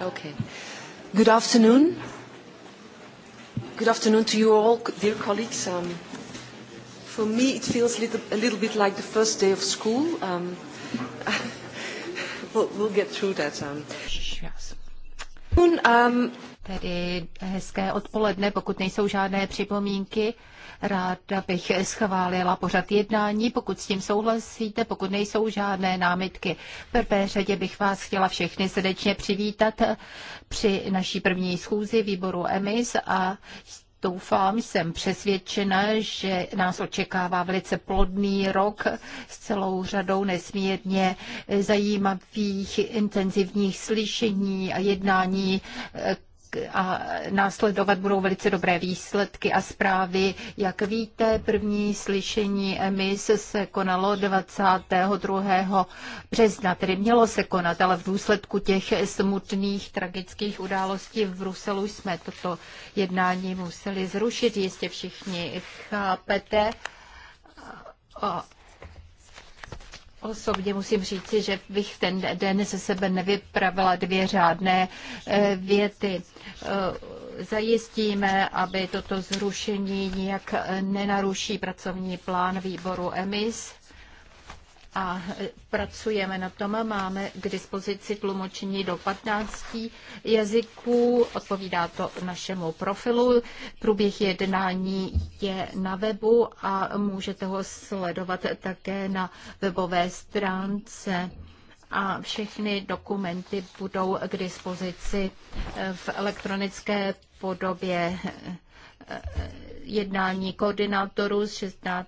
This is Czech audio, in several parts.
Okay. Good afternoon. Good afternoon to you all, dear colleagues. Um, for me, it feels little, a little bit like the first day of school. Um, we'll, we'll get through that. Um. Um, Tedy hezké odpoledne, pokud nejsou žádné připomínky. Ráda bych schválila pořad jednání, pokud s tím souhlasíte, pokud nejsou žádné námitky. V prvé řadě bych vás chtěla všechny srdečně přivítat při naší první schůzi výboru EMIS a Doufám, jsem přesvědčena, že nás očekává velice plodný rok s celou řadou nesmírně zajímavých intenzivních slyšení a jednání a následovat budou velice dobré výsledky a zprávy. Jak víte, první slyšení emis se konalo 22. března, tedy mělo se konat, ale v důsledku těch smutných tragických událostí v Bruselu jsme toto jednání museli zrušit. Jistě všichni chápete. Osobně musím říci, že bych ten den ze sebe nevypravila dvě řádné eh, věty. Eh, zajistíme, aby toto zrušení nijak eh, nenaruší pracovní plán výboru EMIS a pracujeme na tom. Máme k dispozici tlumočení do 15 jazyků, odpovídá to našemu profilu. Průběh jednání je na webu a můžete ho sledovat také na webové stránce a všechny dokumenty budou k dispozici v elektronické podobě jednání koordinátorů z 16.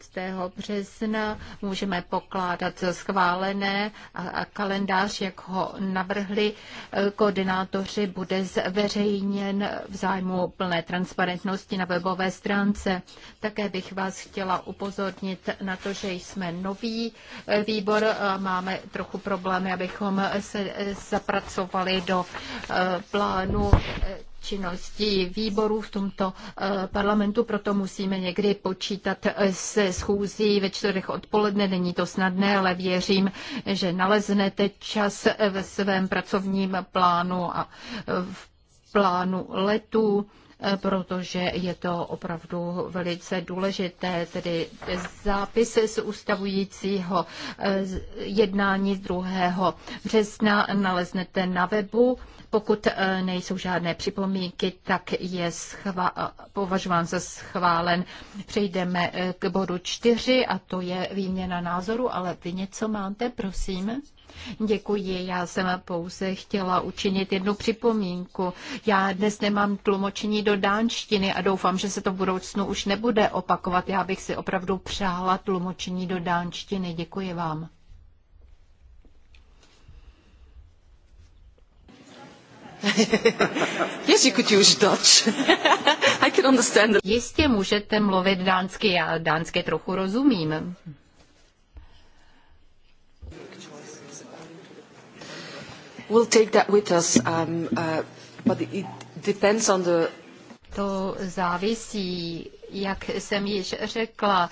března můžeme pokládat za schválené a kalendář, jak ho navrhli eh, koordinátoři, bude zveřejněn v zájmu plné transparentnosti na webové stránce. Také bych vás chtěla upozornit na to, že jsme nový eh, výbor a máme trochu problémy, abychom se eh, zapracovali do plánu činnosti výborů v tomto eh, parlamentu, proto musíme někdy počítat eh, se schůzí ve čtvrtek odpoledne. Není to snadné, ale věřím, že naleznete čas eh, ve svém pracovním plánu a v plánu letů Eh, protože je to opravdu velice důležité, tedy zápis z ustavujícího eh, jednání z 2. března naleznete na webu. Pokud eh, nejsou žádné připomínky, tak je schva- považován za schválen. Přejdeme k bodu čtyři a to je výměna názoru, ale vy něco máte, prosím? Děkuji, já jsem pouze chtěla učinit jednu připomínku. Já dnes nemám tlumočení do dánštiny a doufám, že se to v budoucnu už nebude opakovat. Já bych si opravdu přála tlumočení do dánštiny. Děkuji vám. yes, you could use Dutch. I can understand. Jistě můžete mluvit dánsky, já dánsky trochu rozumím. We'll take that with us, um, uh, but it depends on the... To závisí jak jsem již řekla,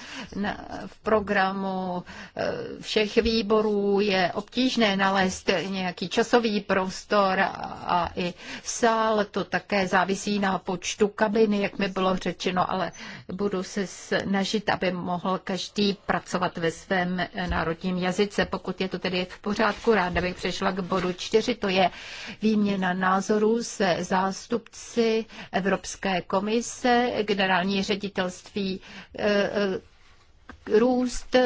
v programu eh, všech výborů je obtížné nalézt nějaký časový prostor a i sál. To také závisí na počtu kabiny, jak mi bylo řečeno, ale budu se snažit, aby mohl každý pracovat ve svém národním jazyce. Pokud je to tedy v pořádku, ráda bych přešla k bodu čtyři. To je výměna názorů se zástupci Evropské komise, generální ředitel ředitelství eh, eh, růst,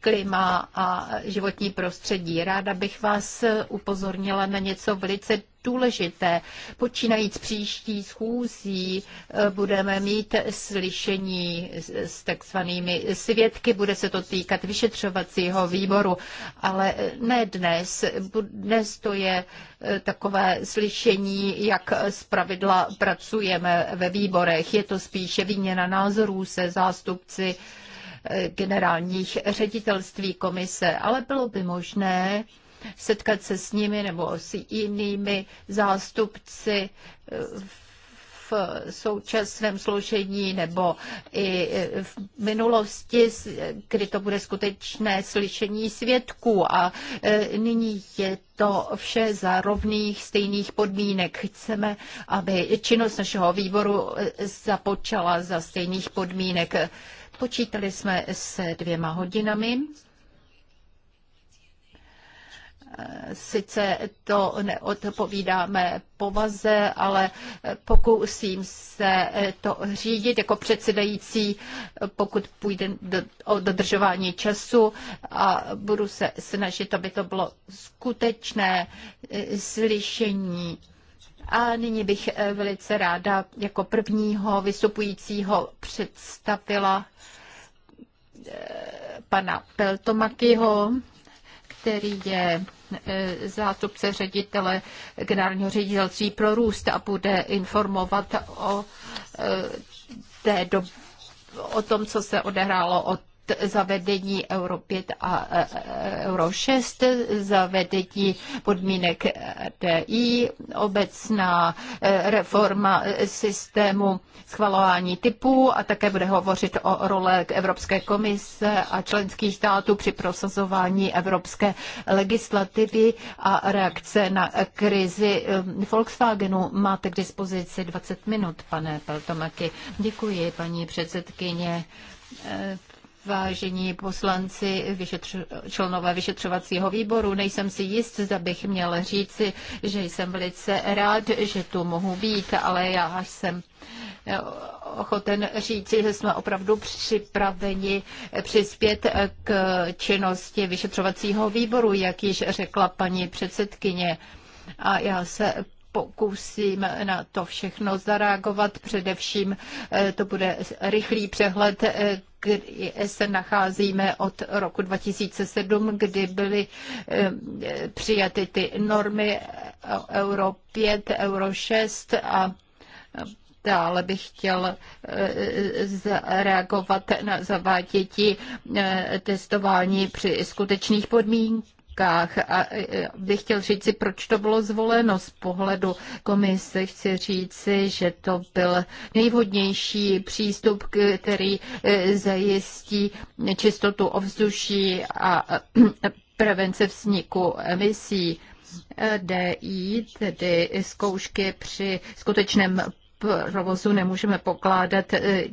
klima a životní prostředí. Ráda bych vás upozornila na něco velice důležité. Počínajíc příští schůzí eh, budeme mít slyšení s takzvanými svědky, bude se to týkat vyšetřovacího výboru, ale eh, ne dnes. Dnes to je eh, takové slyšení, jak pravidla pracujeme ve výborech. Je to spíše výměna názorů se zástupci generálních ředitelství komise, ale bylo by možné setkat se s nimi nebo s jinými zástupci eh, v současném složení nebo i eh, v minulosti, kdy to bude skutečné slyšení svědků a eh, nyní je to vše za rovných stejných podmínek. Chceme, aby činnost našeho výboru započala za stejných podmínek. Počítali jsme se dvěma hodinami. Sice to neodpovídáme povaze, ale pokusím se to řídit jako předsedající, pokud půjde do, o dodržování času a budu se snažit, aby to bylo skutečné slyšení a nyní bych eh, velice ráda jako prvního vystupujícího představila eh, pana Peltomakyho, který je eh, zástupce ředitele generálního ředitelství pro růst a bude informovat o té do, o tom, co se odehrálo od zavedení Euro 5 a e, e, Euro 6, zavedení podmínek DI, obecná e, reforma systému schvalování typů a také bude hovořit o role Evropské komise a členských států při prosazování evropské legislativy a reakce na krizi Volkswagenu. Máte k dispozici 20 minut, pane Peltomaky. Děkuji, paní předsedkyně. Vážení poslanci, vyšetř, členové vyšetřovacího výboru, nejsem si jist, zda bych měl říci, že jsem velice rád, že tu mohu být, ale já jsem eh, ochoten říct, že jsme opravdu připraveni přispět k činnosti vyšetřovacího výboru, jak již řekla paní předsedkyně. A já se pokusím na to všechno zareagovat. Především eh, to bude rychlý přehled, eh, kdy se nacházíme od roku 2007, kdy byly eh, přijaty ty normy Euro 5, Euro 6 a dále bych chtěl zareagovat na zavádění testování při skutečných podmínkách dávkách. A e, bych chtěl říct si, proč to bylo zvoleno z pohledu komise. Chci říci, že to byl nejvhodnější přístup, který e, zajistí čistotu ovzduší a e, prevence vzniku emisí. DI, tedy zkoušky při skutečném provozu nemůžeme pokládat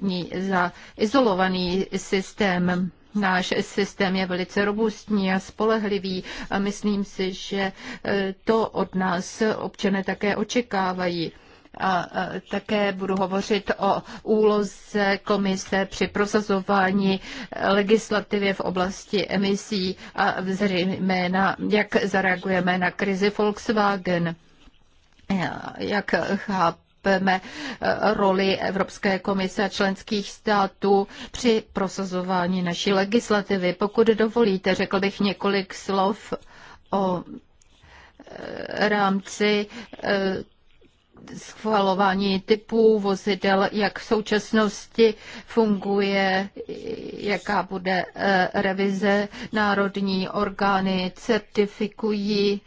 ní za izolovaný systém. Náš systém je velice robustní a spolehlivý a myslím si, že e, to od nás občané také očekávají. A e, také budu hovořit o úloze komise při prosazování legislativy v oblasti emisí a na jak zareagujeme na krizi Volkswagen. Jak chápu, chápeme eh, roli Evropské komise a členských států při prosazování naší legislativy. Pokud dovolíte, řekl bych několik slov o eh, rámci eh, schvalování typů vozidel, jak v současnosti funguje, jaká bude revize. Národní orgány certifikují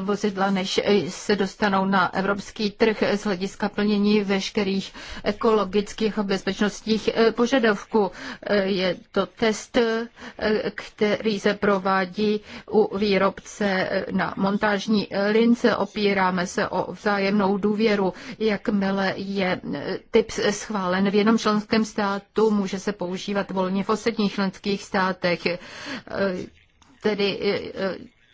vozidla, než se dostanou na evropský trh z hlediska plnění veškerých ekologických a bezpečnostních eh, požadavků. Eh, je to test, eh, který se provádí u výrobce na montážní lince. Opíráme se o vzájemnou důvěru. Jakmile je typ schválen v jednom členském státu, může se používat volně v ostatních členských státech tedy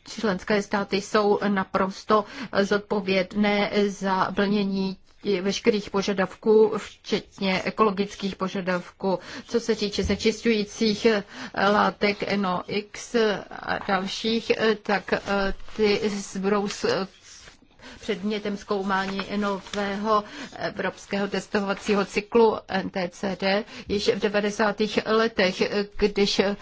členské státy jsou naprosto zodpovědné za plnění veškerých požadavků, včetně ekologických požadavků. Co se týče znečistujících eh, látek NOx a dalších, eh, tak eh, ty budou předmětem zkoumání nového evropského testovacího cyklu NTCD již v 90. letech, když eh,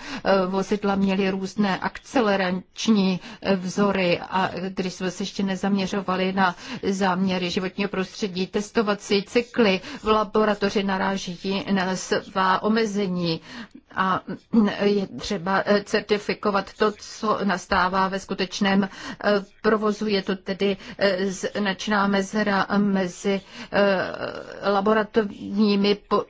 vozidla měly různé akcelerační vzory a když jsme se ještě nezaměřovali na záměry životního prostředí. Testovací cykly v laboratoři naráží na svá omezení a je třeba eh, certifikovat to, co nastává ve skutečném eh, provozu. Je to tedy značná mezera mezi eh, laboratorními eh,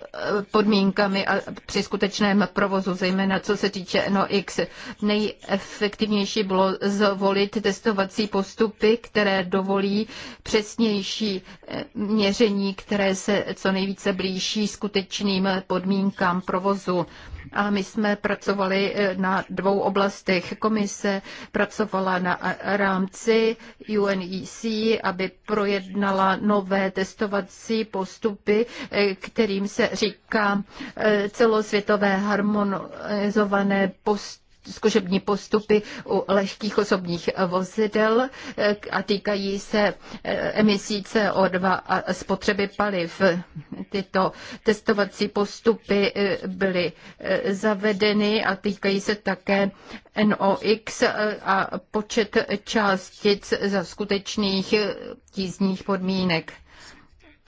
podmínkami a při skutečném provozu, zejména co se týče NOx. Nejefektivnější bylo zvolit testovací postupy, které dovolí přesnější eh, měření, které se co nejvíce blíží skutečným podmínkám provozu. A my jsme pracovali eh, na dvou oblastech. Komise pracovala na rámci UNEC, aby projednala nové testovací postupy, eh, kterým se říká eh, celosvětové harmonizované postupy zkušební postupy u lehkých osobních vozidel eh, a týkají se eh, emisí CO2 a spotřeby paliv. Tyto testovací postupy eh, byly zavedeny a týkají se také NOx a počet částic za skutečných tízních podmínek.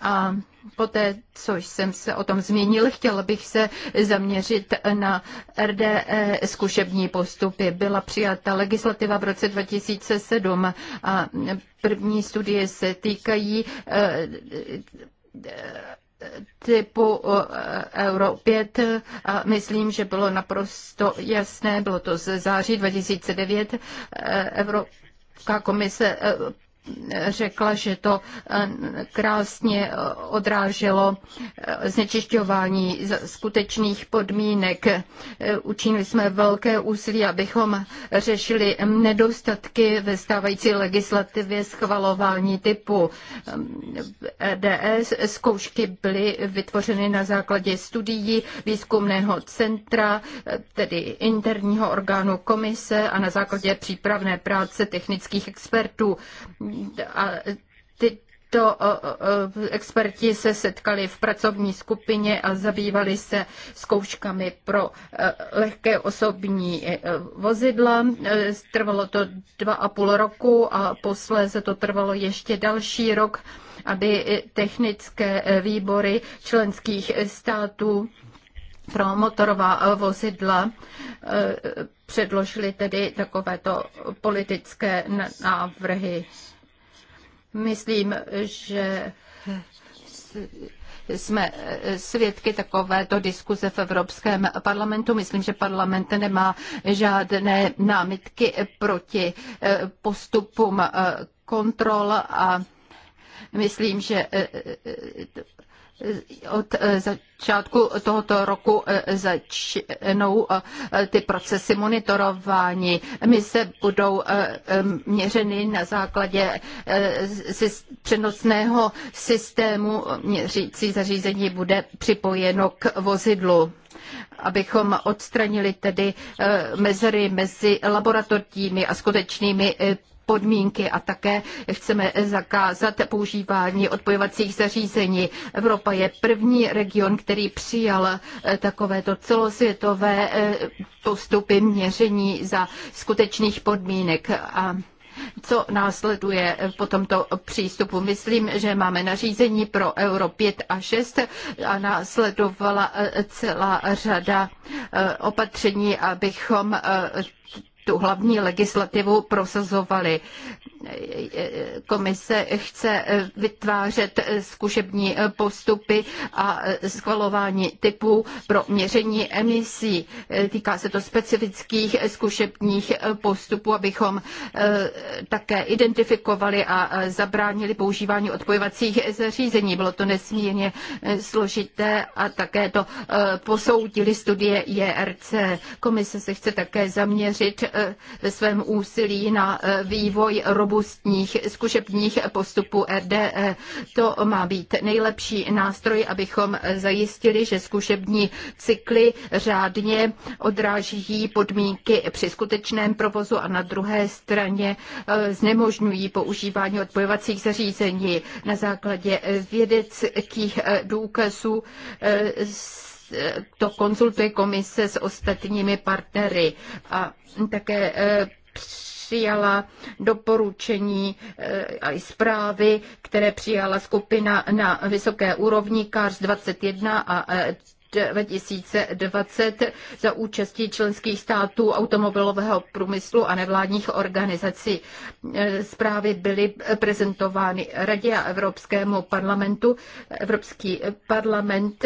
A Poté, co jsem se o tom zmínil, chtěla bych se zaměřit na RDE zkušební postupy. Byla přijata legislativa v roce 2007 a první studie se týkají e, e, typu e, Euro 5 a myslím, že bylo naprosto jasné, bylo to ze září 2009, Evropská komise řekla, že to eh, krásně eh, odráželo eh, znečišťování skutečných podmínek. Učinili jsme velké úsilí, abychom řešili nedostatky ve stávající legislativě schvalování typu EDS. E zkoušky byly vytvořeny na základě studií výzkumného centra, tedy interního orgánu komise a na základě přípravné práce technických expertů Tyto experti se setkali v pracovní skupině a zabývali se zkouškami pro e, lehké osobní e, vozidla. E, trvalo to dva a půl roku a posléze to trvalo ještě další rok, aby technické výbory členských států pro motorová vozidla předložili tedy takovéto politické návrhy. Myslím, že jsme svědky takovéto diskuze v Evropském parlamentu. Myslím, že parlament nemá žádné námitky proti postupům kontrol a myslím, že od eh, začátku tohoto roku eh, začnou eh, ty procesy monitorování. se budou měřeny na základě přenosného systému. Měřící zařízení bude připojeno k vozidlu abychom odstranili tedy mezery mezi laboratorními a skutečnými podmínky a také chceme zakázat používání odpojovacích zařízení. Evropa je první region, který přijal eh, takovéto celosvětové eh, postupy měření za skutečných podmínek. A co následuje po tomto přístupu. Myslím, že máme nařízení pro euro 5 a 6 a následovala eh, celá řada opatření, abychom tu hlavní legislativu prosazovali. Komise chce vytvářet zkušební postupy a schvalování typů pro měření emisí. Týká se to specifických zkušebních postupů, abychom eh, také identifikovali a zabránili používání odpojovacích zařízení. Bylo to nesmírně eh, složité a také to eh, posoudili studie JRC. E Komise se chce také zaměřit Eh, ve svém úsilí na eh, vývoj robustních zkušebních postupů RDE. To má být nejlepší nástroj, abychom zajistili, že zkušební cykly řádně odráží podmínky při skutečném provozu a na druhé straně eh, znemožňují používání odpojovacích zařízení. Na základě vědeckých důkazů to konzultuje komise s ostatními partnery a také eh, přijala doporučení eh, a i zprávy, které přijala skupina na vysoké úrovni CARS 21 a 2020 eh, za účastí členských států automobilového průmyslu a nevládních organizací. Zprávy byly prezentovány Radě a Evropskému parlamentu. Evropský parlament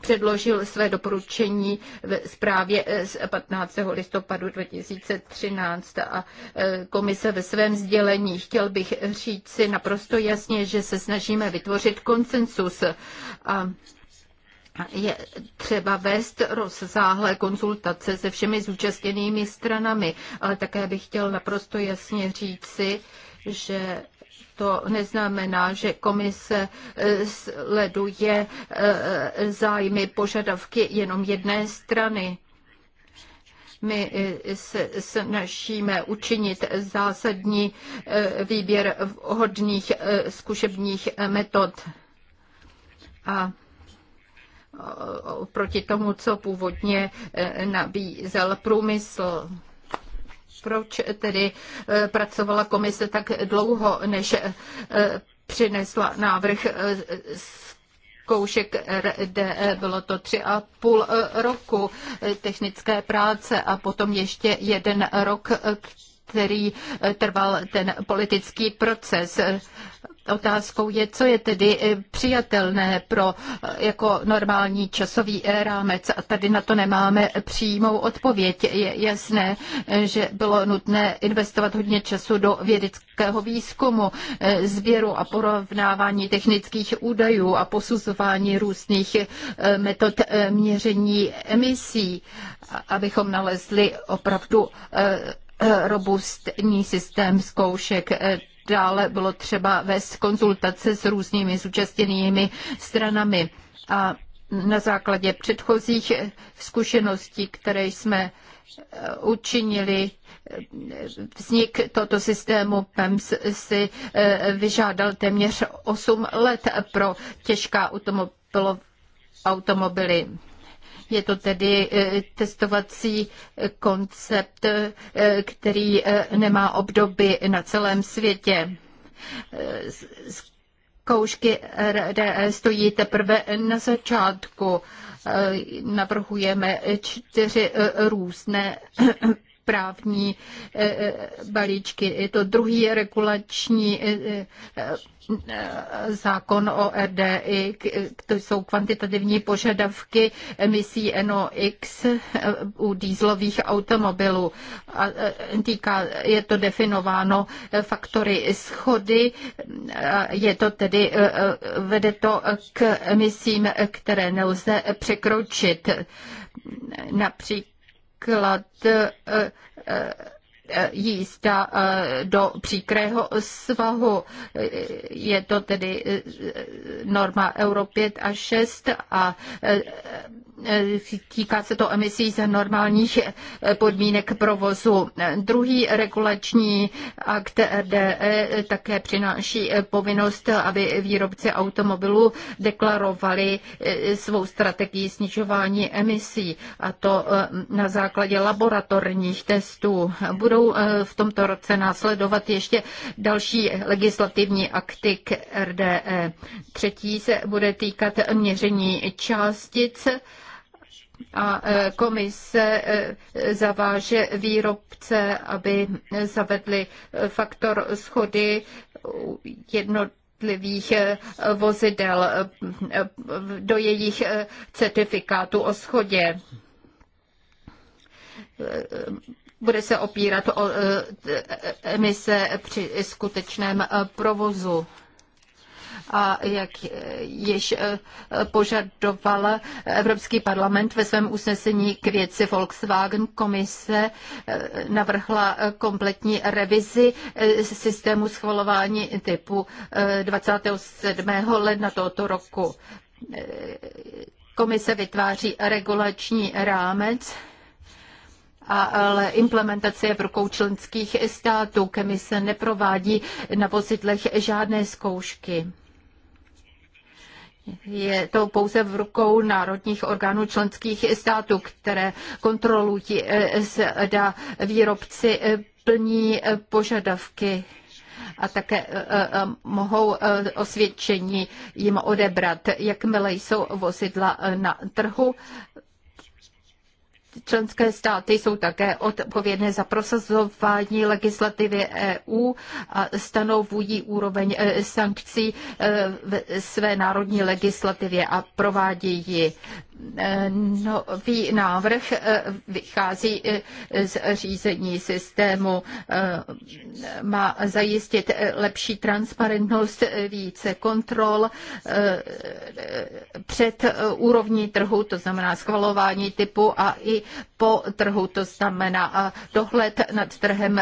předložil své doporučení v zprávě eh, z 15. listopadu 2013 a eh, komise ve svém sdělení. Chtěl bych říct si naprosto jasně, že se snažíme vytvořit konsensus. A je třeba vést rozsáhlé konzultace se všemi zúčastněnými stranami, ale také bych chtěl naprosto jasně říci, že to neznamená, že komise eh, sleduje eh, zájmy, požadavky jenom jedné strany. My eh, se snažíme učinit zásadní výběr hodných zkušebních metod. A proti tomu, co původně nabízel průmysl proč tedy eh, pracovala komise tak dlouho, než eh, přinesla návrh eh, zkoušek RDE, bylo to tři a půl roku technické práce a potom ještě jeden rok, který trval ten politický proces. Otázkou je, co je tedy eh, přijatelné pro eh, jako normální časový eh, rámec. A tady na to nemáme přímou odpověď. Je jasné, že bylo nutné investovat hodně času do vědeckého výzkumu, sběru a porovnávání technických údajů a posuzování různých metod měření emisí, abychom nalezli opravdu robustní systém zkoušek. Dále bylo třeba vést konzultace s různými zúčastněnými stranami a na základě předchozích zkušeností, které jsme eh, učinili, vznik tohoto systému PEMS si eh, vyžádal téměř 8 let pro těžká automobilová automobily. Je to tedy eh, testovací eh, koncept, eh, který nemá obdoby na celém světě zkoušky RDE stojí teprve na začátku. Navrhujeme čtyři různé právní eh, eh, balíčky. Je to druhý regulační eh, zákon o RDI, to jsou kvantitativní požadavky emisí NOx u dýzlových automobilů. A týká, je to definováno faktory schody, je to tedy, vede to k emisím, které nelze překročit. Například například eh, eh, eh, jízda do příkrého svahu. Je to tedy norma Euro 5 a 6 a týká se to emisí za normálních eh, podmínek provozu. Druhý regulační akt RDE také přináší eh, povinnost, aby výrobci automobilů deklarovali eh, svou strategii snižování emisí a to na základě laboratorních testů. Budou v tomto roce následovat ještě další legislativní akty k RDE. Třetí se bude týkat měření částic a e, komise e, zaváže výrobce, aby zavedli faktor schody jednotlivých e, vozidel do jejich certifikátu o schodě bude se opírat o emise při skutečném provozu a jak již eh, požadoval Evropský parlament ve svém usnesení k věci Volkswagen, komise eh, navrhla kompletní revizi eh, systému schvalování typu 27. ledna tohoto roku. Komise vytváří regulační rámec ale implementace je v rukou členských států. Komise neprovádí na vozidlech žádné zkoušky je to pouze v rukou národních orgánů členských států, které kontrolují, eh, zda výrobci eh, plní eh, požadavky a také mohou osvědčení jim odebrat, jakmile jsou vozidla na trhu Členské státy jsou také odpovědné za prosazování legislativy EU a stanovují úroveň eh, sankcí eh, ve své národní legislativě a provádějí ji nový návrh eh, vychází eh, z řízení systému, eh, má zajistit lepší transparentnost, více kontrol před úrovní trhu, to znamená schvalování typu a i po trhu, to znamená dohled nad trhem,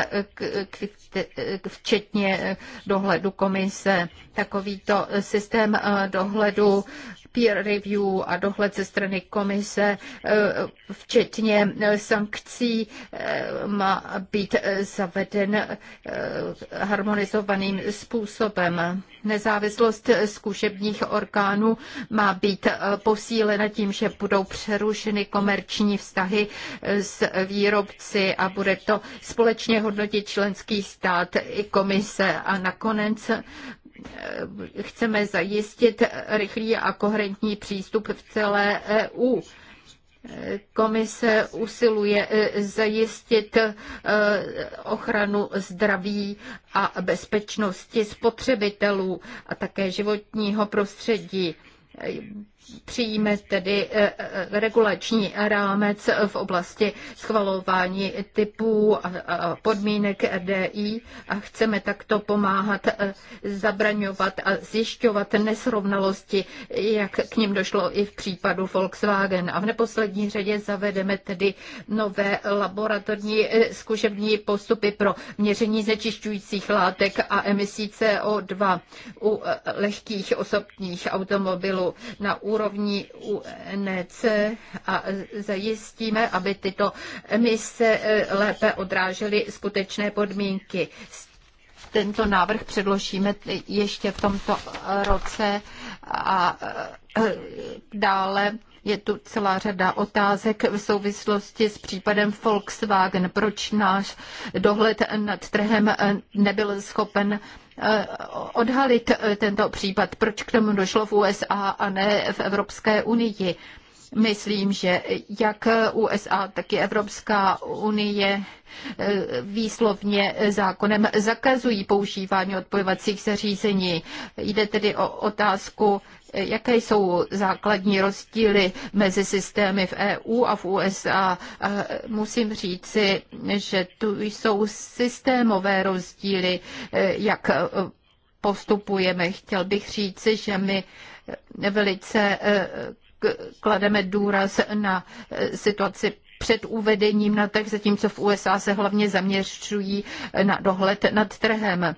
včetně dohledu komise. Takovýto systém dohledu peer review a dohled ze strany komise, eh, včetně eh, sankcí, eh, má být zaveden harmonizovaným způsobem. Nezávislost zkušebních orgánů má být posílena tím, že budou přerušeny komerční vztahy s výrobci a bude to společně hodnotit členský stát i komise. A nakonec Eh, chceme zajistit rychlý a koherentní přístup v celé EU. Komise usiluje eh, zajistit eh, ochranu zdraví a bezpečnosti spotřebitelů a také životního prostředí. Přijíme tedy eh, eh, regulační rámec v oblasti schvalování typů a podmínek RDI a chceme takto pomáhat eh, zabraňovat a zjišťovat nesrovnalosti, jak k ním došlo i v případu Volkswagen. A v neposlední řadě zavedeme tedy nové laboratorní zkušební postupy pro měření znečišťujících látek a emisí CO2 u lehkých osobních automobilů na úrovni úrovni UNC a zajistíme, aby tyto emise eh, lépe odrážely skutečné podmínky. Tento návrh předložíme ještě v tomto eh, roce a eh, dále je tu celá řada otázek v souvislosti s případem Volkswagen. Proč náš dohled nad trhem nebyl schopen Eh, odhalit eh, tento případ, proč k tomu došlo v USA a ne v Evropské unii. Myslím, že jak USA, tak i Evropská unie eh, výslovně zákonem zakazují používání odpojovacích zařízení. Jde tedy o otázku, eh, jaké jsou základní rozdíly mezi systémy v EU a v USA. Eh, musím říci, že tu jsou systémové rozdíly, jak postupujeme. Chtěl bych říci, že my velice klademe důraz na eh, situaci před uvedením na trh, zatímco v USA se hlavně zaměřují eh, na dohled nad trhem.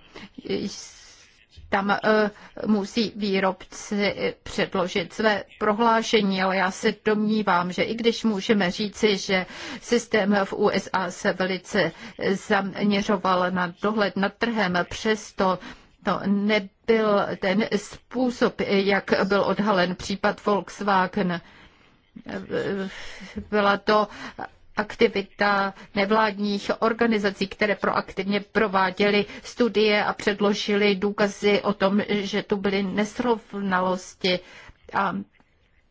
Tam eh, musí výrobci předložit své prohlášení, ale já se domnívám, že i když můžeme říci, že systém v USA se velice zaměřoval na dohled nad trhem, přesto to nebyl ten způsob, jak byl odhalen případ Volkswagen. Byla to aktivita nevládních organizací, které proaktivně prováděly studie a předložily důkazy o tom, že tu byly nesrovnalosti. A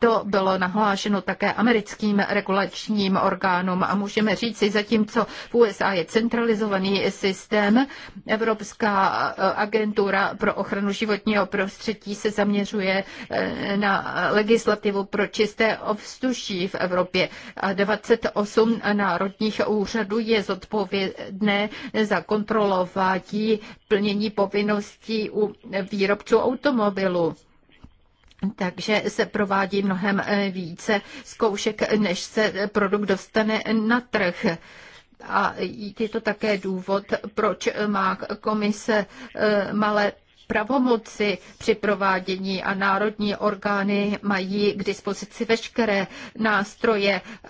to bylo nahlášeno také americkým regulačním orgánům a můžeme říci, zatímco v USA je centralizovaný systém, Evropská eh, agentura pro ochranu životního prostředí se zaměřuje eh, na legislativu pro čisté ovzduší v Evropě. 28 národních úřadů je zodpovědné za kontrolování plnění povinností u výrobců automobilů takže se provádí mnohem eh, více zkoušek, než se produkt dostane na trh. A je to také důvod, proč má komise eh, malé pravomoci při provádění a národní orgány mají k dispozici veškeré nástroje eh,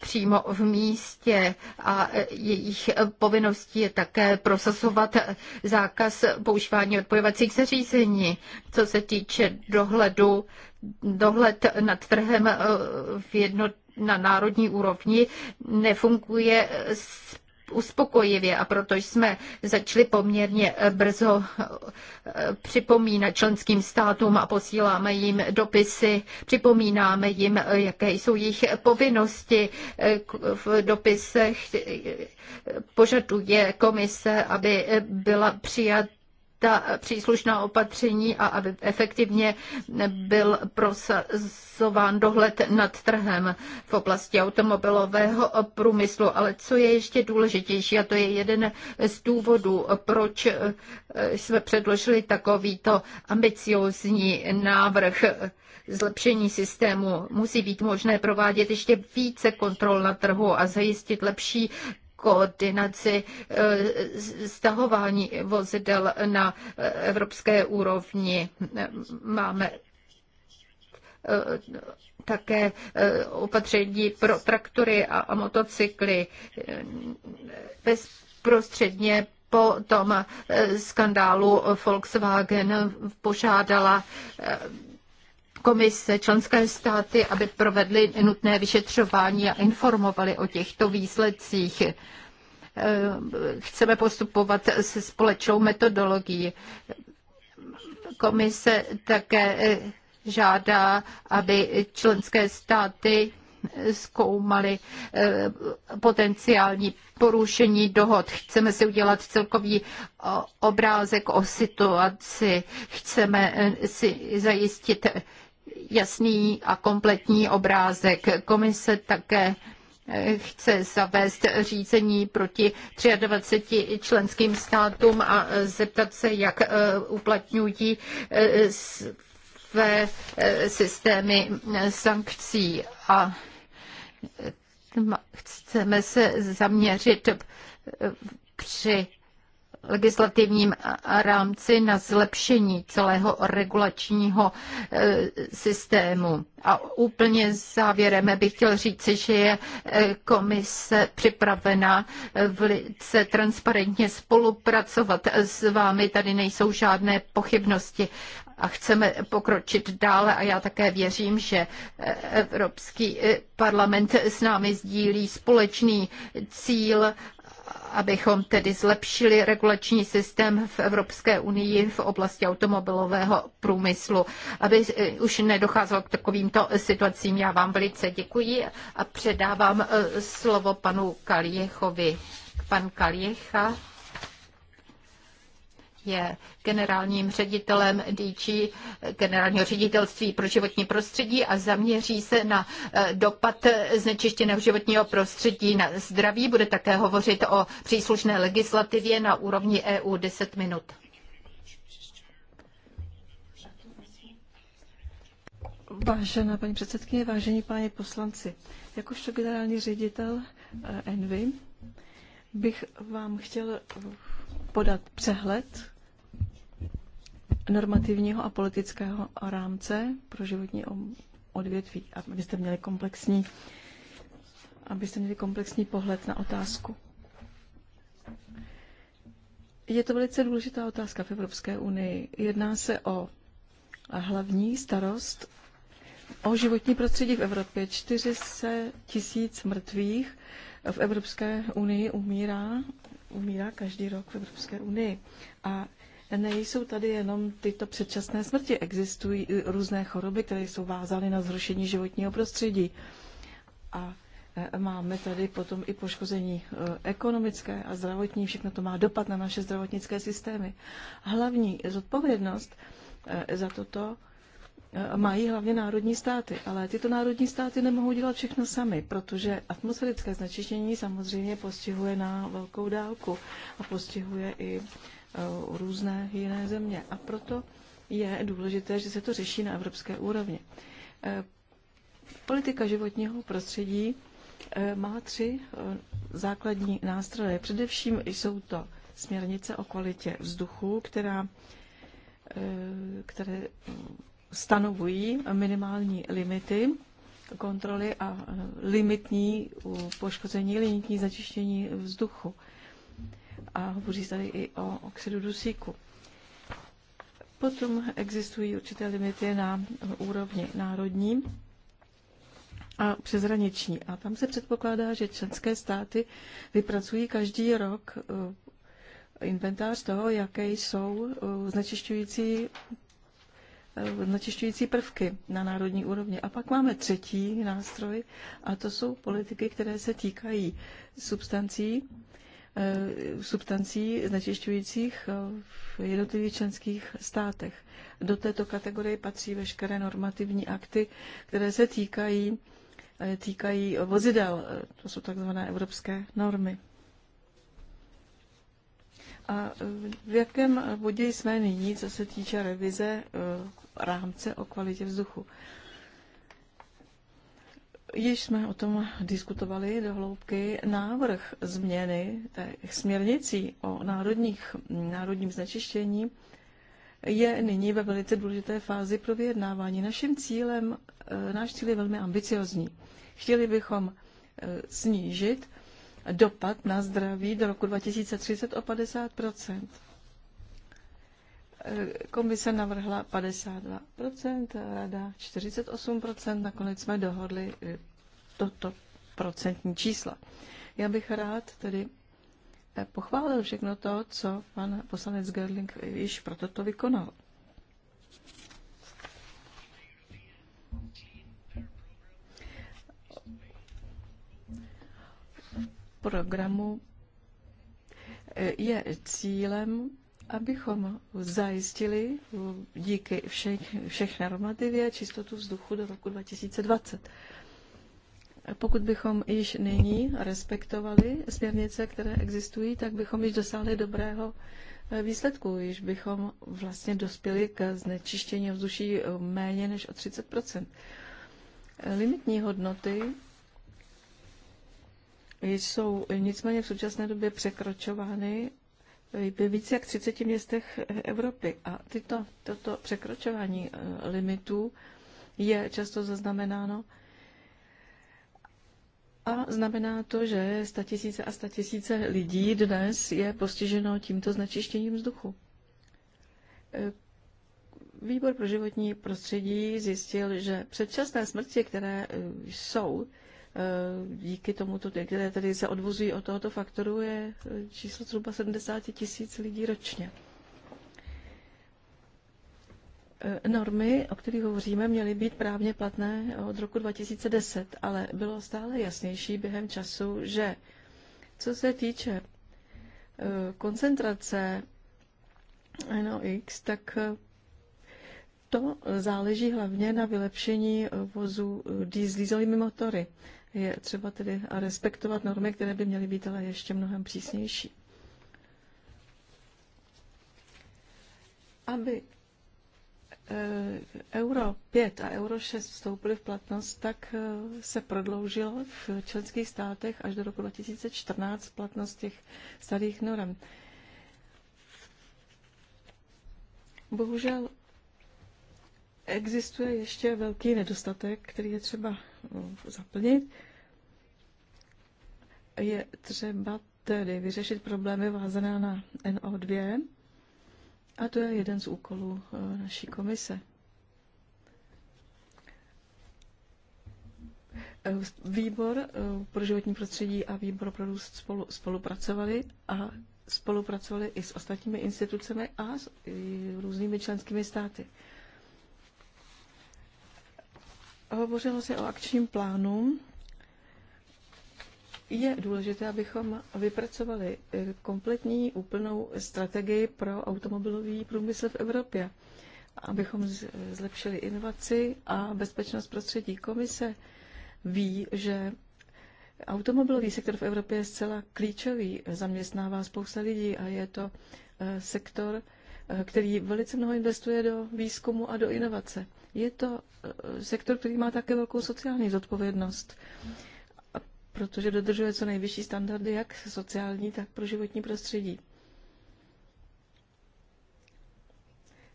přímo v místě a jejich povinností je také prosazovat zákaz používání odpojovacích zařízení. Co se týče dohledu, dohled nad trhem eh, v jedno na národní úrovni nefunguje uspokojivě a proto jsme začali poměrně brzo eh, připomínat členským státům a posíláme jim dopisy, připomínáme jim, eh, jaké jsou jejich povinnosti eh, v dopisech. Požaduje komise, aby byla přijat ta příslušná opatření a aby efektivně byl prosazován dohled nad trhem v oblasti automobilového průmyslu. Ale co je ještě důležitější, a to je jeden z důvodů, proč jsme předložili takovýto ambiciozní návrh zlepšení systému, musí být možné provádět ještě více kontrol na trhu a zajistit lepší koordinaci eh, stahování vozidel na eh, evropské úrovni. Máme eh, také opatření pro traktory a motocykly. Bezprostředně po tom skandálu Volkswagen požádala komise, členské státy, aby provedly nutné vyšetřování a informovali o těchto výsledcích eh, chceme postupovat se společnou metodologií. Komise také eh, žádá, aby členské státy zkoumali eh, potenciální porušení dohod. Chceme si udělat celkový obrázek o situaci. Chceme si zajistit jasný a kompletní obrázek. Komise také eh, chce zavést řízení proti 23 členským státům a eh, zeptat se, jak eh, uplatňují své systémy sankcí. A chceme se zaměřit při legislativním rámci na zlepšení celého regulačního e, systému. A úplně závěrem bych chtěl říci, že je e, komise připravena e, velice transparentně spolupracovat s vámi. Tady nejsou žádné pochybnosti a chceme pokročit dále a já také věřím, že Evropský parlament s námi sdílí společný cíl abychom tedy zlepšili regulační systém v Evropské unii v oblasti automobilového průmyslu, aby eh, už nedocházelo k takovýmto situacím. Já vám velice děkuji a předávám eh, slovo panu Kaliechovi. Pan Kaliecha je generálním ředitelem DG, generálního ředitelství pro životní prostředí a zaměří se na eh, dopad znečištěného životního prostředí na zdraví. Bude také hovořit o příslušné legislativě na úrovni EU 10 minut. Vážená paní předsedkyně, vážení páni poslanci, jakožto generální ředitel eh, Envy bych vám chtěl podat přehled normativního a politického rámce pro životní odvětví, abyste měli komplexní, abyste měli komplexní pohled na otázku. Je to velice důležitá otázka v Evropské unii. Jedná se o hlavní starost o životní prostředí v Evropě. 400 tisíc mrtvých v Evropské unii umírá, umírá každý rok v Evropské unii. A nejsou tady jenom tyto předčasné smrti. Existují různé choroby, které jsou vázány na zhoršení životního prostředí. A e, máme tady potom i poškození e, ekonomické a zdravotní. Všechno to má dopad na naše zdravotnické systémy. Hlavní zodpovědnost e, za toto mají hlavně národní státy, ale tyto národní státy nemohou dělat všechno sami, protože atmosférické znečištění samozřejmě postihuje na velkou dálku a postihuje i Eh, různé jiné země. A proto je důležité, že se to řeší na evropské úrovni. Eh, politika životního prostředí eh, má tři základní nástroje. Především jsou to směrnice o kvalitě vzduchu, která, které stanovují minimální limity kontroly a limitní poškození, limitní začištění vzduchu a hovoří tady i o oxidu dusíku. Potom existují určité limity na úrovni národní a přezraniční. A tam se předpokládá, že členské státy vypracují každý rok eh, inventář toho, jaké jsou eh, znečišťující eh, znečišťující prvky na národní úrovni. A pak máme třetí nástroj, a to jsou politiky, které se týkají substancí, Eh, substancí znečišťujících eh, v jednotlivých členských státech. Do této kategorie patří veškeré normativní akty, které se týkají, eh, týkají vozidel. To jsou takzvané evropské normy. A v jakém bodě jsme nyní, co se týče revize rámce o kvalitě vzduchu? Již jsme o tom diskutovali do hloubky. Návrh změny těch směrnicí o národních, národním znečištění je nyní ve velice důležité fázi pro vyjednávání. Naším cílem, eh, náš cíl je velmi ambiciozní. Chtěli bychom eh, snížit dopad na zdraví do roku 2030 o 50 Komise navrhla 52%, rada 48%, nakonec jsme dohodli eh, toto procentní číslo. Já bych rád tedy eh, pochválil všechno to, co pan poslanec Gerling již pro toto vykonal. V programu eh, je cílem abychom zajistili díky všech, všech normativě čistotu vzduchu do roku 2020. Pokud bychom již nyní respektovali směrnice, které existují, tak bychom již dosáhli dobrého eh, výsledku. Již bychom vlastně dospěli k znečištění vzduší eh, méně než o 30 Limitní hodnoty jsou nicméně v současné době překročovány ve více jak 30 městech Evropy. A tyto, toto překročování eh, limitů je často zaznamenáno a znamená to, že statisíce a statisíce lidí dnes je postiženo tímto znečištěním vzduchu. Eh, Výbor pro životní prostředí zjistil, že předčasné smrti, které eh, jsou Eh, díky tomuto, které tady se odvozují od tohoto faktoru, je eh, číslo zhruba 70 tisíc lidí ročně. Eh, normy, o kterých hovoříme, měly být právně platné od roku 2010, ale bylo stále jasnější během času, že co se týče koncentrace NOx, tak to záleží hlavně na vylepšení vozu s dieselovými motory. Je třeba tedy respektovat normy, které by měly být ale ještě mnohem přísnější. Aby eh, Euro 5 a Euro 6 vstoupily v platnost, tak eh, se prodloužilo v členských státech až do roku 2014 platnost těch starých norm. Bohužel existuje ještě velký nedostatek, který je třeba mm, zaplnit je třeba tedy vyřešit problémy vázané na NO2 a to je jeden z úkolů eh, naší komise. Eh, výbor eh, pro životní prostředí a výbor pro růst spolu, spolupracovali a spolupracovali i s ostatními institucemi a s různými členskými státy. Hovořilo se o akčním plánu je důležité, abychom vypracovali eh, kompletní, úplnou strategii pro automobilový průmysl v Evropě, abychom zlepšili inovaci a bezpečnost prostředí. Komise ví, že automobilový sektor v Evropě je zcela klíčový, zaměstnává spousta lidí a je to eh, sektor, eh, který velice mnoho investuje do výzkumu a do inovace. Je to sektor, který má také velkou sociální zodpovědnost. Hmm protože dodržuje co nejvyšší standardy, jak sociální, tak pro životní prostředí.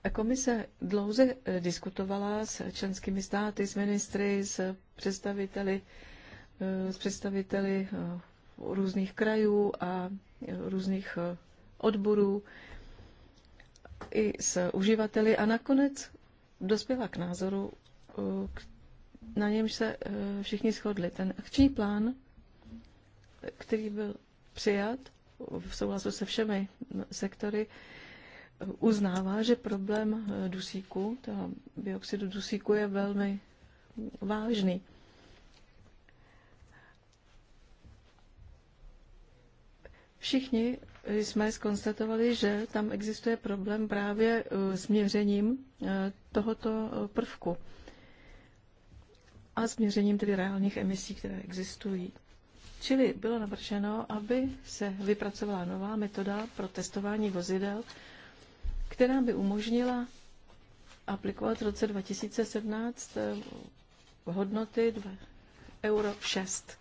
A komise dlouze eh, diskutovala s členskými státy, s ministry, s představiteli, eh, s představiteli eh, různých krajů a různých odborů i s uživateli a nakonec dospěla k názoru, na němž se všichni shodli. Ten akční plán který byl přijat v souhlasu se všemi sektory, uznává, že problém dusíku, toho bioxidu dusíku je velmi vážný. Všichni jsme skonstatovali, že tam existuje problém právě eh, s měřením eh, tohoto prvku a s měřením tedy reálných emisí, které existují. Čili bylo navrženo, aby se vypracovala nová metoda pro testování vozidel, která by umožnila aplikovat v roce 2017 eh, hodnoty euro 6.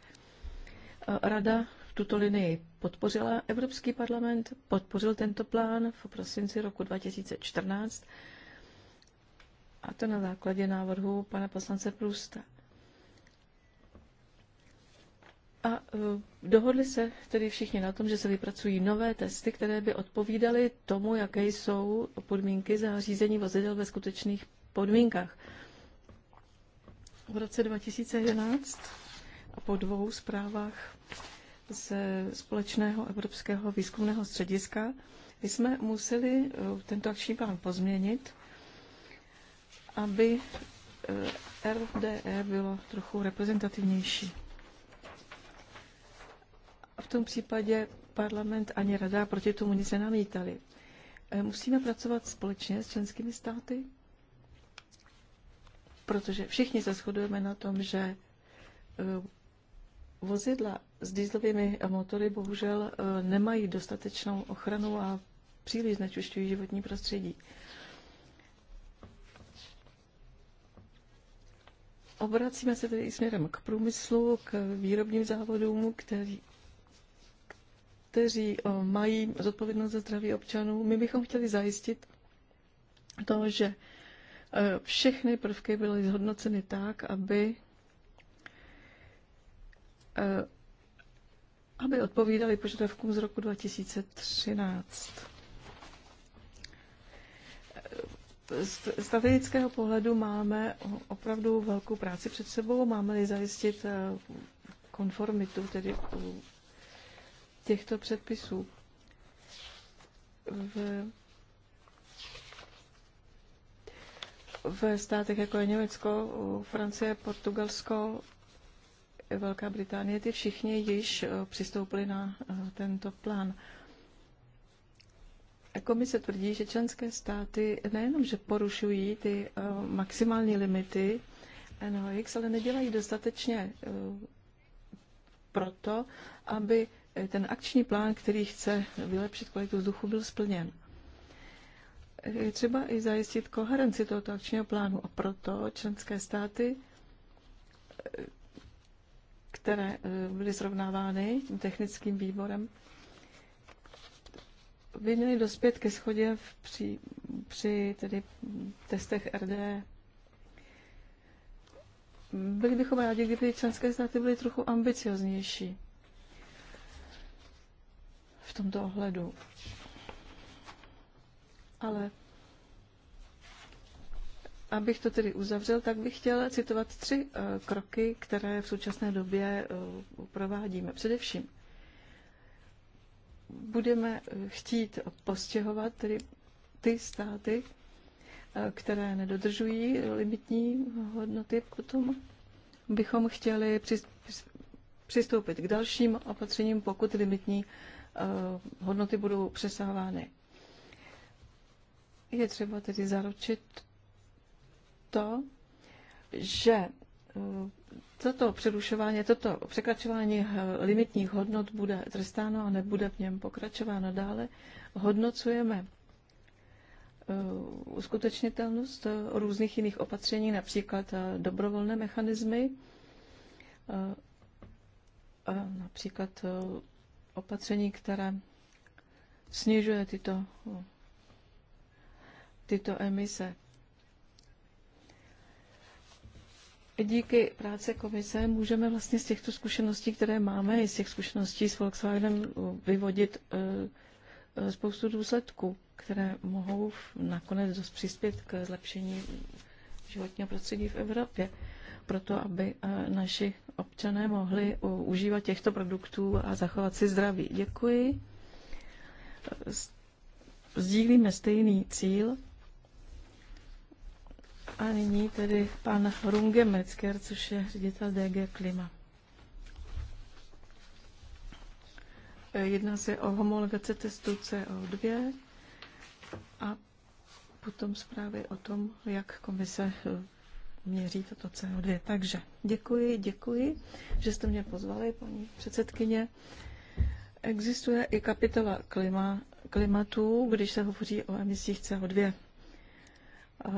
Eh, Rada tuto linii podpořila. Evropský parlament podpořil tento plán v prosinci roku 2014 a to na základě návrhu pana poslance Prusta. A e, dohodli se tedy všichni na tom, že se vypracují nové testy, které by odpovídaly tomu, jaké jsou podmínky za řízení vozidel ve skutečných podmínkách. V roce 2011 a po dvou zprávách ze společného evropského výzkumného střediska my jsme museli e, tento akční plán pozměnit, aby RDE e bylo trochu reprezentativnější. V tom případě parlament ani rada proti tomu nic nenamítali. Eh, musíme pracovat společně s členskými státy, protože všichni se shodujeme na tom, že eh, vozidla s dýzlovými motory bohužel eh, nemají dostatečnou ochranu a příliš znečišťují životní prostředí. Obracíme se tedy směrem k průmyslu, k výrobním závodům, který, kteří eh, mají zodpovědnost za zdraví občanů. My bychom chtěli zajistit to, že eh, všechny prvky byly zhodnoceny tak, aby eh, aby odpovídali požadavkům z roku 2013. Z strategického pohledu máme opravdu velkou práci před sebou. Máme-li zajistit konformitu, tedy těchto předpisů. V, v státech jako je Německo, Francie, Portugalsko, Velká Británie, ty všichni již eh, přistoupili na eh, tento plán. Komise tvrdí, že členské státy nejenom, že porušují ty eh, maximální limity NOx, ale nedělají dostatečně proto, aby ten akční plán, který chce vylepšit kvalitu vzduchu, byl splněn. Je třeba i zajistit koherenci tohoto akčního plánu a proto členské státy, které eh, byly srovnávány tím technickým výborem, by měly dospět ke schodě v při, při tedy testech RD. Byli bychom rádi, kdyby členské státy byly trochu ambicioznější v tomto ohledu. Ale abych to tedy uzavřel, tak bych chtěl citovat tři eh, kroky, které v současné době eh, provádíme. Především budeme eh, chtít postěhovat tedy ty státy, které nedodržují limitní hodnoty, potom bychom chtěli přistoupit k dalším opatřením, pokud limitní Eh, hodnoty budou přesahovány. Je třeba tedy zaručit to, že eh, toto přerušování, toto překračování eh, limitních hodnot bude trestáno a nebude v něm pokračováno dále. Hodnocujeme uskutečnitelnost různých jiných opatření, například dobrovolné mechanismy, například opatření, které snižuje tyto, tyto emise. Díky práce komise můžeme vlastně z těchto zkušeností, které máme, i z těch zkušeností s Volkswagenem vyvodit eh, eh, spoustu důsledků, které mohou nakonec dost přispět k zlepšení životního prostředí v Evropě proto aby eh, naši občané mohli eh, užívat těchto produktů a zachovat si zdraví. Děkuji. Sdílíme stejný cíl. A nyní tedy pan Runge Metzger, což je ředitel DG Klima. Eh, jedná se o homologace testu CO2 a potom zprávy o tom, jak komise měří toto CO2. Takže děkuji, děkuji, že jste mě pozvali, paní předsedkyně. Existuje i kapitola klima, klimatu, když se hovoří o emisích CO2. A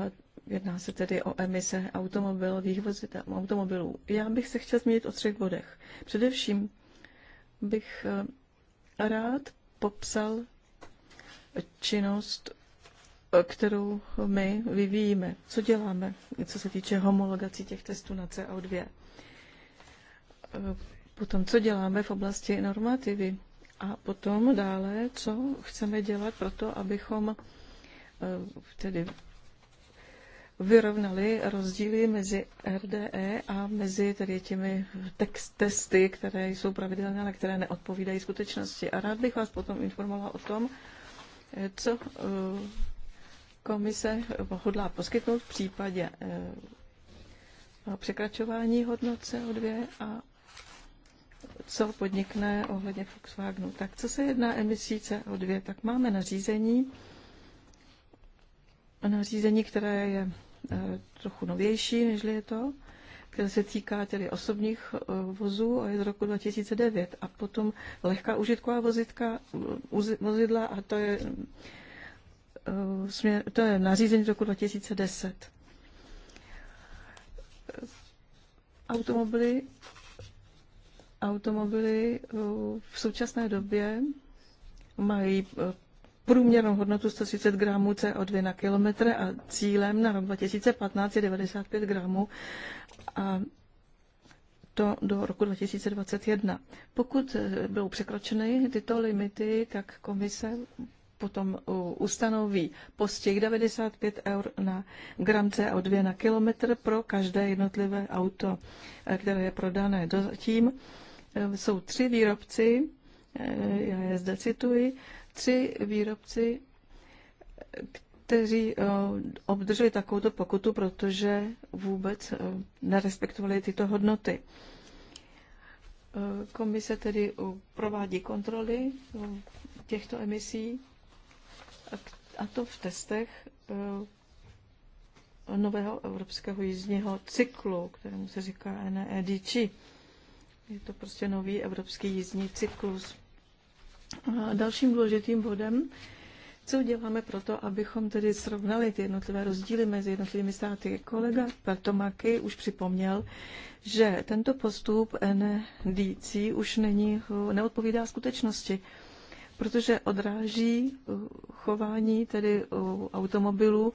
jedná se tedy o emise automobilových vozidel, automobilů. Já bych se chtěl zmínit o třech bodech. Především bych eh, rád popsal činnost kterou my vyvíjíme. Co děláme, co se týče homologací těch testů na CO2? Eh, potom, co děláme v oblasti normativy? A potom dále, co chceme dělat pro to, abychom eh, tedy vyrovnali rozdíly mezi RDE a mezi tedy těmi text, testy, které jsou pravidelné, ale které neodpovídají skutečnosti. A rád bych vás potom informovala o tom, eh, co komise hodlá poskytnout v případě eh, překračování hodnot CO2 a co podnikne ohledně Volkswagenu. Tak co se jedná emisí CO2? Tak máme nařízení, nařízení, které je eh, trochu novější, než je to, které se týká tedy osobních eh, vozů a je z roku 2009. A potom lehká užitková vozidka, vozidla a to je Eh, směr, to je nařízení roku 2010. Automobily, automobily eh, v současné době mají eh, průměrnou hodnotu 130 gramů CO2 na kilometr a cílem na rok 2015 je 95 gramů a to do roku 2021. Pokud budou překročeny tyto limity, tak komise potom uh, ustanoví postih 95 eur na gram CO2 na kilometr pro každé jednotlivé auto, eh, které je prodané. Zatím eh, jsou tři výrobci, eh, já je zde cituji, tři výrobci, kteří obdrželi takovouto pokutu, protože vůbec nerespektovali tyto hodnoty. Komise tedy provádí kontroly těchto emisí a to v testech eh, nového evropského jízdního cyklu, kterému se říká NEDG. Je to prostě nový evropský jízdní cyklus. A dalším důležitým bodem, co děláme pro to, abychom tedy srovnali ty jednotlivé rozdíly mezi jednotlivými státy. Kolega Pertomaky už připomněl, že tento postup NDC e už není, neodpovídá skutečnosti protože odráží uh, chování tedy uh, automobilů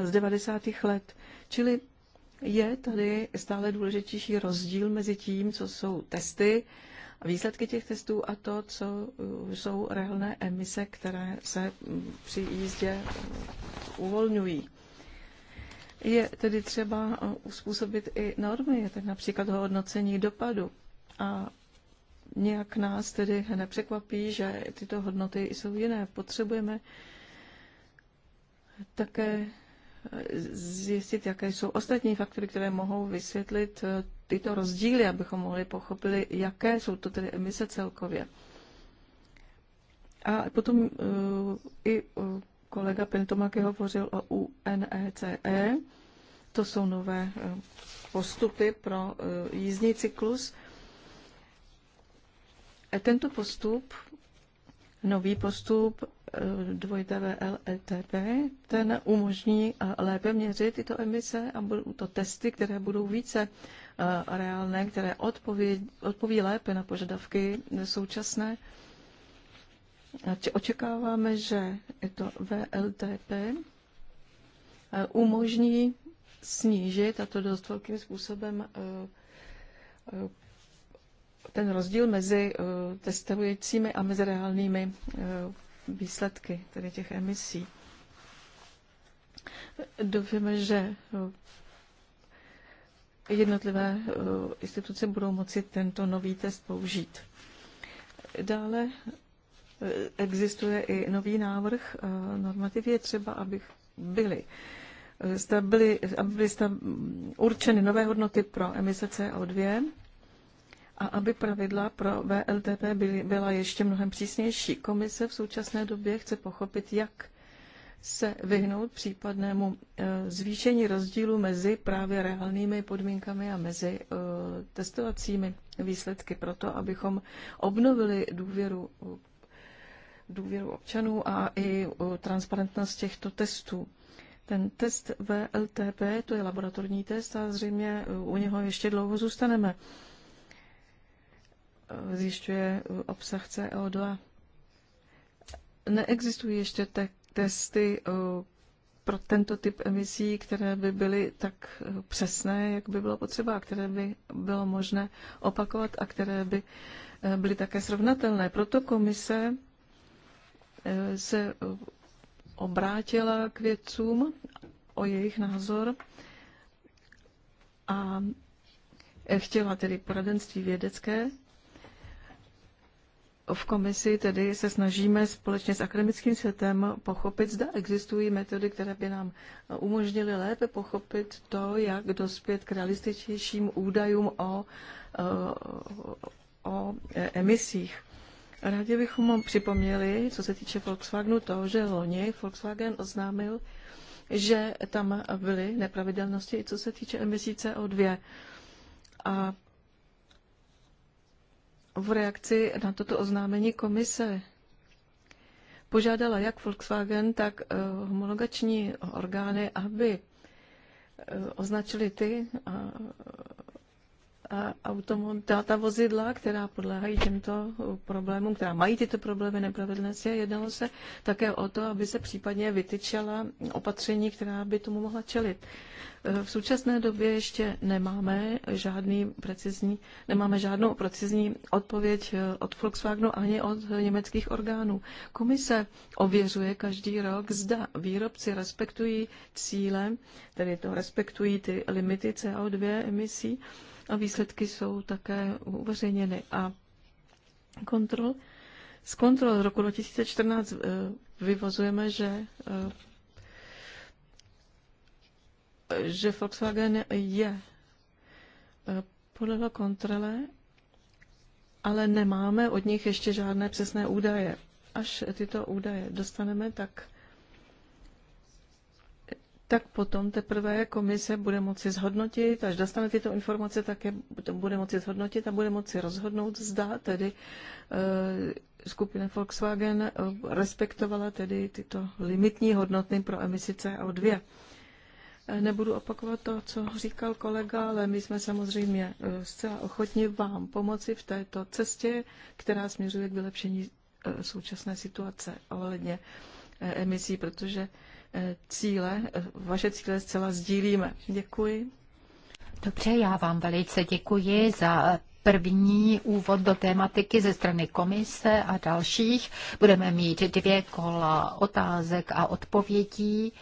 uh, z 90. let. Čili je tady stále důležitější rozdíl mezi tím, co jsou testy, výsledky těch testů a to, co jsou reálné emise, které se mm, při jízdě uvolňují. Je tedy třeba uspůsobit i normy, tak například hodnocení dopadu a Nějak nás tedy nepřekvapí, že tyto hodnoty jsou jiné. Potřebujeme také zjistit, jaké jsou ostatní faktory, které mohou vysvětlit eh, tyto rozdíly, abychom mohli pochopili, jaké jsou to tedy emise celkově. A potom uh, i uh, kolega Pentomaky hovořil o UNECE. E. To jsou nové uh, postupy pro uh, jízdní cyklus. Uh, tento postup, nový postup eh, dvojité LETP, ten umožní eh, lépe měřit tyto emise a budou to testy, které budou více eh, reálné, které odpoví, odpoví lépe na požadavky současné. Očekáváme, že to VLTP umožní snížit, a to dost velkým způsobem, ten rozdíl mezi eh, testujícími a mezi reálnými eh, výsledky, tedy těch emisí. Doufáme, že eh, jednotlivé instituce budou moci tento nový test použít. Dále existuje i nový návrh normativ. Je třeba, aby byly, byly, aby byly určeny nové hodnoty pro emise CO2 a aby pravidla pro VLTP byly, byla ještě mnohem přísnější. Komise v současné době chce pochopit, jak se vyhnout případnému e, zvýšení rozdílu mezi právě reálnými podmínkami a mezi e, testovacími výsledky Pro to, abychom obnovili důvěru, důvěru občanů a i e, transparentnost těchto testů. Ten test VLTP, to je laboratorní test a zřejmě u něho ještě dlouho zůstaneme zjišťuje obsah CO2. Neexistují ještě tak testy eh, pro tento typ emisí, které by byly tak eh, přesné, jak by bylo potřeba, a které by bylo možné opakovat a které by eh, byly také srovnatelné. Proto komise se obrátila k vědcům o jejich názor a chtěla tedy poradenství vědecké v komisi tedy se snažíme společně s akademickým světem pochopit, zda existují metody, které by nám umožnily lépe pochopit to, jak dospět k realističtějším údajům o, eh, o, o emisích. Rádi bychom vám připomněli, co se týče Volkswagenu, to, že loni Volkswagen oznámil, že tam byly nepravidelnosti, co se týče emisí CO2. A v reakci na toto oznámení komise požádala jak Volkswagen, tak eh, homologační orgány, aby eh, označili ty eh, automata vozidla, která podléhají těmto uh, problémům, která mají tyto problémy nepravedlnosti a jednalo se také o to, aby se případně vytyčela opatření, která by tomu mohla čelit. Eh, v současné době ještě nemáme žádný precizní, nemáme žádnou precizní odpověď eh, od Volkswagenu ani od německých orgánů. Komise ověřuje každý rok, zda výrobci respektují cíle, tedy to respektují ty limity CO2 emisí, a výsledky jsou také uveřejněny. A kontrol, z kontrol z roku 2014 eh, vyvozujeme, že eh, že Volkswagen je eh, podle kontrole, ale nemáme od nich ještě žádné přesné údaje. Až tyto údaje dostaneme, tak tak potom teprve komise bude moci zhodnotit, až dostane tyto informace, tak je bude moci zhodnotit a bude moci rozhodnout, zda tedy eh, skupina Volkswagen eh, respektovala tedy tyto limitní hodnoty pro emisi CO2. Eh, nebudu opakovat to, co říkal kolega, ale my jsme samozřejmě zcela ochotni vám pomoci v této cestě, která směřuje k vylepšení současné situace ohledně emisí, protože Eh, cíle, eh, vaše cíle zcela sdílíme. Děkuji. Dobře, já vám velice děkuji za první úvod do tématiky ze strany komise a dalších. Budeme mít dvě kola otázek a odpovědí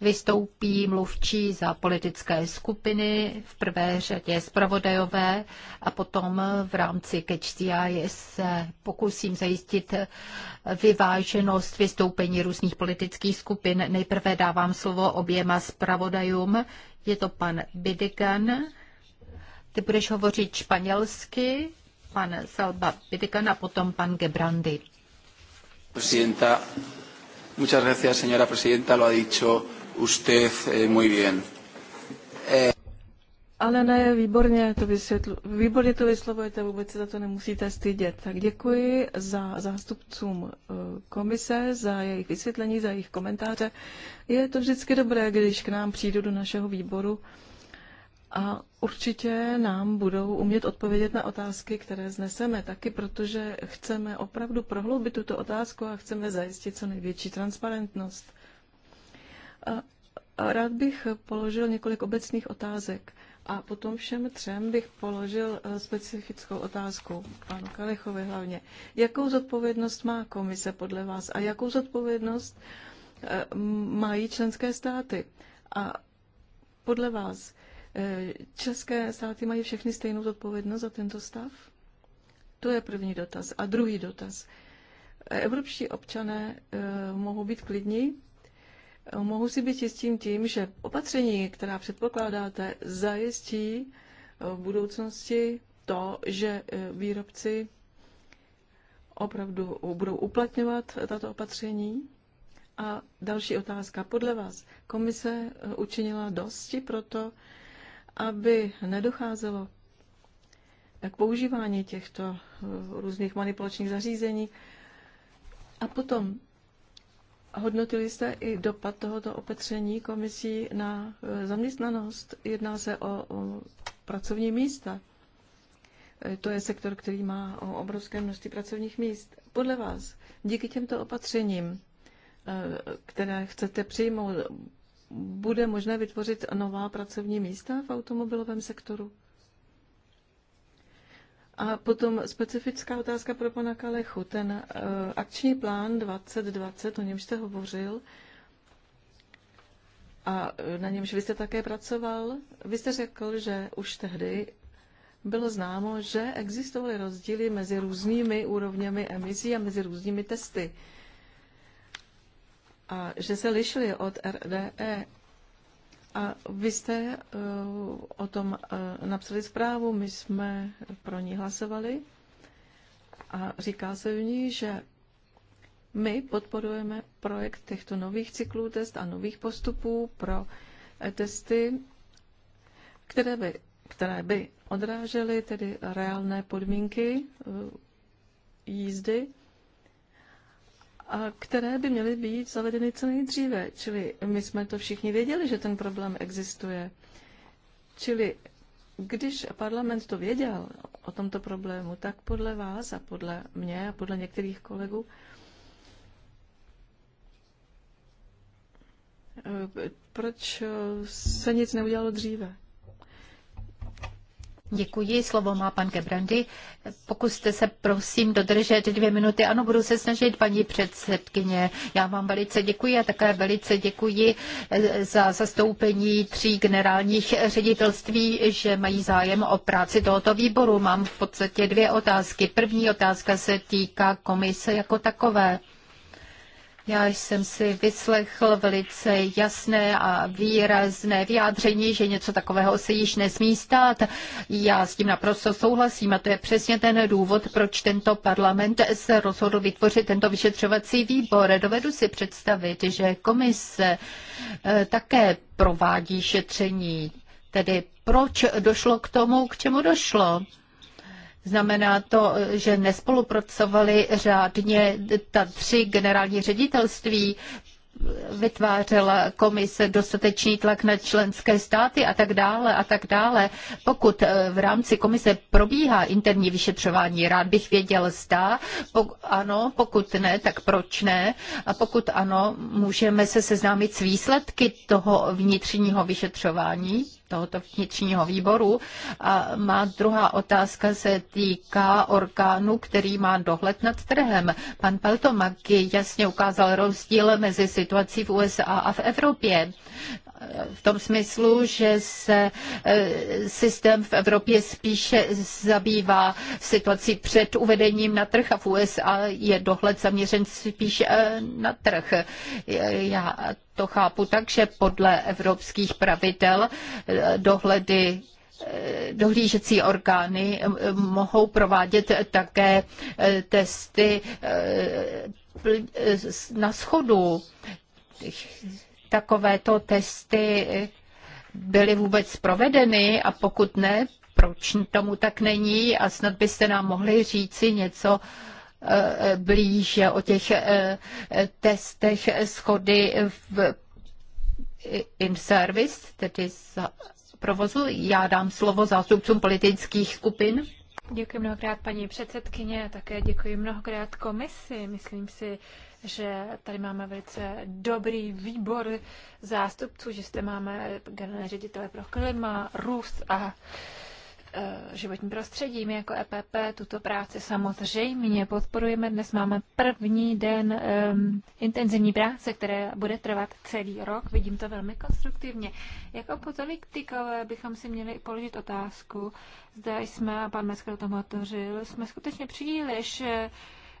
vystoupí mluvčí za politické skupiny, v prvé řadě zpravodajové a potom v rámci Catch the se pokusím zajistit vyváženost vystoupení různých politických skupin. Nejprve dávám slovo oběma zpravodajům. Je to pan Bidigan. Ty budeš hovořit španělsky, pan Salba Bidigan a potom pan Gebrandy. Presidenta, muchas gracias, señora presidenta, lo ha dicho usted eh, muy bien. Eh... Ale ne, výborně to, vysvětlu, výborně to vyslovujete, vůbec se za to nemusíte stydět. Tak děkuji za zástupcům eh, komise, za jejich vysvětlení, za jejich komentáře. Je to vždycky dobré, když k nám přijdu do našeho výboru a určitě nám budou umět odpovědět na otázky, které zneseme, taky protože chceme opravdu prohloubit tuto otázku a chceme zajistit co největší transparentnost. Rád bych položil několik obecných otázek a potom všem třem bych položil eh, specifickou otázku, panu Kalichovi hlavně. Jakou zodpovědnost má komise podle vás a jakou zodpovědnost eh, mají členské státy? A podle vás, eh, české státy mají všechny stejnou zodpovědnost za tento stav? To je první dotaz. A druhý dotaz. Evropští občané mohou být klidní, Eh, mohu si být jistým tím, že opatření, která předpokládáte, zajistí eh, v budoucnosti to, že eh, výrobci opravdu budou uplatňovat tato opatření? A další otázka. Podle vás komise učinila dosti pro to, aby nedocházelo k používání těchto různých manipulačních zařízení? A potom Hodnotili jste i dopad tohoto opatření komisí na eh, zaměstnanost. Jedná se o, o pracovní místa. Eh, to je sektor, který má obrovské množství pracovních míst. Podle vás, díky těmto opatřením, eh, které chcete přijmout, bude možné vytvořit nová pracovní místa v automobilovém sektoru? A potom specifická otázka pro pana Kalechu. Ten uh, akční plán 2020, o němž jste hovořil, a eh, na němž vy jste také pracoval, vy jste řekl, že už tehdy bylo známo, že existovaly rozdíly mezi různými úrovněmi emisí a mezi různými testy. A že se lišily od RDE. A vy jste eh, o tom eh, napsali zprávu, my jsme pro ní hlasovali a říká se v ní, že my podporujeme projekt těchto nových cyklů test a nových postupů pro eh, testy, které by, které by odrážely tedy reálné podmínky jízdy které by měly být zavedeny co nejdříve. Čili my jsme to všichni věděli, že ten problém existuje. Čili když parlament to věděl o tomto problému, tak podle vás a podle mě a podle některých kolegů eh, proč se nic neudělalo dříve? Děkuji, slovo má pan Gebrandy. Pokuste se prosím dodržet dvě minuty. Ano, budu se snažit, paní předsedkyně. Já vám velice děkuji a také velice děkuji eh, za zastoupení tří generálních ředitelství, že mají zájem o práci tohoto výboru. Mám v podstatě dvě otázky. První otázka se týká komise jako takové. Já jsem si vyslechl velice jasné a výrazné vyjádření, že něco takového se již nesmí stát. Já s tím naprosto souhlasím a to je přesně ten důvod, proč tento parlament se rozhodl vytvořit tento vyšetřovací výbor. Dovedu si představit, že komise eh, také provádí šetření. Tedy proč došlo k tomu, k čemu došlo? Znamená to, že nespolupracovali řádně ta tři generální ředitelství, vytvářela komise dostatečný tlak na členské státy a tak dále a tak dále. Pokud eh, v rámci komise probíhá interní vyšetřování, rád bych věděl, zda Pok- ano, pokud ne, tak proč ne a pokud ano, můžeme se seznámit s výsledky toho vnitřního vyšetřování tohoto vnitřního výboru. A má druhá otázka se týká orgánu, který má dohled nad trhem. Pan Peltomaky jasně ukázal rozdíl mezi situací v USA a v Evropě v tom smyslu, že se e, systém v Evropě spíše zabývá situací před uvedením na trh a v USA je dohled zaměřen spíše na trh. Já to chápu tak, že podle evropských pravidel e, dohledy e, dohlížecí orgány mohou provádět také testy na schodu takovéto testy byly vůbec provedeny a pokud ne, proč tomu tak není a snad byste nám mohli říci něco eh, blíže o těch eh, testech schody v in service, tedy z provozu. Já dám slovo zástupcům politických skupin. Děkuji mnohokrát paní předsedkyně a také děkuji mnohokrát komisi. Myslím si, že tady máme velice dobrý výbor zástupců, že zde máme generální ředitele pro klima, růst a e, životní prostředí. My jako EPP tuto práci samozřejmě podporujeme. Dnes máme první den um, intenzivní práce, které bude trvat celý rok. Vidím to velmi konstruktivně. Jako politikové bychom si měli položit otázku. Zde jsme, a pan Meskel o tom hovořil, jsme skutečně příliš uh,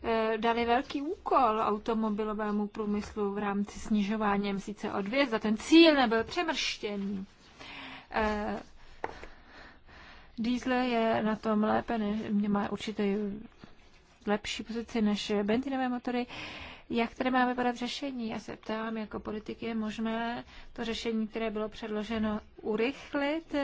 Eh, dali velký úkol automobilovému průmyslu v rámci snižování emisí o dvě, Za ten cíl nebyl přemrštěný. Eh, Diesel je na tom lépe, než má určitě lepší pozici než benzinové motory. Jak tedy má vypadat řešení? Já se ptám, jako politik je možné to řešení, které bylo předloženo, urychlit?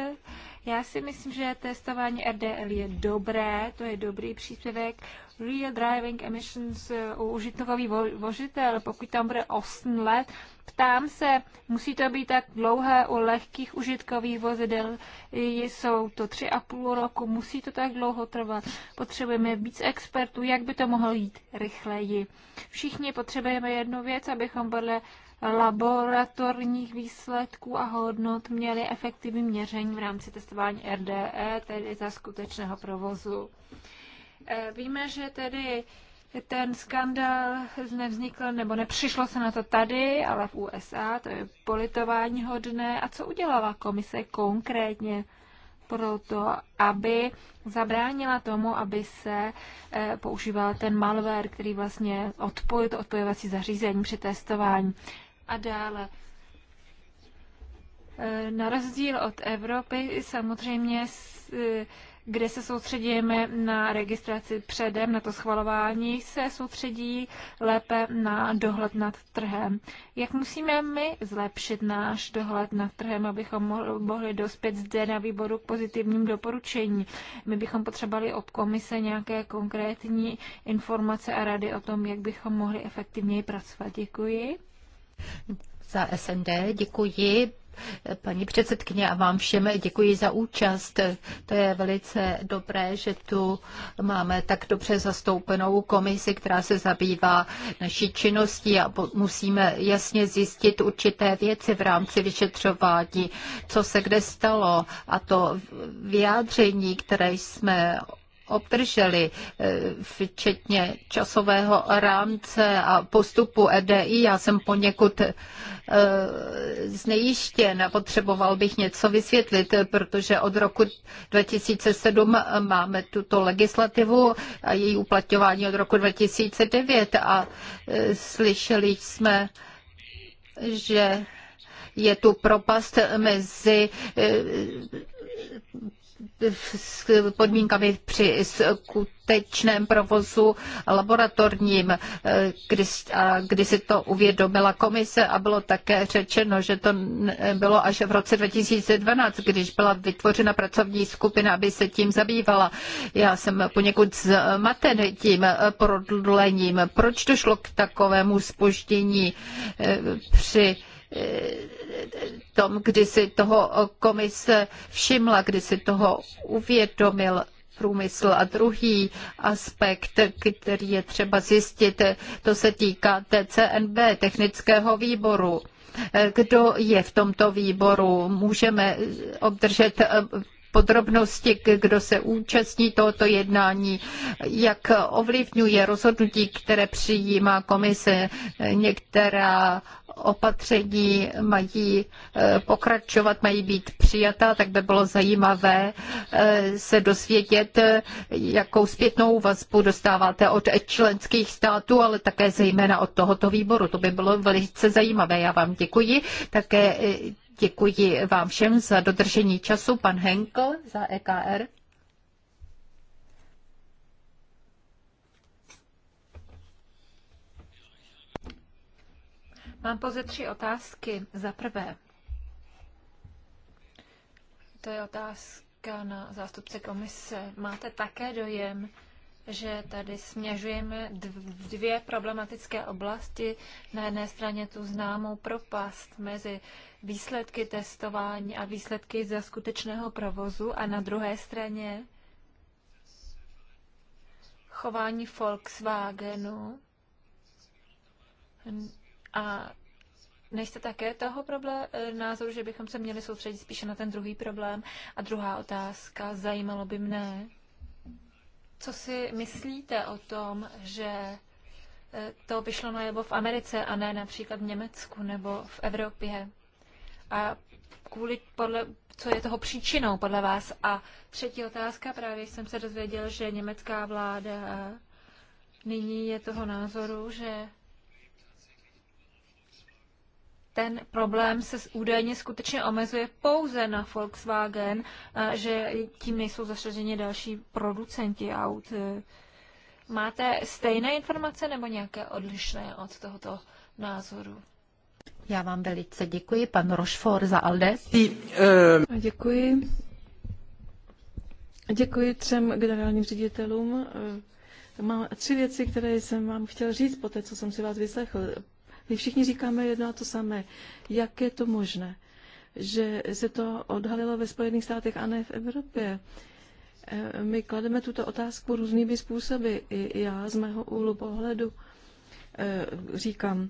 Já si myslím, že testování RDL je dobré, to je dobrý příspěvek. Real Driving Emissions eh, u užitkový vožitel, pokud tam bude 8 let, Ptám se, musí to být tak dlouhé u lehkých užitkových vozidel, jsou to tři a půl roku, musí to tak dlouho trvat, potřebujeme víc expertů, jak by to mohlo jít rychleji. Všichni potřebujeme jednu věc, abychom byli laboratorních výsledků a hodnot měly efektivní měření v rámci testování RDE, tedy za skutečného provozu. E, víme, že tedy ten skandal nevznikl, nebo nepřišlo se na to tady, ale v USA, to je politování hodné. A co udělala komise konkrétně pro to, aby zabránila tomu, aby se e, používal ten malware, který vlastně odpojil to odpojovací zařízení při testování. A dále. E, na rozdíl od Evropy samozřejmě e, kde se soustředíme na registraci předem, na to schvalování, se soustředí lépe na dohled nad trhem. Jak musíme my zlepšit náš dohled nad trhem, abychom mohli dospět zde na výboru k pozitivním doporučení? My bychom potřebovali od komise nějaké konkrétní informace a rady o tom, jak bychom mohli efektivněji pracovat. Děkuji. Za SND děkuji. Paní předsedkyně a vám všem děkuji za účast. To je velice dobré, že tu máme tak dobře zastoupenou komisi, která se zabývá naší činností a musíme jasně zjistit určité věci v rámci vyšetřování, co se kde stalo a to vyjádření, které jsme obdrželi, eh, včetně časového rámce a postupu EDI. Já jsem poněkud eh, znejištěn a potřeboval bych něco vysvětlit, protože od roku 2007 máme tuto legislativu a její uplatňování od roku 2009 a eh, slyšeli jsme, že je tu propast mezi s podmínkami při skutečném provozu laboratorním, kdy, kdy si to uvědomila komise a bylo také řečeno, že to bylo až v roce 2012, když byla vytvořena pracovní skupina, aby se tím zabývala. Já jsem poněkud zmaten tím prodlením. Proč došlo k takovému spoždění eh, při Eh, tom, kdy si toho komise všimla, kdy si toho uvědomil průmysl. A druhý aspekt, který je třeba zjistit, to se týká TCNB, technického výboru. Eh, kdo je v tomto výboru? Můžeme obdržet eh, podrobnosti, kdo se účastní tohoto jednání, jak ovlivňuje rozhodnutí, které přijímá komise. Některá opatření mají eh, pokračovat, mají být přijata, tak by bylo zajímavé eh, se dosvědět, eh, jakou zpětnou vazbu dostáváte od členských států, ale také zejména od tohoto výboru. To by bylo velice zajímavé. Já vám děkuji. Také Děkuji vám všem za dodržení času. Pan Henkel za EKR. Mám pouze tři otázky. Za prvé, to je otázka na zástupce komise. Máte také dojem, že tady směřujeme dvě problematické oblasti. Na jedné straně tu známou propast mezi výsledky testování a výsledky ze skutečného provozu a na druhé straně chování Volkswagenu. A nejste také toho problém, názoru, že bychom se měli soustředit spíše na ten druhý problém? A druhá otázka, zajímalo by mne, co si myslíte o tom, že eh, to vyšlo najevo v Americe a ne například v Německu nebo v Evropě. A kvůli podle, co je toho příčinou podle vás? A třetí otázka, právě jsem se dozvěděl, že německá vláda nyní je toho názoru, že ten problém se údajně skutečně omezuje pouze na Volkswagen, že tím nejsou zasaženi další producenti aut. E, máte stejné informace nebo nějaké odlišné od tohoto názoru? Já vám velice děkuji, pan Rochefort za Aldes. E, děkuji. Děkuji třem generálním ředitelům. E, mám tři věci, které jsem vám chtěl říct po té, co jsem si vás vyslechl. My všichni říkáme jedno a to samé. Jak je to možné, že se to odhalilo ve Spojených státech a ne v Evropě? Eh, my klademe tuto otázku různými způsoby. I já z mého úhlu pohledu eh, říkám,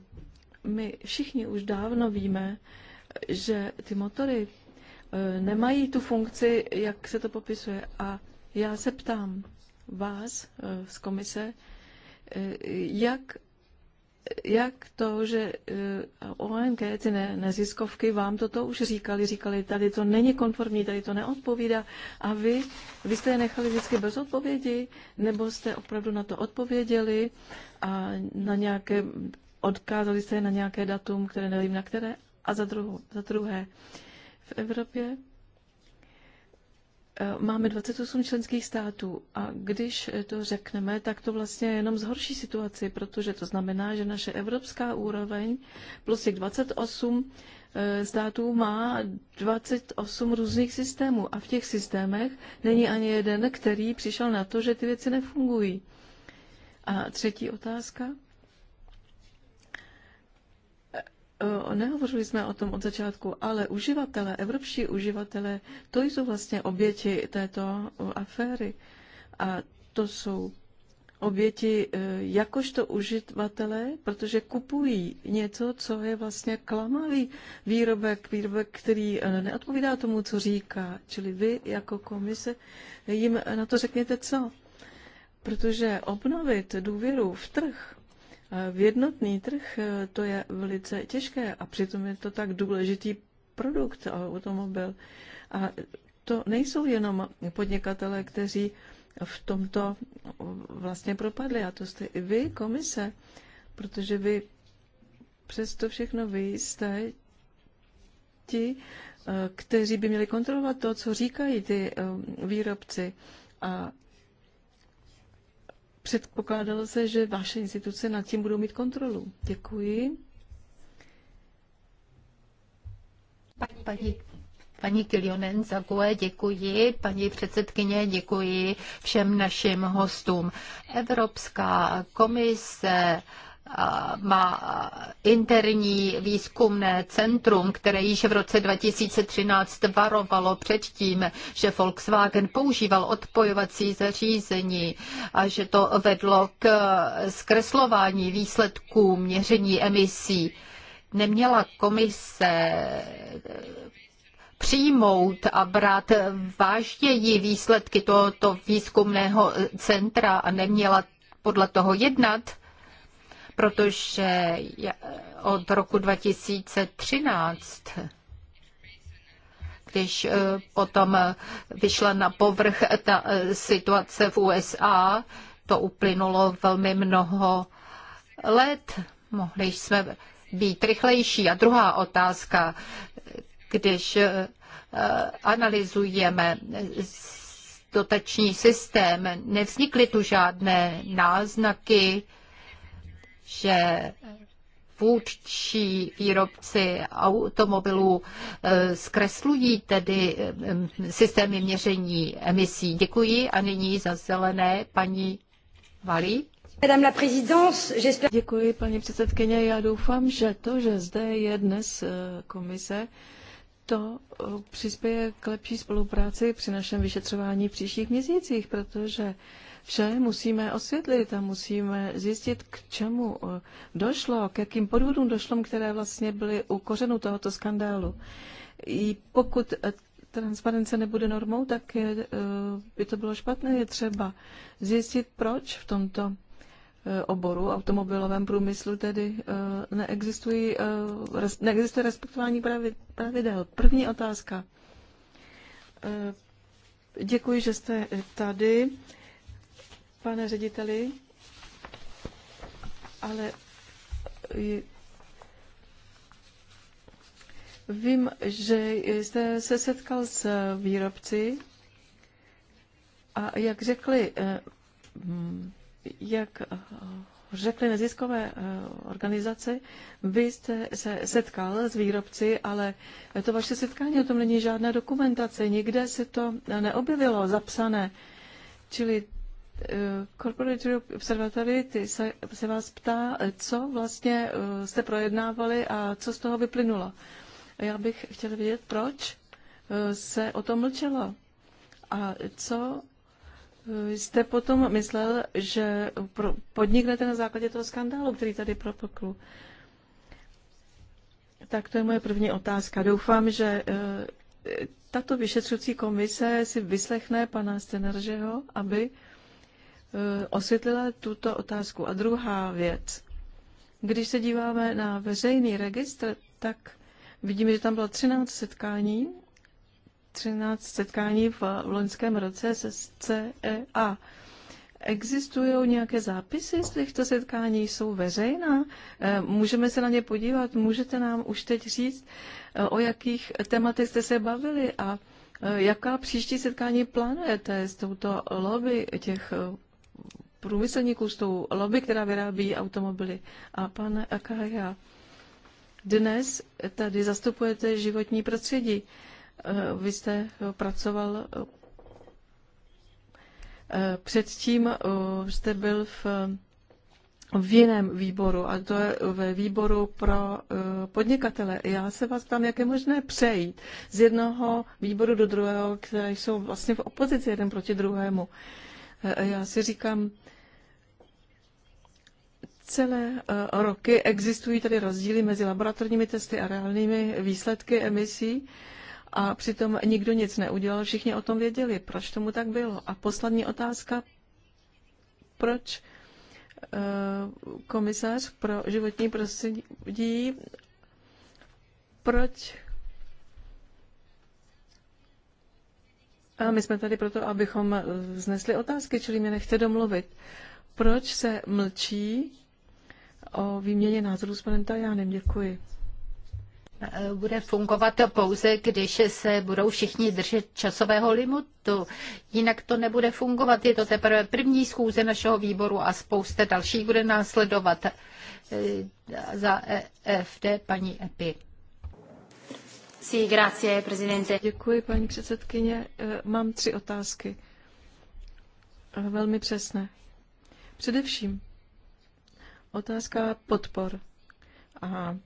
my všichni už dávno víme, že ty motory eh, nemají tu funkci, jak se to popisuje. A já se ptám vás z komise, jak jak to, že eh, ONG, ty ne, neziskovky, vám toto už říkali, říkali, tady to není konformní, tady to neodpovídá a vy, vy jste je nechali vždycky bez odpovědi, nebo jste opravdu na to odpověděli a na nějaké, odkázali jste je na nějaké datum, které nevím na které, a za, druhou, za druhé, v Evropě Eh, máme 28 členských států a když eh, to řekneme, tak to vlastně jenom zhorší situaci, protože to znamená, že naše evropská úroveň plus těch 28 eh, států má 28 různých systémů a v těch systémech není ani jeden, který přišel na to, že ty věci nefungují. A třetí otázka. Eh, nehovořili jsme o tom od začátku, ale uživatelé, evropští uživatelé, to jsou vlastně oběti této eh, aféry. A to jsou oběti eh, jakožto uživatelé, protože kupují něco, co je vlastně klamavý výrobek, výrobek, který neodpovídá tomu, co říká. Čili vy jako komise jim na to řekněte co. Protože obnovit důvěru v trh v jednotný trh eh, to je velice těžké a přitom je to tak důležitý produkt automobil. A to nejsou jenom podnikatele, kteří v tomto vlastně propadli, a to jste i vy, komise, protože vy přesto všechno vy jste ti, eh, kteří by měli kontrolovat to, co říkají ty eh, výrobci a Předpokládalo se, že vaše instituce nad tím budou mít kontrolu. Děkuji. Paní, paní, Paní Kilionen Zagoe, děkuji. Paní předsedkyně, děkuji všem našim hostům. Evropská komise má interní výzkumné centrum, které již v roce 2013 varovalo před tím, že Volkswagen používal odpojovací zařízení a že to vedlo k zkreslování výsledků měření emisí. Neměla komise přijmout a brát vážněji výsledky tohoto výzkumného centra a neměla podle toho jednat? protože od roku 2013 když eh, potom vyšla na povrch ta eh, situace v USA, to uplynulo velmi mnoho let. Mohli jsme být rychlejší. A druhá otázka, když eh, analyzujeme dotační systém, nevznikly tu žádné náznaky že vůdčí výrobci automobilů eh, zkreslují tedy eh, systémy měření emisí. Děkuji a nyní za zelené paní Valí. Děkuji, paní předsedkyně. Já doufám, že to, že zde je dnes eh, komise, to přispěje k lepší spolupráci při našem vyšetřování v příštích měsících, protože vše musíme osvětlit a musíme zjistit, k čemu eh, došlo, k jakým podvodům došlo, které vlastně byly u kořenu tohoto skandálu. I pokud eh, transparence nebude normou, tak je, eh, by to bylo špatné. Je třeba zjistit, proč v tomto oboru, automobilovém průmyslu tedy neexistují, neexistuje respektování pravidel. První otázka. Děkuji, že jste tady pane řediteli, ale vím, že jste se setkal s výrobci a jak řekli, eh, hm, jak řekli neziskové eh, organizace, vy jste se setkal s výrobci, ale to vaše setkání o tom není žádná dokumentace, nikde se to neobjevilo zapsané. Čili Corporate eh, Europe Observatory, ty se, se vás ptá, eh, co vlastně eh, jste projednávali a co z toho vyplynulo. Já bych chtěla vědět, proč se o tom mlčelo a co jste potom myslel, že podniknete na základě toho skandálu, který tady propokl. Tak to je moje první otázka. Doufám, že tato vyšetřující komise si vyslechne pana Steneržeho, aby Eh, osvětlila tuto otázku. A druhá věc. Když se díváme na veřejný registr, tak vidíme, že tam bylo 13 setkání, 13 setkání v loňském roce se CEA. Existují nějaké zápisy z těchto setkání, jsou veřejná? Eh, můžeme se na ně podívat? Můžete nám už teď říct, eh, o jakých tématech jste se bavili a jaká příští setkání plánujete s touto lobby těch průmyslníků, s tou lobby, která vyrábí automobily. A pan Akaja, dnes tady zastupujete životní prostředí. Eh, vy jste eh, pracoval eh, předtím, jste byl v v jiném výboru, a to je ve výboru pro podnikatele. Já se vás tam, jak je možné přejít z jednoho výboru do druhého, které jsou vlastně v opozici jeden proti druhému. Uh, já si říkám, celé roky existují tady rozdíly mezi laboratorními testy a reálnými výsledky emisí a přitom nikdo nic neudělal, všichni o tom věděli, proč tomu tak bylo. A poslední otázka, proč komisař pro životní prostředí, proč A my jsme tady proto, abychom eh, vznesli otázky, čili mě nechce domluvit. Proč se mlčí o výměně názorů s panem Tajánem? Děkuji. Eh, bude fungovat pouze, když se budou všichni držet časového limitu. Jinak to nebude fungovat. Je to teprve první schůze našeho výboru a spousta dalších bude následovat. Eh, za EFD paní Epi. Děkuji, paní předsedkyně. Eh, mám tři otázky. Eh, velmi přesné. Především otázka podpor. A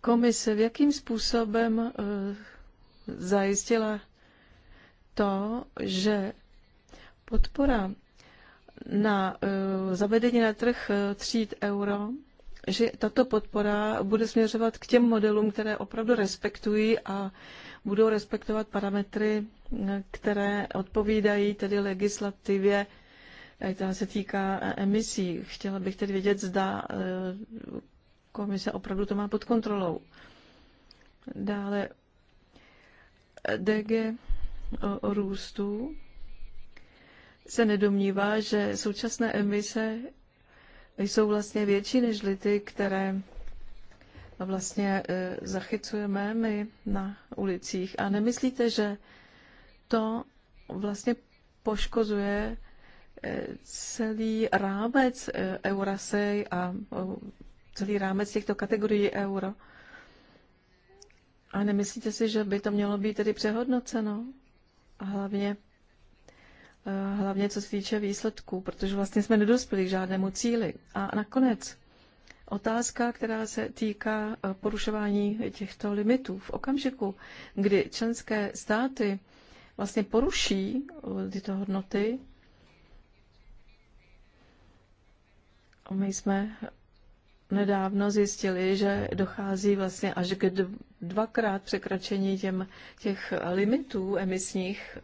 komise, v jakým způsobem eh, zajistila to, že podpora na zavedení na trh tříd euro že tato podpora bude směřovat k těm modelům, které opravdu respektují a budou respektovat parametry, které odpovídají tedy legislativě, eh, která se týká eh, emisí. Chtěla bych tedy vědět, zda eh, komise opravdu to má pod kontrolou. Dále DG růstu se nedomnívá, že současné emise jsou vlastně větší než ty, které vlastně e, zachycujeme my na ulicích. A nemyslíte, že to vlastně poškozuje e, celý rámec e, Eurasej a celý rámec těchto kategorií euro? A nemyslíte si, že by to mělo být tedy přehodnoceno? A hlavně Eh, hlavně co se týče výsledků, protože vlastně jsme nedospěli k žádnému cíli. A nakonec otázka, která se týká eh, porušování těchto limitů. V okamžiku, kdy členské státy vlastně poruší eh, tyto hodnoty, my jsme nedávno zjistili, že dochází vlastně až k dvakrát překračení těm, těch limitů emisních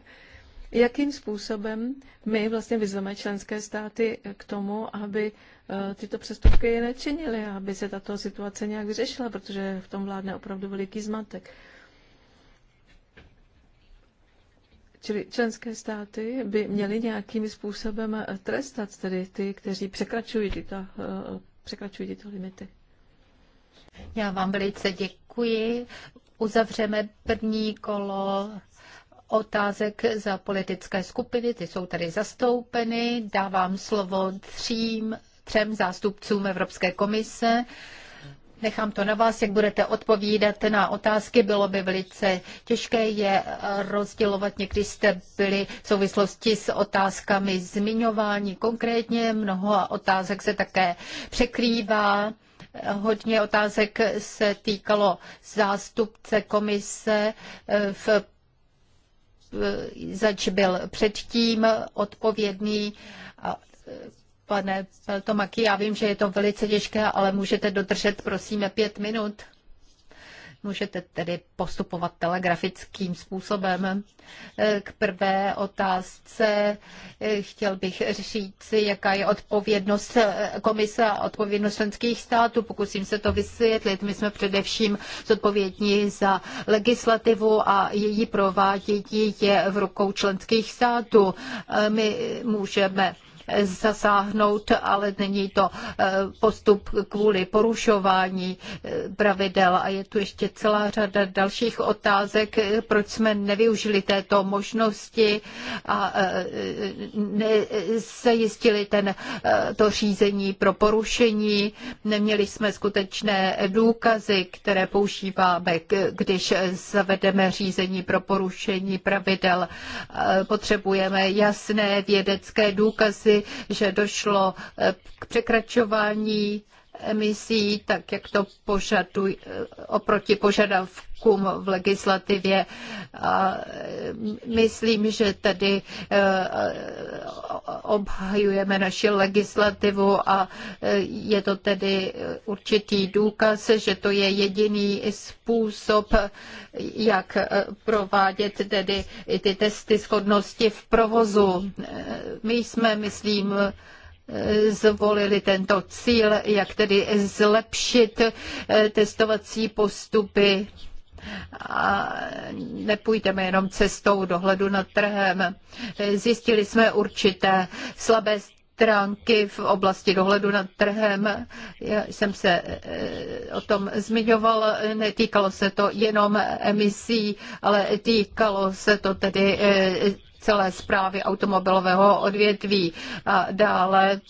Jakým způsobem my vlastně vyzveme členské státy k tomu, aby eh, tyto přestupky nečinily, aby se tato situace nějak vyřešila, protože v tom vládne opravdu veliký zmatek. Čili členské státy by měly nějakým způsobem eh, trestat tedy ty, kteří překračují tyto, eh, překračují tyto limity. Já vám velice děkuji. Uzavřeme první kolo otázek za politické skupiny, ty jsou tady zastoupeny. Dávám slovo třím, třem zástupcům Evropské komise. Nechám to na vás, jak budete odpovídat na otázky. Bylo by velice těžké je rozdělovat. Někdy jste byli v souvislosti s otázkami zmiňování konkrétně. Mnoho otázek se také překrývá. Hodně otázek se týkalo zástupce komise v Eh, zač byl předtím odpovědný. Eh, pane Peltomaky, já vím, že je to velice těžké, ale můžete dodržet, prosím, pět minut. Můžete tedy postupovat telegrafickým způsobem. E, k prvé otázce e, chtěl bych říct, jaká je odpovědnost e, komise a odpovědnost členských států. Pokusím se to vysvětlit. My jsme především zodpovědní za legislativu a její provádění je v rukou členských států. My můžeme zasáhnout, ale není to eh, postup kvůli porušování eh, pravidel. A je tu ještě celá řada dalších otázek, eh, proč jsme nevyužili této možnosti a nezajistili ten, to řízení pro porušení. Neměli jsme skutečné důkazy, které používáme, když zavedeme řízení pro porušení pravidel. Potřebujeme jasné vědecké důkazy, že došlo eh, k překračování emisí, tak jak to požadují oproti požadavkům v legislativě. A e, myslím, že tedy e, obhajujeme naši legislativu a e, je to tedy určitý důkaz, že to je jediný způsob, jak provádět tedy ty testy schodnosti v provozu. My jsme, myslím, zvolili tento cíl, jak tedy zlepšit eh, testovací postupy a nepůjdeme jenom cestou dohledu nad trhem. Zjistili jsme určité slabé stránky v oblasti dohledu nad trhem. Já jsem se eh, o tom zmiňoval, netýkalo se to jenom emisí, ale týkalo se to tedy eh, celé zprávy automobilového odvětví. A dále e,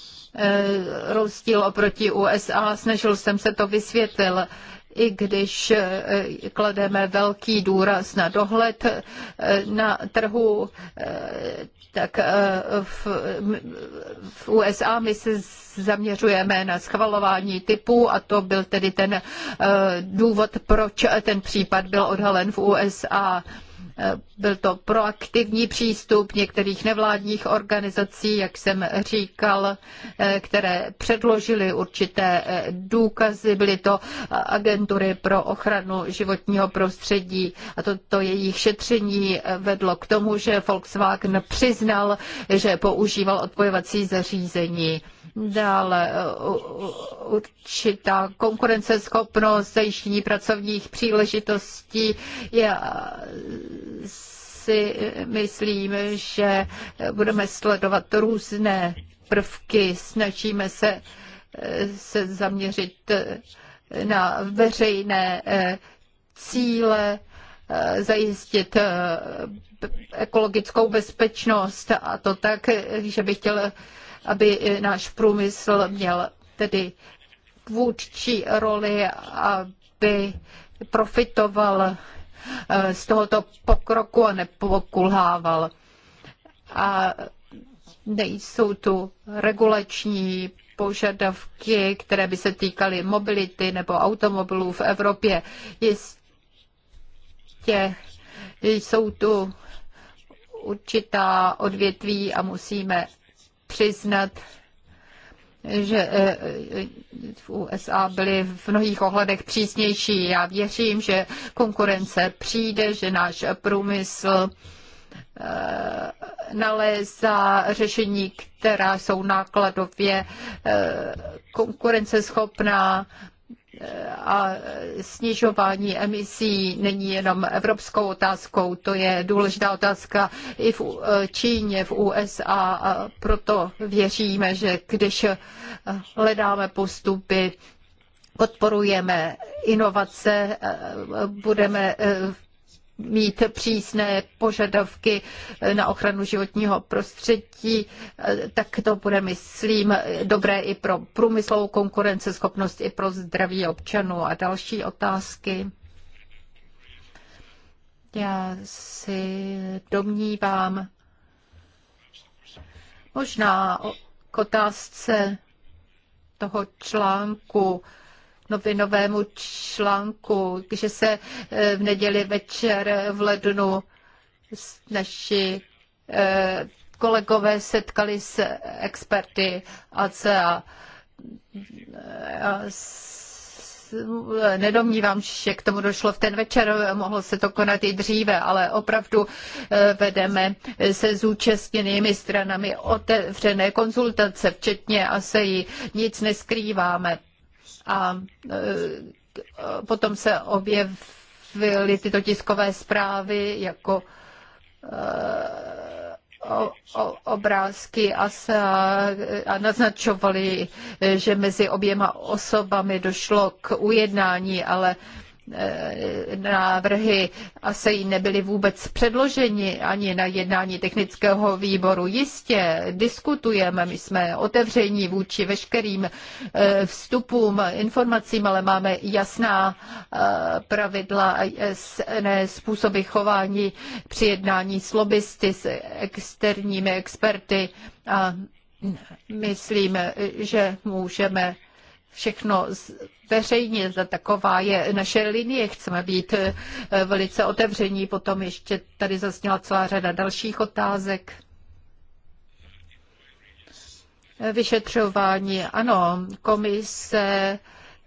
rozdíl oproti USA, snažil jsem se to vysvětlit i když e, klademe velký důraz na dohled e, na trhu, tak v, v USA my se zaměřujeme na schvalování typů a to byl tedy ten důvod, proč ten případ byl odhalen v USA. Eh, byl to proaktivní přístup některých nevládních organizací, jak jsem říkal, eh, které předložily určité eh, důkazy. Byly to agentury pro ochranu životního prostředí a toto to jejich šetření vedlo k tomu, že Volkswagen přiznal, že používal odpojovací zařízení dále eh, určitá konkurenceschopnost, zajištění pracovních příležitostí. Já si myslím, že budeme sledovat různé prvky, snažíme se, eh, se zaměřit eh, na veřejné cíle, zajistit ekologickou bezpečnost a to tak, že bych chtěl aby náš průmysl měl tedy vůdčí roli, aby profitoval eh, z tohoto pokroku a nepokulhával. A nejsou tu regulační požadavky, které by se týkaly mobility nebo automobilů v Evropě. Jistě jsou tu určitá odvětví a musíme přiznat, že eh, v USA byly v mnohých ohledech přísnější. Já věřím, že konkurence přijde, že náš průmysl eh, nalézá řešení, která jsou nákladově eh, konkurenceschopná a snižování emisí není jenom evropskou otázkou, to je důležitá otázka i v Číně, v USA. A proto věříme, že když hledáme postupy, podporujeme inovace, budeme mít přísné požadavky na ochranu životního prostředí, tak to bude, myslím, dobré i pro průmyslovou konkurenceschopnost, i pro zdraví občanů. A další otázky? Já si domnívám, možná k otázce toho článku novinovému článku, že se eh, v neděli večer v lednu naši eh, kolegové setkali s experty ACA. nedomnívám, že k tomu došlo v ten večer, mohlo se to konat i dříve, ale opravdu eh, vedeme se zúčastněnými stranami otevřené konzultace, včetně ASEI, nic neskrýváme a e, potom se objevily tyto tiskové zprávy jako e, O, o, obrázky a, se, a naznačovali, že mezi oběma osobami došlo k ujednání, ale Eh, návrhy asi nebyly vůbec předloženi ani na jednání technického výboru. Jistě diskutujeme, my jsme otevření vůči veškerým eh, vstupům, informacím, ale máme jasná eh, pravidla a jasné způsoby chování při jednání s lobbysty, s externími experty a myslím, že můžeme všechno veřejně, za taková je naše linie, chceme být eh, velice otevření, potom ještě tady zazněla celá řada dalších otázek. Vyšetřování, ano, komise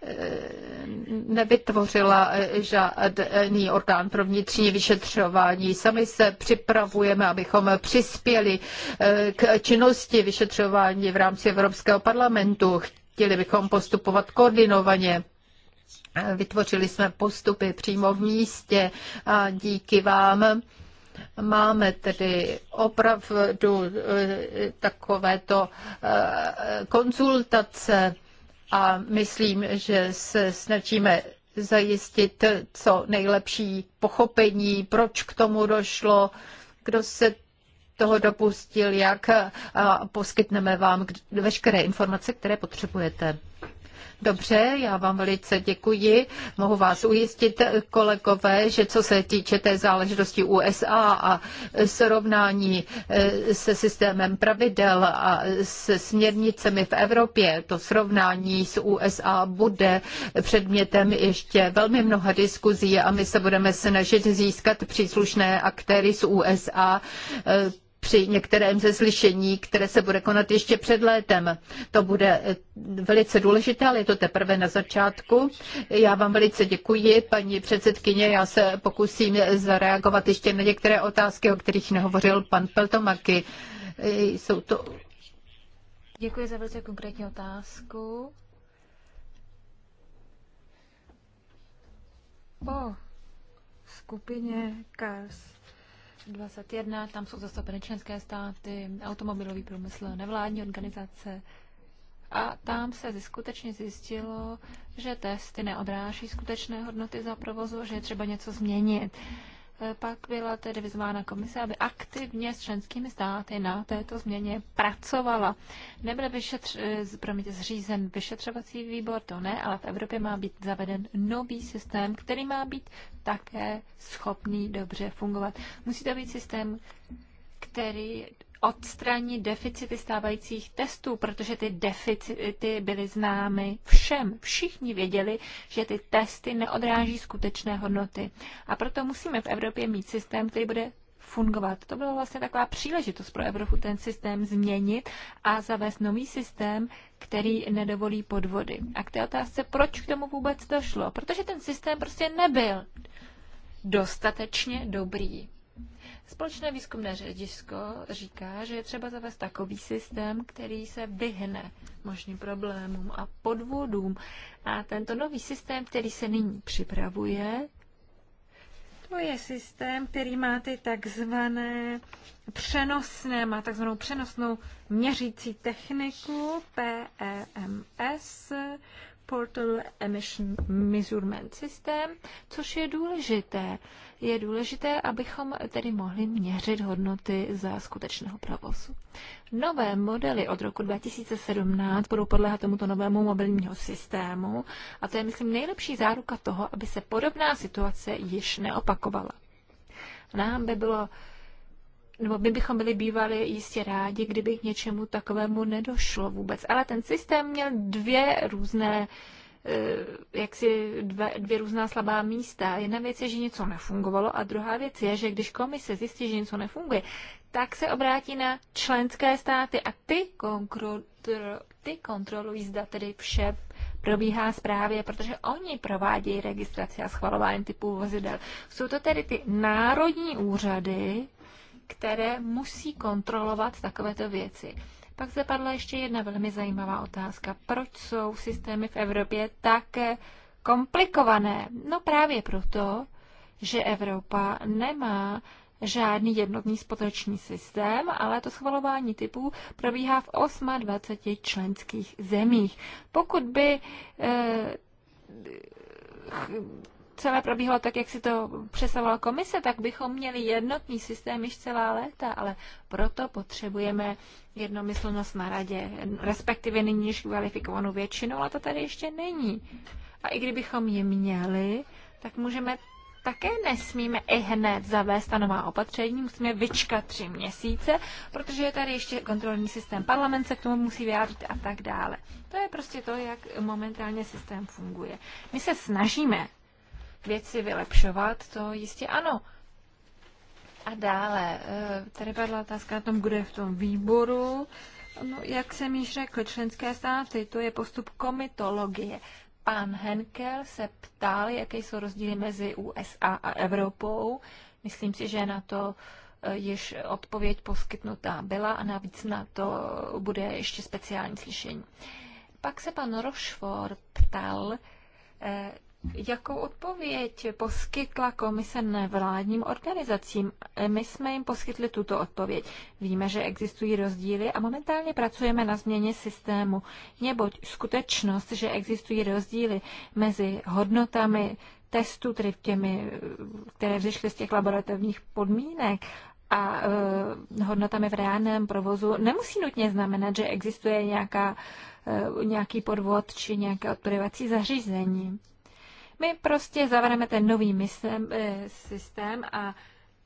eh, nevytvořila eh, žádný orgán pro vnitřní vyšetřování. Sami se připravujeme, abychom přispěli k činnosti vyšetřování v rámci Evropského parlamentu chtěli bychom postupovat koordinovaně. Vytvořili jsme postupy přímo v místě a díky vám máme tedy opravdu eh, takovéto eh, konzultace a myslím, že se snažíme zajistit co nejlepší pochopení, proč k tomu došlo, kdo se toho dopustil, jak eh, poskytneme vám veškeré informace, které potřebujete. Dobře, já vám velice děkuji. Mohu vás ujistit, eh, kolegové, že co se týče té záležitosti USA a srovnání eh, se systémem pravidel a se směrnicemi v Evropě, to srovnání s USA bude předmětem ještě velmi mnoha diskuzí a my se budeme snažit získat příslušné aktéry z USA při některém ze slyšení, které se bude konat ještě před létem. To bude eh, velice důležité, ale je to teprve na začátku. Já vám velice děkuji, paní předsedkyně. Já se pokusím zareagovat ještě na některé otázky, o kterých nehovořil pan Peltomaky. Eh, jsou to... Děkuji za velice konkrétní otázku. Po skupině Cars 21, tam jsou zastoupeny členské státy, automobilový průmysl, nevládní organizace. A tam se skutečně zjistilo, že testy neodráží skutečné hodnoty za provozu, že je třeba něco změnit. Uh, Eh, pak byla tedy vyzvána komise, aby aktivně s členskými státy na této změně pracovala. Nebyl vyšetř, eh, promiňte, zřízen vyšetřovací výbor, to ne, ale v Evropě má být zaveden nový systém, který má být také schopný dobře fungovat. Musí to být systém, který odstranit deficity stávajících testů, protože ty deficity byly známy všem. Všichni věděli, že ty testy neodráží skutečné hodnoty. A proto musíme v Evropě mít systém, který bude fungovat. To byla vlastně taková příležitost pro Evropu ten systém změnit a zavést nový systém, který nedovolí podvody. A k té otázce, proč k tomu vůbec došlo? Protože ten systém prostě nebyl dostatečně dobrý. Společné výzkumné ředisko říká, že je třeba zavést takový systém, který se vyhne možným problémům a podvodům. A tento nový systém, který se nyní připravuje, to je systém, který má ty takzvané přenosné, má takzvanou přenosnou měřící techniku PEMS, Portal Emission Measurement System, což je důležité. Je důležité, abychom tedy mohli měřit hodnoty za skutečného provozu. Nové modely od roku 2017 budou podléhat tomuto novému mobilního systému a to je, myslím, nejlepší záruka toho, aby se podobná situace již neopakovala. Nám by bylo nebo my bychom byli bývali jistě rádi, kdyby k něčemu takovému nedošlo vůbec. Ale ten systém měl dvě různé eh, jaksi dvě, dvě různá slabá místa. Jedna věc je, že něco nefungovalo a druhá věc je, že když komise zjistí, že něco nefunguje, tak se obrátí na členské státy a ty, kontro, ty kontrolují, zda tedy vše probíhá správě, protože oni provádějí registraci a schvalování typů vozidel. Jsou to tedy ty národní úřady, které musí kontrolovat takovéto věci. Pak se padla ještě jedna velmi zajímavá otázka. Proč jsou systémy v Evropě tak komplikované? No právě proto, že Evropa nemá žádný jednotný spotřeční systém, ale to schvalování typů probíhá v 28 členských zemích. Pokud by eh, celé probíhalo tak, jak si to přesavala komise, tak bychom měli jednotný systém již celá léta, ale proto potřebujeme jednomyslnost na radě, respektive nyní již kvalifikovanou většinu, ale to tady ještě není. A i kdybychom ji měli, tak můžeme také nesmíme i hned zavést ta nová opatření, musíme vyčkat tři měsíce, protože je tady ještě kontrolní systém, parlament se k tomu musí vyjádřit a tak dále. To je prostě to, jak momentálně systém funguje. My se snažíme věci vylepšovat, to jistě ano. A dále, eh, tady padla otázka na tom, kdo je v tom výboru. No, jak jsem již řekl, členské státy, to je postup komitologie. Pan Henkel se ptal, jaké jsou rozdíly mezi USA a Evropou. Myslím si, že na to eh, již odpověď poskytnutá byla a navíc na to bude ještě speciální slyšení. Pak se pan Rochefort ptal, eh, Jakou odpověď poskytla komise nevládním organizacím? My jsme jim poskytli tuto odpověď. Víme, že existují rozdíly a momentálně pracujeme na změně systému, neboť skutečnost, že existují rozdíly mezi hodnotami testů, tedy těmi, které vyšly z těch laboratorních podmínek a uh, hodnotami v reálném provozu nemusí nutně znamenat, že existuje nějaká, uh, nějaký podvod či nějaké odprovací zařízení. My prostě zavedeme ten nový myslím, eh, systém a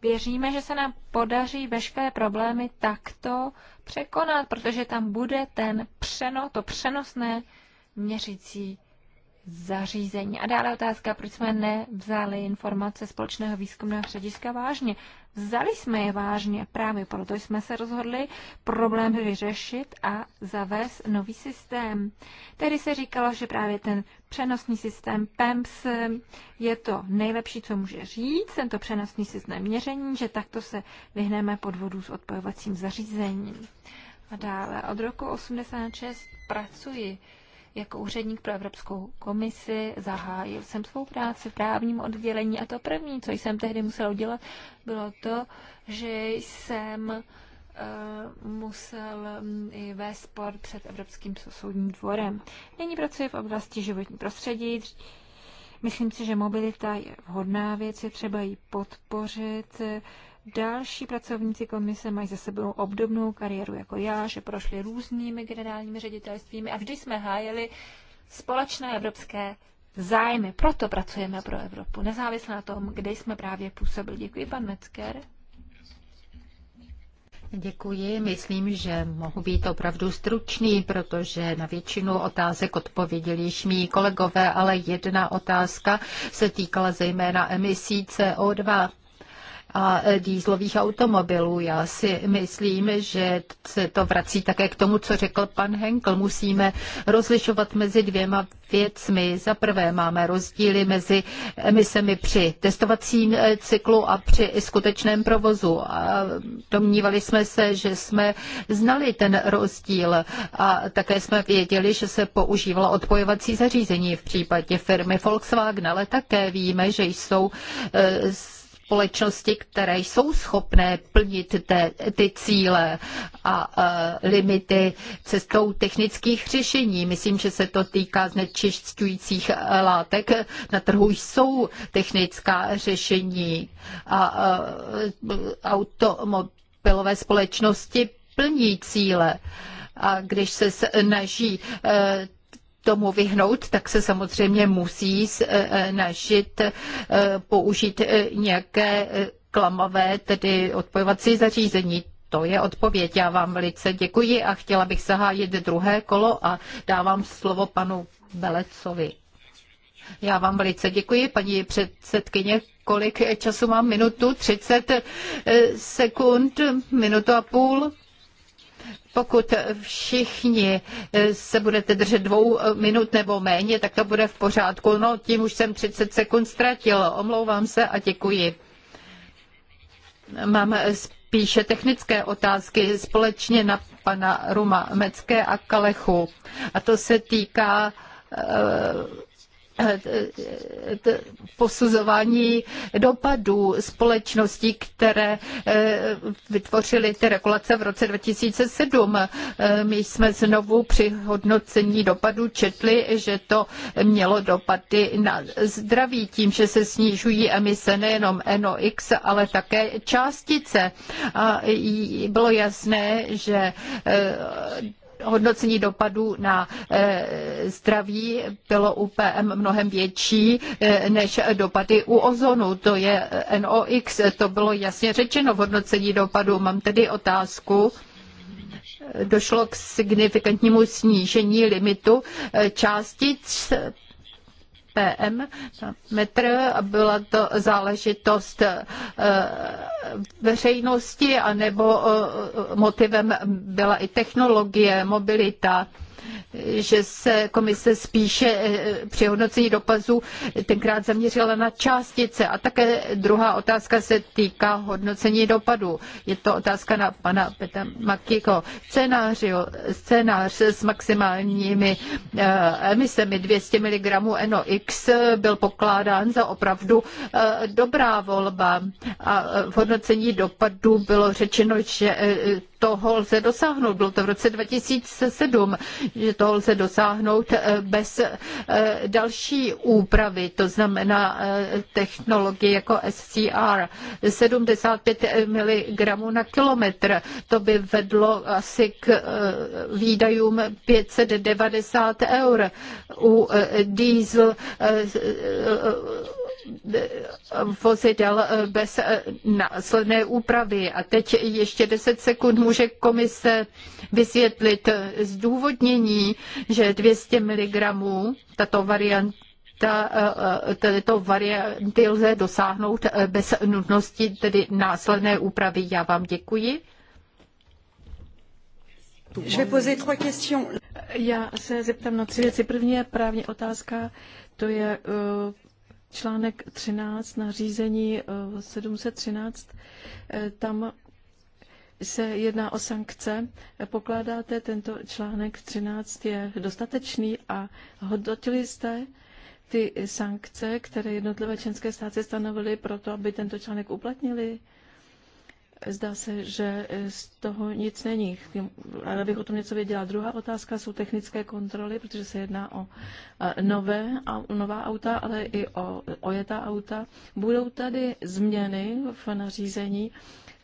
věříme, že se nám podaří veškeré problémy takto překonat, protože tam bude ten přeno, to přenosné měřící zařízení. A dále otázka, proč jsme nevzali informace společného výzkumného střediska vážně. Vzali jsme je vážně, právě proto jsme se rozhodli problém vyřešit a zavést nový systém. Tedy se říkalo, že právě ten přenosný systém PEMS je to nejlepší, co může říct, tento přenosný systém měření, že takto se vyhneme podvodu s odpojovacím zařízením. A dále od roku 86 pracuji jako úředník pro Evropskou komisi zahájil jsem svou práci v právním oddělení a to první, co jsem tehdy musel udělat, bylo to, že jsem eh, musel mm, i vést spor před Evropským soudním dvorem. Nyní pracuji v oblasti životní prostředí. Myslím si, že mobilita je vhodná věc, je třeba ji podpořit. Další pracovníci komise mají za sebou obdobnou kariéru jako já, že prošli různými generálními ředitelstvími a vždy jsme hájili společné evropské zájmy. Proto pracujeme pro Evropu, nezávisle na tom, kde jsme právě působili. Děkuji, pan Metzger. Děkuji. Myslím, že mohu být opravdu stručný, protože na většinu otázek odpověděli již mý kolegové, ale jedna otázka se týkala zejména emisí CO2 a dýzlových automobilů. Já si myslím, že se to vrací také k tomu, co řekl pan Henkel. Musíme rozlišovat mezi dvěma věcmi. Za prvé máme rozdíly mezi emisemi při testovacím eh, cyklu a při skutečném provozu. A domnívali jsme se, že jsme znali ten rozdíl a také jsme věděli, že se používala odpojovací zařízení v případě firmy Volkswagen, ale také víme, že jsou eh, společnosti, které jsou schopné plnit te, ty cíle a e, limity cestou technických řešení. Myslím, že se to týká znečišťujících e, látek. Na trhu jsou technická řešení a e, automobilové společnosti plní cíle. A když se snaží e, tomu vyhnout, tak se samozřejmě musí eh, eh, snažit eh, použít nějaké klamavé, tedy odpojovací zařízení. To je odpověď. Já vám velice děkuji a chtěla bych zahájit druhé kolo a dávám slovo panu Belecovi. Já vám velice děkuji, paní předsedkyně. Kolik času mám? Minutu, 30 sekund, minutu a půl. Pokud všichni eh, se budete držet dvou eh, minut nebo méně, tak to bude v pořádku. No, tím už jsem 30 sekund ztratil. Omlouvám se a děkuji. Mám eh, spíše technické otázky společně na pana Ruma Mecké a Kalechu. A to se týká uh, posuzování dopadů společností, které e, vytvořily ty regulace v roce 2007. E, my jsme znovu při hodnocení dopadů četli, že to mělo dopady na zdraví tím, že se snižují emise nejenom NOx, ale také částice. A bylo jasné, že e, hodnocení dopadů na eh, zdraví bylo u PM mnohem větší eh, než dopady u ozonu. To je eh, NOx, to bylo jasně řečeno v hodnocení dopadů. Mám tedy otázku došlo k signifikantnímu snížení limitu částic PM na metr a byla to záležitost eh, veřejnosti anebo eh, motivem byla i technologie, mobilita že se komise spíše eh, při hodnocení dopazů tenkrát zaměřila na částice. A také druhá otázka se týká hodnocení dopadu. Je to otázka na pana Petra Makiko. Scénář, scénář s maximálními eh, emisemi 200 mg NOx byl pokládán za opravdu eh, dobrá volba. A v hodnocení dopadu bylo řečeno, že toho lze dosáhnout. Bylo to v roce 2007, že toho lze dosáhnout eh, bez eh, další úpravy, to znamená eh, technologie jako SCR. 75 mg na kilometr, to by vedlo asi k výdajům 590 eur. U diesel vozidel eh, bez eh, následné úpravy. A teď ještě 10 sekund může komise vysvětlit eh, zdůvodnění, že 200 mg tato varianta ta, této varianty lze dosáhnout bez nutnosti tedy následné úpravy. Já vám děkuji. Já se zeptám na tři věci. První je právní otázka, to je článek 13 na řízení 713, eh, eh, tam se jedná o sankce. Pokládáte tento článek 13 je dostatečný a hodnotili jste ty sankce, které jednotlivé členské státy stanovily pro to, aby tento článek uplatnili? Zdá se, že e, z toho nic není. ale bych o tom něco věděla. Druhá otázka jsou technické kontroly, protože se jedná o e, nové, nová auta, ale i o ojetá auta. Budou tady změny v nařízení,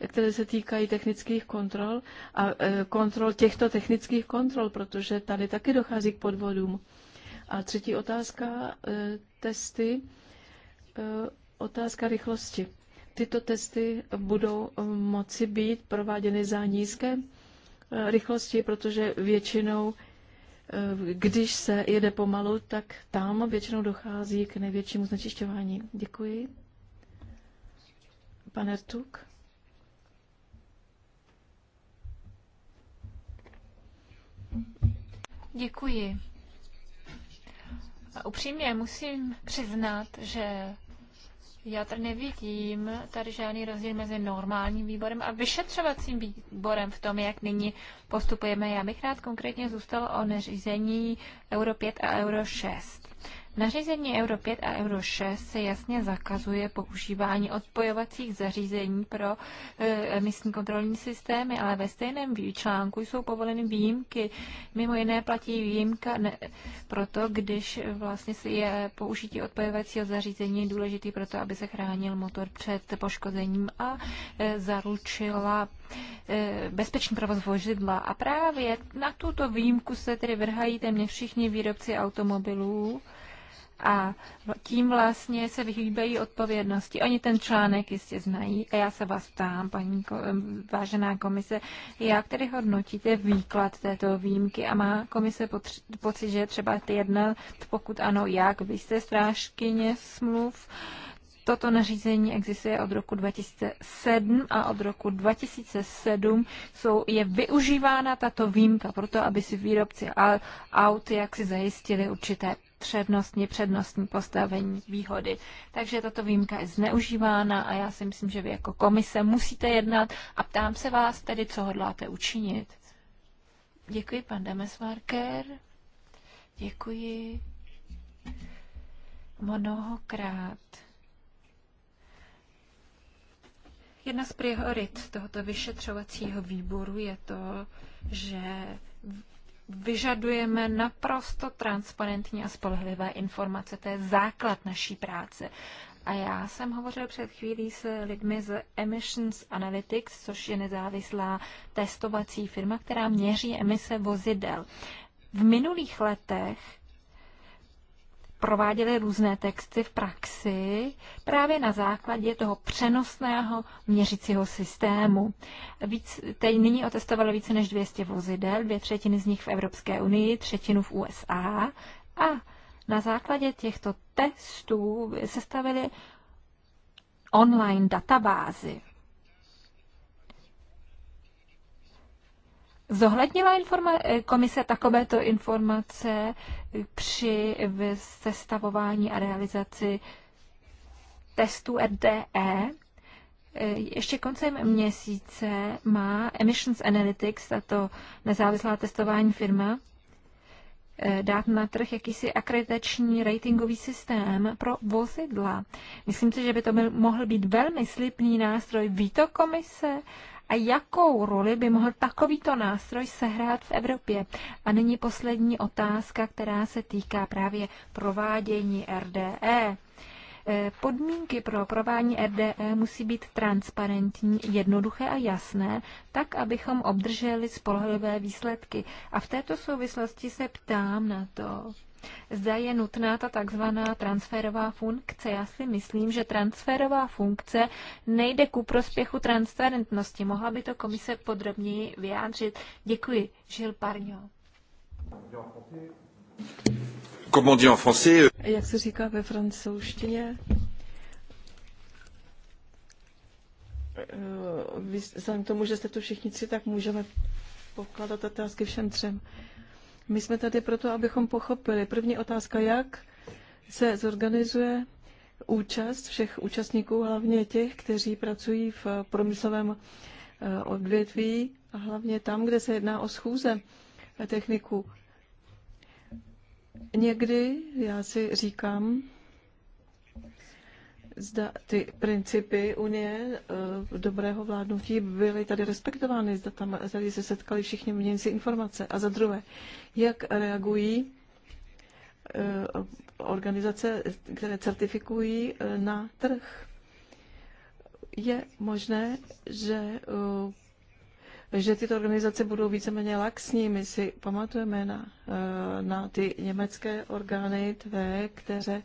které se týkají technických kontrol a e, kontrol těchto technických kontrol, protože tady taky dochází k podvodům. A třetí otázka, testy, otázka rychlosti tyto testy budou eh, moci být prováděny za nízké eh, rychlosti, protože většinou, eh, když se jede pomalu, tak tam většinou dochází k největšímu znečišťování. Děkuji. Pane Rtuk. Děkuji. Upřímně musím přiznat, že já tady nevidím tady žádný rozdíl mezi normálním výborem a vyšetřovacím výborem v tom, jak nyní postupujeme. Já bych rád konkrétně zůstal o neřízení Euro 5 a Euro 6. Nařízení Euro 5 a Euro 6 se jasně zakazuje používání odpojovacích zařízení pro e, emisní kontrolní systémy, ale ve stejném článku jsou povoleny výjimky. Mimo jiné platí výjimka ne, proto, když vlastně je použití odpojovacího zařízení důležitý to, aby se chránil motor před poškozením a e, zaručila e, bezpečný provoz vozidla. A právě na tuto výjimku se tedy vrhají téměř všichni výrobci automobilů, a tím vlastně se vyhýbají odpovědnosti. Oni ten článek jistě znají a já se vás ptám, paní vážená komise, jak tedy hodnotíte výklad této výjimky a má komise pocit, že třeba ty jedna, pokud ano, jak vy jste strážkyně smluv, Toto nařízení existuje od roku 2007 a od roku 2007 jsou, je využívána tato výjimka proto, aby si výrobci aut jak si zajistili určité přednostní, přednostní postavení výhody. Takže tato výjimka je zneužívána a já si myslím, že vy jako komise musíte jednat a ptám se vás tedy, co hodláte učinit. Děkuji, pan Demesmarker. Děkuji mnohokrát. Jedna z priorit tohoto vyšetřovacího výboru je to, že vyžadujeme naprosto transparentní a spolehlivé informace. To je základ naší práce. A já jsem hovořil před chvílí s lidmi z Emissions Analytics, což je nezávislá testovací firma, která měří emise vozidel. V minulých letech prováděli různé texty v praxi právě na základě toho přenosného měřicího systému. Víc, teď nyní otestovali více než 200 vozidel, dvě třetiny z nich v Evropské unii, třetinu v USA a na základě těchto testů sestavili online databázy. Zohlednila informa- komise takovéto informace při sestavování a realizaci testů RDE? Ještě koncem měsíce má Emissions Analytics, tato nezávislá testování firma, dát na trh jakýsi akreditační ratingový systém pro vozidla. Myslím si, že by to byl, mohl být velmi slibný nástroj. výtok komise a jakou roli by mohl takovýto nástroj sehrát v Evropě. A nyní poslední otázka, která se týká právě provádění RDE. Eh, podmínky pro provádění RDE musí být transparentní, jednoduché a jasné, tak, abychom obdrželi spolehlivé výsledky. A v této souvislosti se ptám na to, Zda je nutná ta takzvaná transferová funkce. Já si myslím, že transferová funkce nejde ku prospěchu transparentnosti. Mohla by to komise podrobněji vyjádřit. Děkuji. Žil Parňo. Euh, Jak se říká ve francouzštině? Eh, vzhledem k tomu, že jste tu všichni tři, tak můžeme pokládat otázky všem třem. Uh, my jsme tady proto, abychom pochopili. První otázka, jak se zorganizuje účast všech účastníků, hlavně těch, kteří pracují v průmyslovém eh, odvětví a hlavně tam, kde se jedná o schůze techniků. Někdy já si říkám, zda ty principy Unie eh, dobrého vládnutí byly tady respektovány, zda tam tady se setkali všichni měnící informace. A za druhé, jak reagují eh, organizace, které certifikují eh, na trh? Je možné, že že tyto organizace budou víceméně laxní. My si pamatujeme na, na ty německé orgány, tvé, které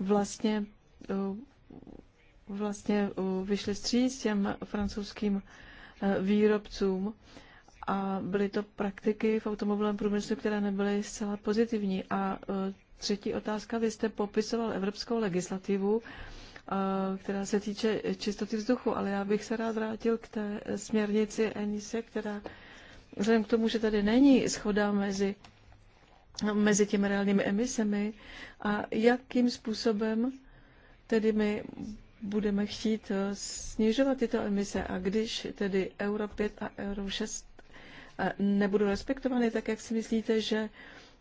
vlastně vlastně vyšli stříc těm francouzským eh, výrobcům a byly to praktiky v automobilovém průmyslu, které nebyly zcela pozitivní. A eh, třetí otázka, vy jste popisoval evropskou legislativu, eh, která se týče čistoty vzduchu, ale já bych se rád vrátil k té směrnici ENISE, která vzhledem k tomu, že tady není schoda mezi, mezi těmi reálnými emisemi a jakým způsobem tedy my budeme chtít eh, snižovat tyto emise a když tedy Euro 5 a Euro 6 eh, nebudou respektovány, tak jak si myslíte, že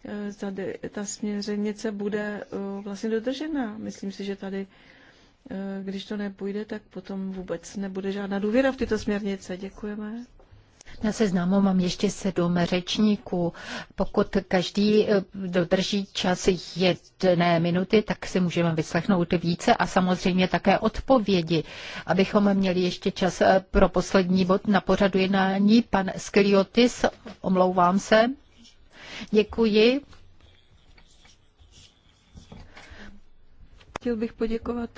eh, tady ta směřenice bude vlastně dodržena? Myslím si, že tady, když to nepůjde, tak potom vůbec nebude žádná důvěra v tyto směrnice. Děkujeme. Na seznamu mám ještě sedm řečníků. Pokud každý eh, dodrží čas jedné minuty, tak si můžeme vyslechnout více a samozřejmě také odpovědi, abychom měli ještě čas eh, pro poslední bod na pořadu jednání. Pan Skriotis. omlouvám se. Děkuji. Chtěl bych poděkovat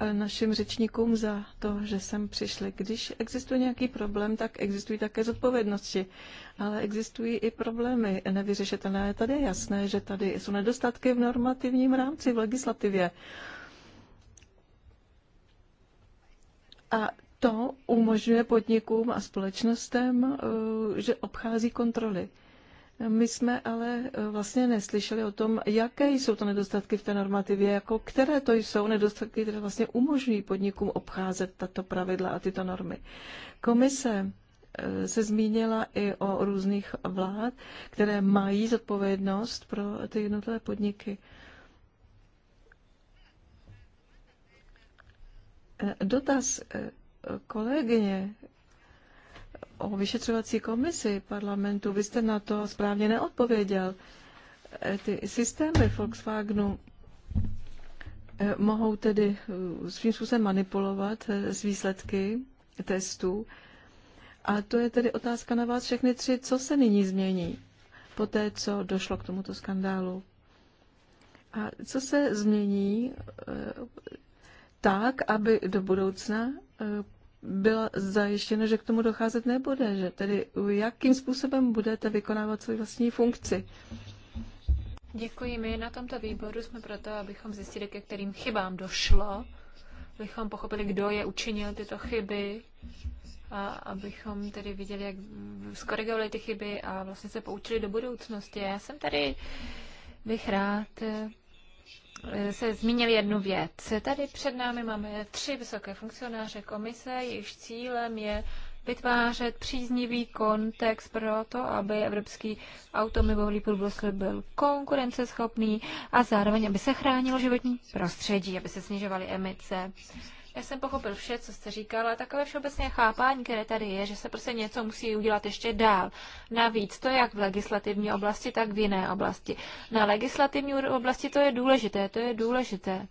Eh, našim řečníkům za to, že sem přišli. Když existuje nějaký problém, tak existují také zodpovědnosti, ale existují i problémy nevyřešitelné. Tady je jasné, že tady jsou nedostatky v normativním rámci, v legislativě. A to umožňuje podnikům a společnostem, eh, že obchází kontroly. My jsme ale eh, vlastně neslyšeli o tom, jaké jsou to nedostatky v té normativě, jako které to jsou nedostatky, které vlastně umožňují podnikům obcházet tato pravidla a tyto normy. Komise eh, se zmínila i o různých vlád, které mají zodpovědnost pro ty jednotlivé podniky. Eh, dotaz kolegyně o vyšetřovací komisi parlamentu. Vy jste na to správně neodpověděl. E, ty systémy Volkswagenu e, mohou tedy e, svým způsobem manipulovat s výsledky testů. A to je tedy otázka na vás všechny tři. Co se nyní změní po té, co došlo k tomuto skandálu? A co se změní tak, aby do budoucna bylo zajištěno, že k tomu docházet nebude, že tedy jakým způsobem budete vykonávat svoji vlastní funkci. Děkuji. My na tomto výboru jsme proto, abychom zjistili, ke kterým chybám došlo, abychom pochopili, kdo je učinil tyto chyby, a abychom tedy viděli, jak skorigovali ty chyby a vlastně se poučili do budoucnosti. Já jsem tady bych rád Eh, se zmínil jednu věc. Tady před námi máme tři vysoké funkcionáře komise, jejichž cílem je vytvářet příznivý kontext pro to, aby evropský automobilový průmysl byl konkurenceschopný a zároveň, aby se chránilo životní prostředí, aby se snižovaly emice. Já jsem pochopil vše, co jste říkal, ale takové všeobecné chápání, které tady je, že se prostě něco musí udělat ještě dál. Navíc to jak v legislativní oblasti, tak v jiné oblasti. Na legislativní oblasti to je důležité, to je důležité.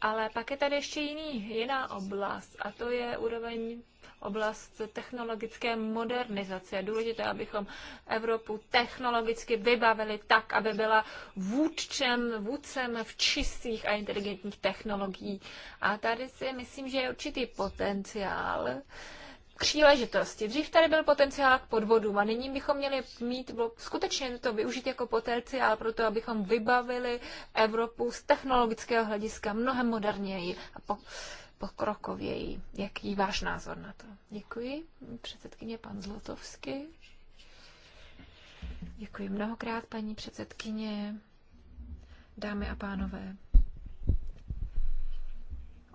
Ale pak je tady ještě jiný, jiná oblast a to je úroveň oblast technologické modernizace. Je důležité, abychom Evropu technologicky vybavili tak, aby byla vůdčem, vůdcem v čistých a inteligentních technologií. A tady si myslím, že je určitý potenciál, příležitosti. Dřív tady byl potenciál k podvodům a nyní bychom měli mít skutečně to využít jako potenciál pro to, abychom vybavili Evropu z technologického hlediska mnohem moderněji a po, pokrokověji. Jaký váš názor na to? Děkuji. Předsedkyně pan Zlotovský. Děkuji mnohokrát, paní předsedkyně, dámy a pánové.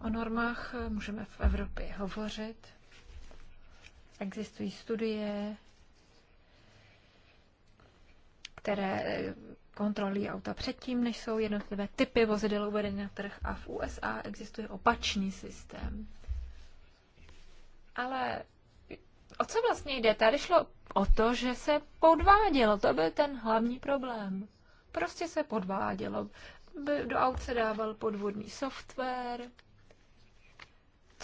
O normách můžeme v Evropě hovořit, Existují studie, které kontrolují auta předtím, než jsou jednotlivé typy vozidel uvedeny na trh a v USA existuje opačný systém. Ale o co vlastně jde? Tady šlo o to, že se podvádělo. To byl ten hlavní problém. Prostě se podvádělo. Do aut se dával podvodný software,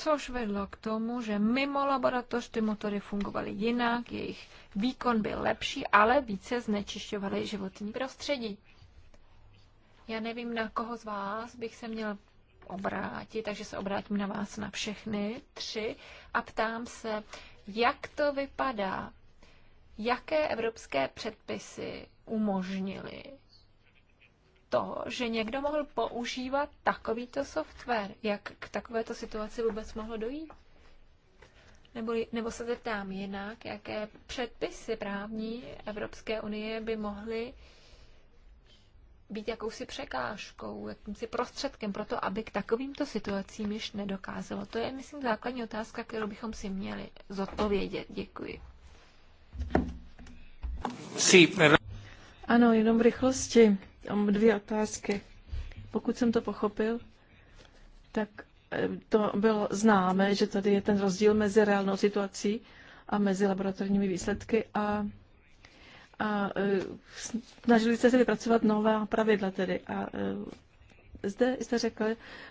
což vedlo k tomu, že mimo laboratoř ty motory fungovaly jinak, jejich výkon byl lepší, ale více znečišťovaly životní prostředí. Já nevím, na koho z vás bych se měl obrátit, takže se obrátím na vás na všechny tři a ptám se, jak to vypadá, jaké evropské předpisy umožnily toho, že někdo mohl používat takovýto software. Jak k takovéto situaci vůbec mohlo dojít? Nebo, nebo se zeptám jinak, jaké předpisy právní Evropské unie by mohly být jakousi překážkou, jakýmsi prostředkem pro to, aby k takovýmto situacím již nedokázalo. To je, myslím, základní otázka, kterou bychom si měli zodpovědět. Děkuji. Ano, jenom v rychlosti. Mám dvě otázky. Pokud jsem to pochopil, tak eh, to bylo známé, že tady je ten rozdíl mezi reálnou situací a mezi laboratorními výsledky a, a eh, snažili jste se vypracovat nová pravidla tedy. A eh, zde jste řekl,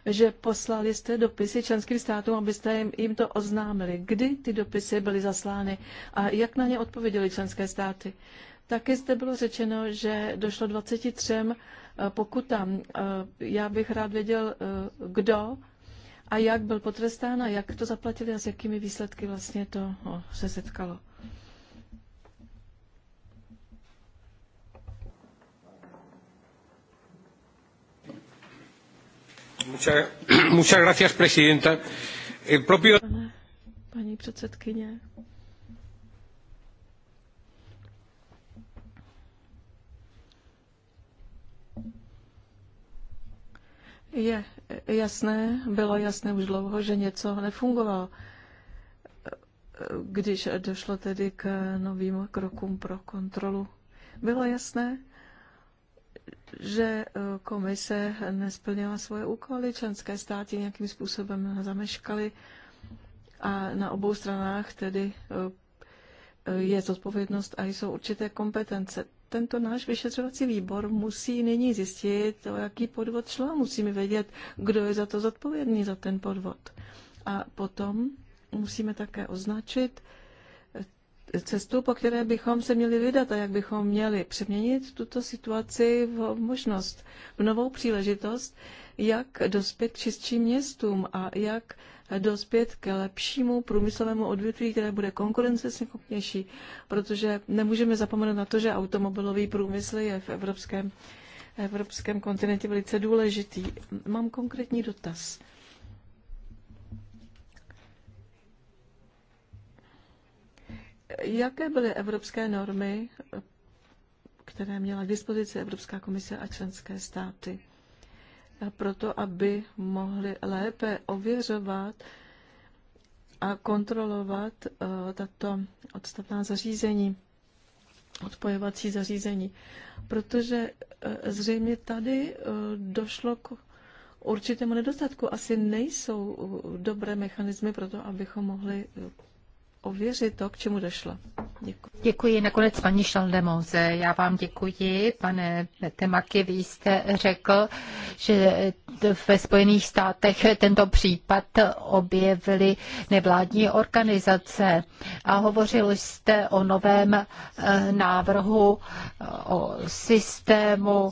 že poslali jste dopisy členským státům, abyste jim, jim to oznámili. Kdy ty dopisy byly zaslány a jak na ně odpověděly členské státy? Také zde bylo řečeno, že došlo 23 eh, pokutám. Eh, já bych rád věděl, eh, kdo a jak byl potrestán a jak to zaplatili a s jakými výsledky vlastně to no, se setkalo. Muchas gracias, presidenta. El propio... Pane, paní předsedkyně, Je jasné, bylo jasné už dlouho, že něco nefungovalo, když došlo tedy k novým krokům pro kontrolu. Bylo jasné, že komise nesplnila svoje úkoly, členské státy nějakým způsobem zameškaly a na obou stranách tedy je zodpovědnost a jsou určité kompetence tento náš vyšetřovací výbor musí nyní zjistit, o jaký podvod šlo. Musíme vědět, kdo je za to zodpovědný za ten podvod. A potom musíme také označit eh, cestu, po které bychom se měli vydat a jak bychom měli přeměnit tuto situaci v možnost, v novou příležitost, jak dospět k čistším městům a jak dospět k lepšímu průmyslovému odvětví, které bude konkurenceschopnější, protože nemůžeme zapomenout na to, že automobilový průmysl je v evropském, evropském kontinentě velice důležitý. Mám konkrétní dotaz. Jaké byly evropské normy, které měla k dispozici Evropská komise a členské státy? proto aby mohli lépe ověřovat a kontrolovat eh, tato odstavná zařízení, odpojovací zařízení. Protože eh, zřejmě tady eh, došlo k určitému nedostatku. Asi nejsou dobré mechanismy pro to, abychom mohli ověřit to, k čemu došlo. Děkuji. Děkuji. Nakonec paní Šaldemoze, já vám děkuji. Pane Temaky, vy jste řekl, že ve Spojených státech tento případ objevily nevládní organizace a hovořil jste o novém eh, návrhu, o systému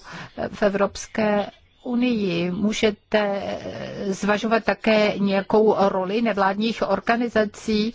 v Evropské unii. Můžete eh, zvažovat také nějakou roli nevládních organizací,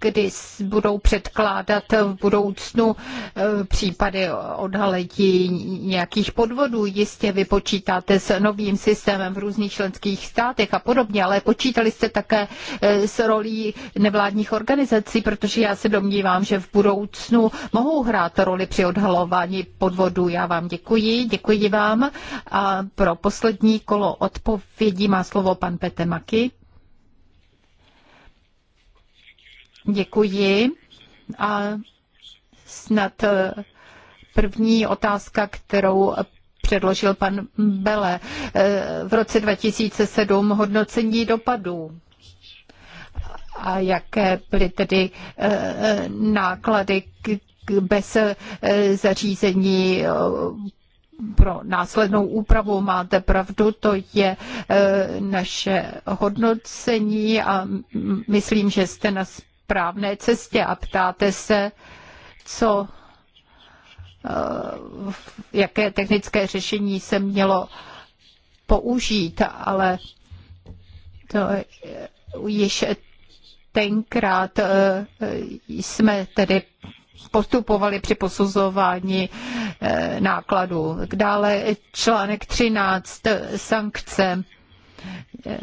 kdy budou předkládat v budoucnu eh, případy odhalení nějakých podvodů. Jistě vy počítáte s novým systémem v různých členských státech a podobně, ale počítali jste také eh, s rolí nevládních organizací, protože já se domnívám, že v budoucnu mohou hrát roli při odhalování podvodů. Já vám děkuji, děkuji vám a pro poslední kolo odpovědí má slovo pan Petr Maky. Děkuji. A snad eh, první otázka, kterou předložil pan Bele eh, v roce 2007 hodnocení dopadů a jaké byly tedy eh, náklady bez zařízení pro následnou úpravu. Máte pravdu, to je e, naše hodnocení a myslím, že jste na správné cestě a ptáte se, co e, jaké technické řešení se mělo použít, ale to již tenkrát e, jsme tedy postupovali při posuzování eh, nákladů. Dále článek 13 sankce.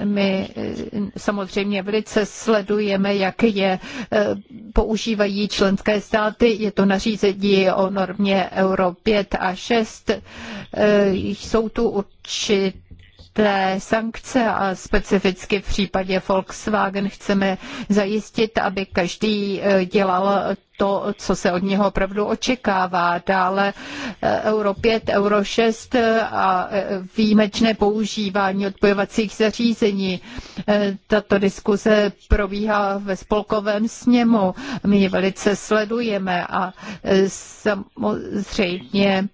My eh, samozřejmě velice sledujeme, jak je eh, používají členské státy. Je to nařízení o normě Euro 5 a 6. Jsou tu určitě Té sankce a specificky v případě Volkswagen chceme zajistit, aby každý eh, dělal to, co se od něho opravdu očekává. Dále eh, Euro 5, Euro 6 eh, a výjimečné používání odpojovacích zařízení. Tato diskuse probíhá ve spolkovém sněmu. My ji velice sledujeme a samozřejmě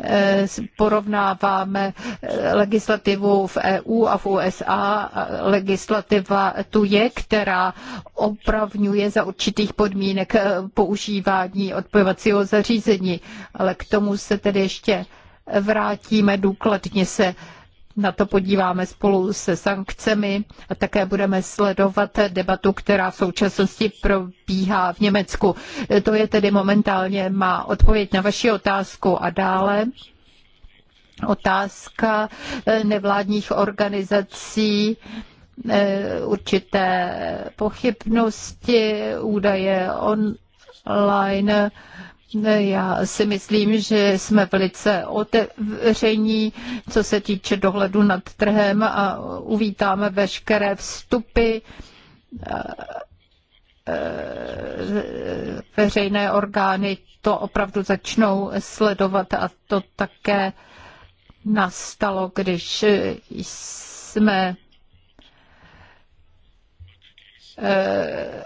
Eh, porovnáváme eh, legislativu v EU a v USA. Legislativa tu je, která opravňuje za určitých podmínek eh, používání odpojovacího zařízení, ale k tomu se tedy ještě vrátíme, důkladně se na to podíváme spolu se sankcemi a také budeme sledovat debatu, která v současnosti probíhá v Německu. To je tedy momentálně má odpověď na vaši otázku a dále. Otázka eh, nevládních organizací eh, určité pochybnosti, údaje online já si myslím, že jsme velice otevření, co se týče dohledu nad trhem a uvítáme veškeré vstupy eh, eh, veřejné orgány to opravdu začnou sledovat a to také nastalo, když jsme eh,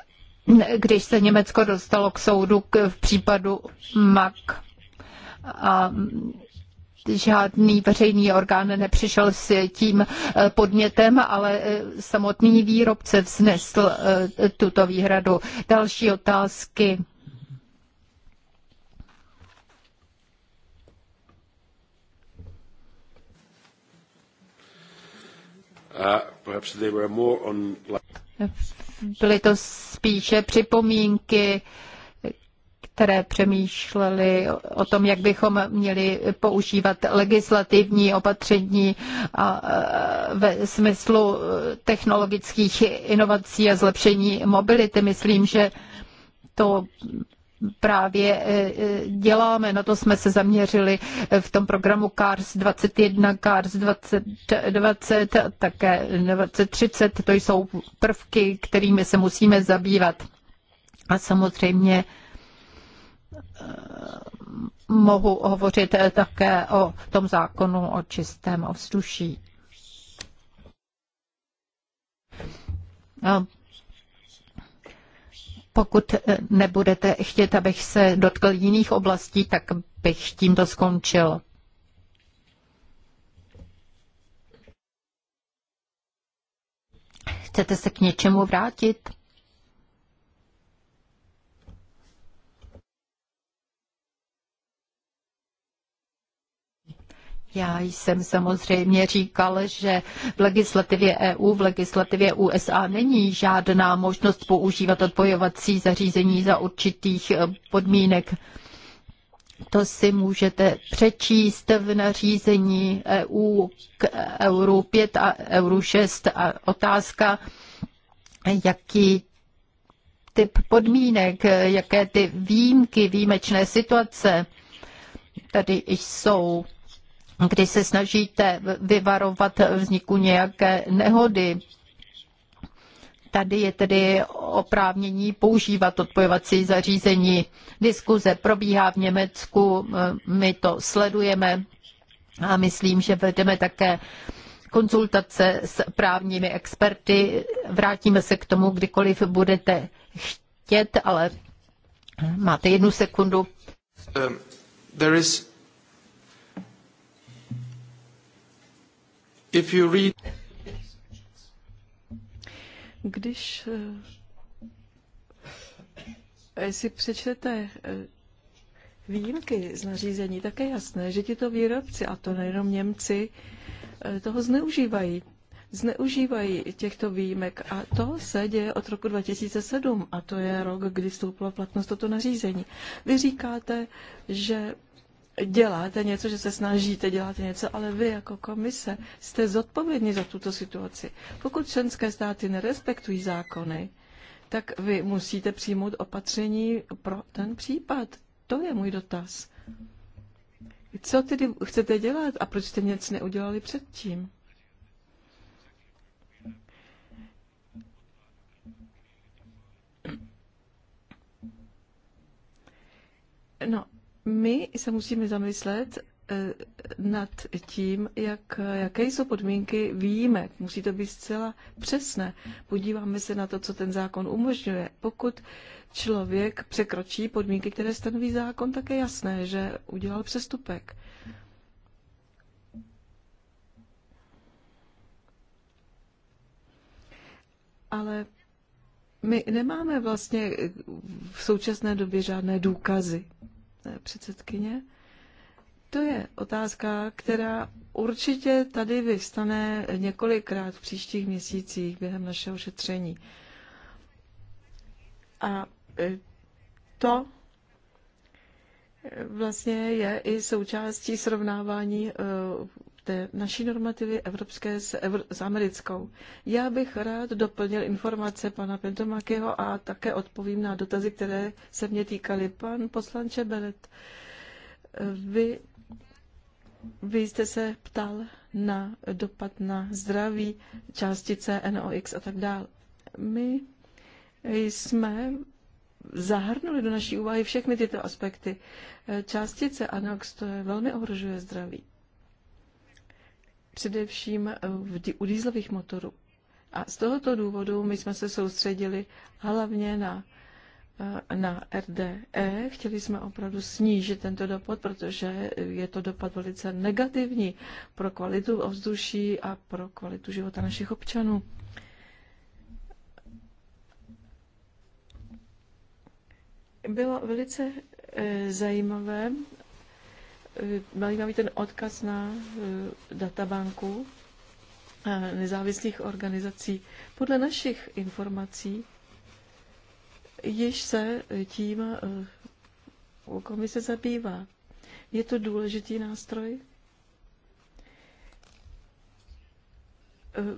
když se Německo dostalo k soudu k, v případu MAC. A žádný veřejný orgán nepřišel s tím eh, podnětem, ale eh, samotný výrobce vznesl eh, tuto výhradu. Další otázky. Uh, byly to spíše připomínky, které přemýšleli o tom, jak bychom měli používat legislativní opatření a e, ve smyslu e, technologických inovací a zlepšení mobility. Myslím, že to právě e, e, děláme. Na to jsme se zaměřili v tom programu CARS 21, CARS 2020, také 2030. To jsou prvky, kterými se musíme zabývat. A samozřejmě e, mohu hovořit také o tom zákonu o čistém ovzduší. Pokud eh, nebudete chtět, abych se dotkl jiných oblastí, tak bych tímto skončil. Chcete se k něčemu vrátit? Já jsem samozřejmě říkal, že v legislativě EU, v legislativě USA není žádná možnost používat odpojovací zařízení za určitých eh, podmínek. To si můžete přečíst v nařízení EU k euru 5 a euru 6 a otázka, jaký typ podmínek, jaké ty výjimky, výjimečné situace tady jsou kdy se snažíte vyvarovat vzniku nějaké nehody. Tady je tedy oprávnění používat odpojovací zařízení. Diskuze probíhá v Německu, my to sledujeme a myslím, že vedeme také konzultace s právními experty. Vrátíme se k tomu, kdykoliv budete chtět, ale máte jednu sekundu. Um, there is Když eh, si přečtete eh, výjimky z nařízení, tak je jasné, že tito výrobci, a to nejenom Němci, eh, toho zneužívají. Zneužívají těchto výjimek a to se děje od roku 2007 a to je rok, kdy vstoupilo platnost toto nařízení. Vy říkáte, že děláte něco, že se snažíte, děláte něco, ale vy jako komise jste zodpovědní za tuto situaci. Pokud členské státy nerespektují zákony, tak vy musíte přijmout opatření pro ten případ. To je můj dotaz. Co tedy chcete dělat a proč jste nic neudělali předtím? No, my se musíme zamyslet eh, nad tím, jak, jaké jsou podmínky výjimek. Musí to být zcela přesné. Podíváme se na to, co ten zákon umožňuje. Pokud člověk překročí podmínky, které stanoví zákon, tak je jasné, že udělal přestupek. Ale my nemáme vlastně v současné době žádné důkazy Eh, předsedkyně. To je otázka, která určitě tady vystane několikrát v příštích měsících během našeho šetření. A eh, to vlastně je i součástí srovnávání eh, té naší normativy evropské s, evr, s americkou. Já bych rád doplnil informace pana Pentomakyho a také odpovím na dotazy, které se mě týkaly. Pan poslanče Belet, vy, vy jste se ptal na dopad na zdraví částice NOx a tak dále. My jsme zahrnuli do naší úvahy všechny tyto aspekty. Částice NOx to je velmi ohrožuje zdraví především eh, v u dýzlových motorů. A z tohoto důvodu my jsme se soustředili hlavně na, eh, na RDE. Chtěli jsme opravdu snížit tento dopad, protože je to dopad velice negativní pro kvalitu ovzduší a pro kvalitu života našich občanů. Bylo velice eh, zajímavé Eh, mají ten odkaz na eh, databanku eh, nezávislých organizací. Podle našich informací již se tím komise zabývá. Je to důležitý nástroj?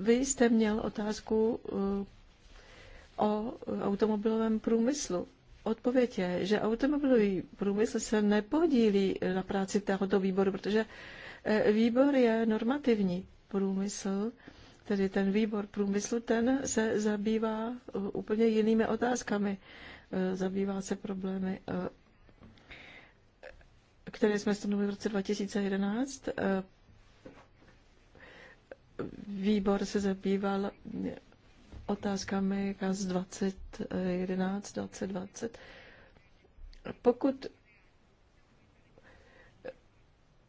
Vy jste měl otázku o automobilovém průmyslu odpověď je, že automobilový průmysl se nepodílí na práci tohoto výboru, protože eh, výbor je normativní průmysl, tedy ten výbor průmyslu, ten se zabývá eh, úplně jinými otázkami. Eh, zabývá se problémy, které jsme stanovili v roce 2011. Výbor se zabýval otázkami KAS 2011, 2020. Pokud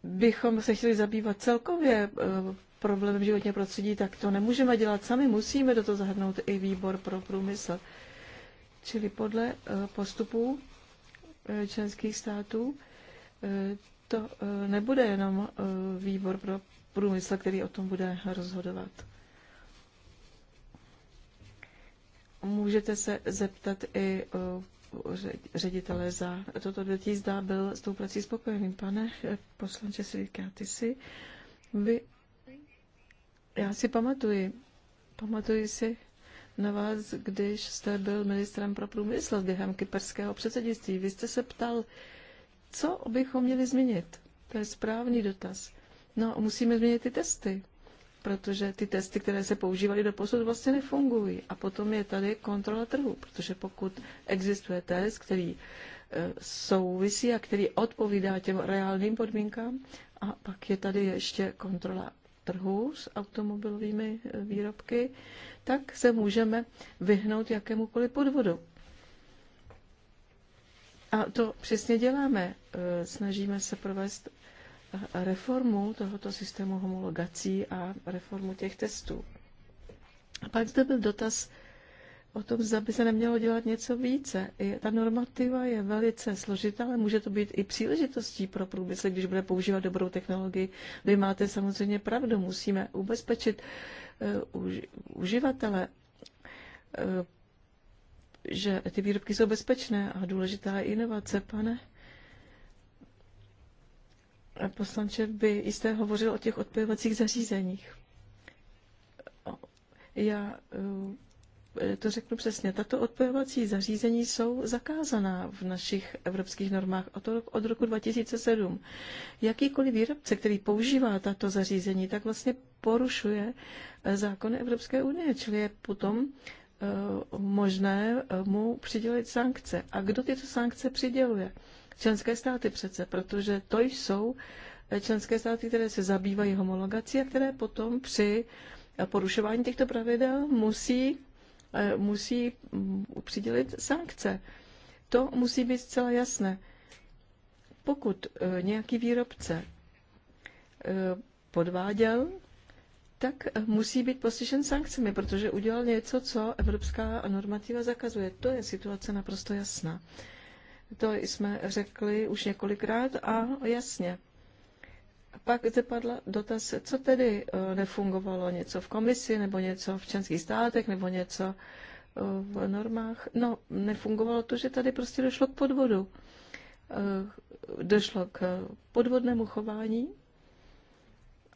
bychom se chtěli zabývat celkově eh, problémem životního prostředí, tak to nemůžeme dělat sami, musíme do toho zahrnout i výbor pro průmysl. Čili podle eh, postupů eh, členských států to nebude jenom výbor pro průmysl, který o tom bude rozhodovat. můžete se zeptat i ředitele za toto odvětví, zda byl s tou prací spokojený. Pane eh, poslanče jsi, vy, já si pamatuji, pamatuji si na vás, když jste byl ministrem pro průmysl během kyperského předsednictví. Vy jste se ptal, co bychom měli změnit. To je správný dotaz. No, musíme změnit ty testy protože ty testy, které se používaly do posud, vlastně nefungují. A potom je tady kontrola trhu, protože pokud existuje test, který e, souvisí a který odpovídá těm reálným podmínkám, a pak je tady ještě kontrola trhu s automobilovými e, výrobky, tak se můžeme vyhnout jakémukoliv podvodu. A to přesně děláme. E, snažíme se provést reformu tohoto systému homologací a reformu těch testů. A pak zde byl dotaz o tom, zda by se nemělo dělat něco více. I ta normativa je velice složitá, ale může to být i příležitostí pro průmysl, když bude používat dobrou technologii. Vy máte samozřejmě pravdu, musíme ubezpečit uh, eh, už, uživatele, uh, že ty výrobky jsou bezpečné a důležitá je inovace, pane poslanče, by jste hovořil o těch odpojovacích zařízeních. Já eh, to řeknu přesně. Tato odpojovací zařízení jsou zakázaná v našich evropských normách od, od roku 2007. Jakýkoliv výrobce, který používá tato zařízení, tak vlastně porušuje eh, zákony Evropské unie, čili je potom eh, možné mu přidělit sankce. A kdo tyto sankce přiděluje? členské státy přece, protože to jsou členské státy, které se zabývají homologací a které potom při porušování těchto pravidel musí, eh, musí mm, přidělit sankce. To musí být zcela jasné. Pokud eh, nějaký výrobce eh, podváděl, tak musí být postižen sankcemi, protože udělal něco, co evropská normativa zakazuje. To je situace naprosto jasná. To jsme řekli už několikrát a jasně. Pak zde padl dotaz, co tedy eh, nefungovalo, něco v komisi, nebo něco v členských státech, nebo něco eh, v normách. No, nefungovalo to, že tady prostě došlo k podvodu. Eh, došlo k podvodnému chování.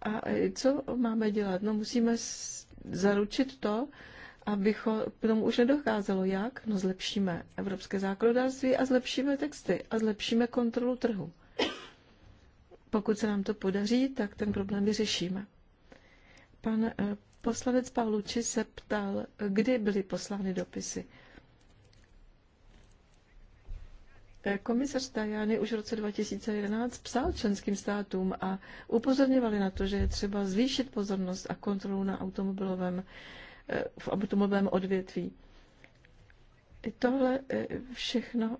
A co máme dělat? No, musíme zaručit to, abychom k tomu už nedocházelo. Jak? No zlepšíme evropské zákonodárství a zlepšíme texty a zlepšíme kontrolu trhu. Pokud se nám to podaří, tak ten problém vyřešíme. Pan eh, poslanec Pavluči se ptal, kdy byly poslány dopisy. Eh, komisař Tajany už v roce 2011 psal členským státům a upozorňovali na to, že je třeba zvýšit pozornost a kontrolu na automobilovém v automobilovém odvětví. Tohle e, všechno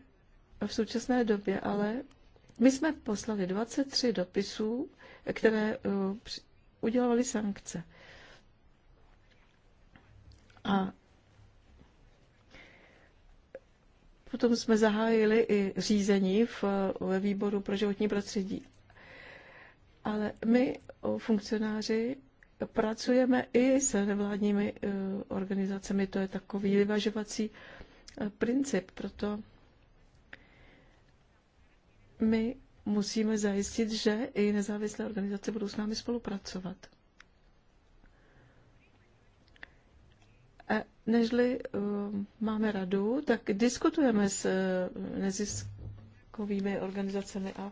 v současné době, ale my jsme poslali 23 dopisů, které e, udělovaly sankce. A potom jsme zahájili i řízení v, ve výboru pro životní prostředí. Ale my, funkcionáři, pracujeme i s nevládními eh, organizacemi. To je takový vyvažovací eh, princip, proto my musíme zajistit, že i nezávislé organizace budou s námi spolupracovat. A nežli eh, máme radu, tak diskutujeme s neziskovými organizacemi a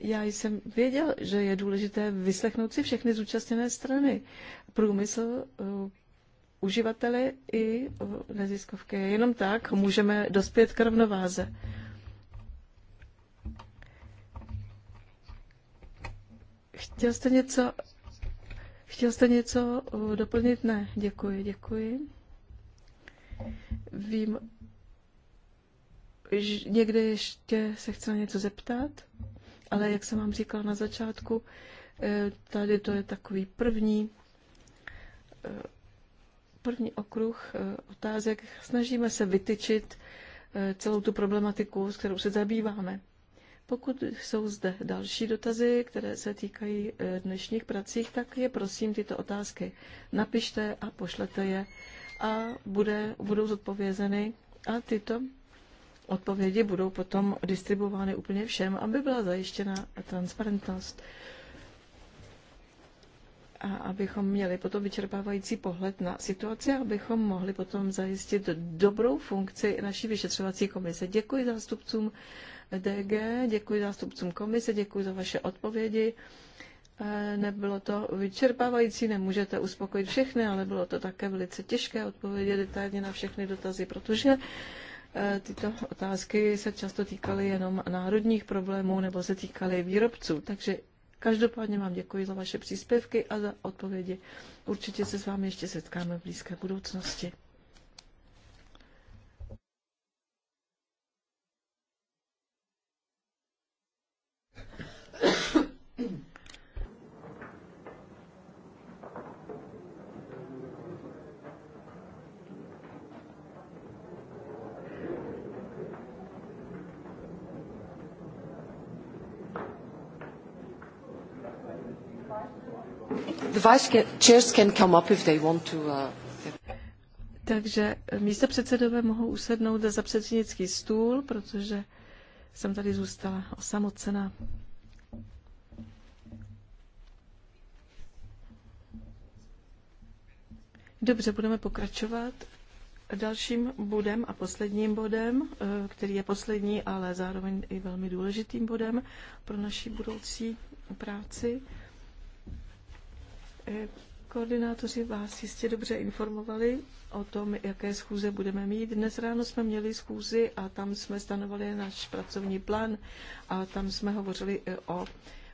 já jsem věděl, že je důležité vyslechnout si všechny zúčastněné strany. Průmysl, eh, uživatele i eh, neziskovky. Jenom tak můžeme dospět k rovnováze. Chtěl jste něco, chtěl jste něco eh, doplnit? Ne, děkuji, děkuji. Vím, že někde ještě se chce něco zeptat? ale jak jsem vám říkala na začátku, eh, tady to je takový první eh, první okruh eh, otázek. Snažíme se vytyčit celou tu problematiku, s kterou se zabýváme. Pokud jsou zde další dotazy, které se týkají dnešních pracích, tak je prosím tyto otázky napište a pošlete je a bude, budou zodpovězeny a tyto odpovědi budou potom distribuovány úplně všem, aby byla zajištěna transparentnost a abychom měli potom vyčerpávající pohled na situaci, abychom mohli potom zajistit dobrou funkci naší vyšetřovací komise. Děkuji zástupcům DG, děkuji zástupcům komise, děkuji za vaše odpovědi. E, nebylo to vyčerpávající, nemůžete uspokojit všechny, ale bylo to také velice těžké odpovědět detailně na všechny dotazy, protože Eh, tyto otázky se často týkaly jenom národních problémů nebo se týkaly výrobců. Takže každopádně vám děkuji za vaše příspěvky a za odpovědi. Určitě se s vámi ještě setkáme v blízké budoucnosti. Takže místo předsedové mohou usednout za předsednický stůl, protože jsem tady zůstala osamocená. Dobře, budeme pokračovat. Dalším bodem a posledním bodem, eh, který je poslední, ale zároveň i velmi důležitým bodem pro naši budoucí práci, Eh, koordinátoři vás jistě dobře informovali o tom, jaké schůze budeme mít. Dnes ráno jsme měli schůzi a tam jsme stanovali náš pracovní plán a tam jsme hovořili eh, o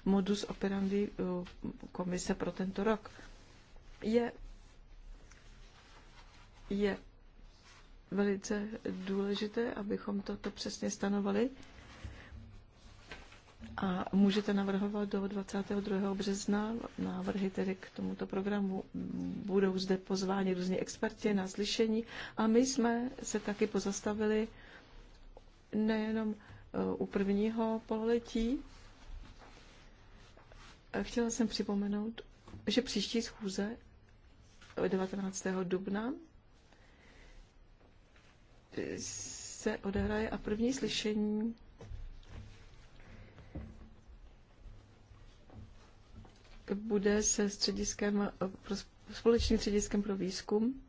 modus operandi eh, komise pro tento rok. Je, je velice důležité, abychom toto přesně stanovali. A můžete navrhovat do 22. března návrhy tedy k tomuto programu. Budou zde pozváni různí experti na slyšení a my jsme se taky pozastavili nejenom eh, u prvního pololetí. Chtěla jsem připomenout, že příští schůze 19. dubna se odehraje a první slyšení bude se střediskem, společným střediskem pro výzkum.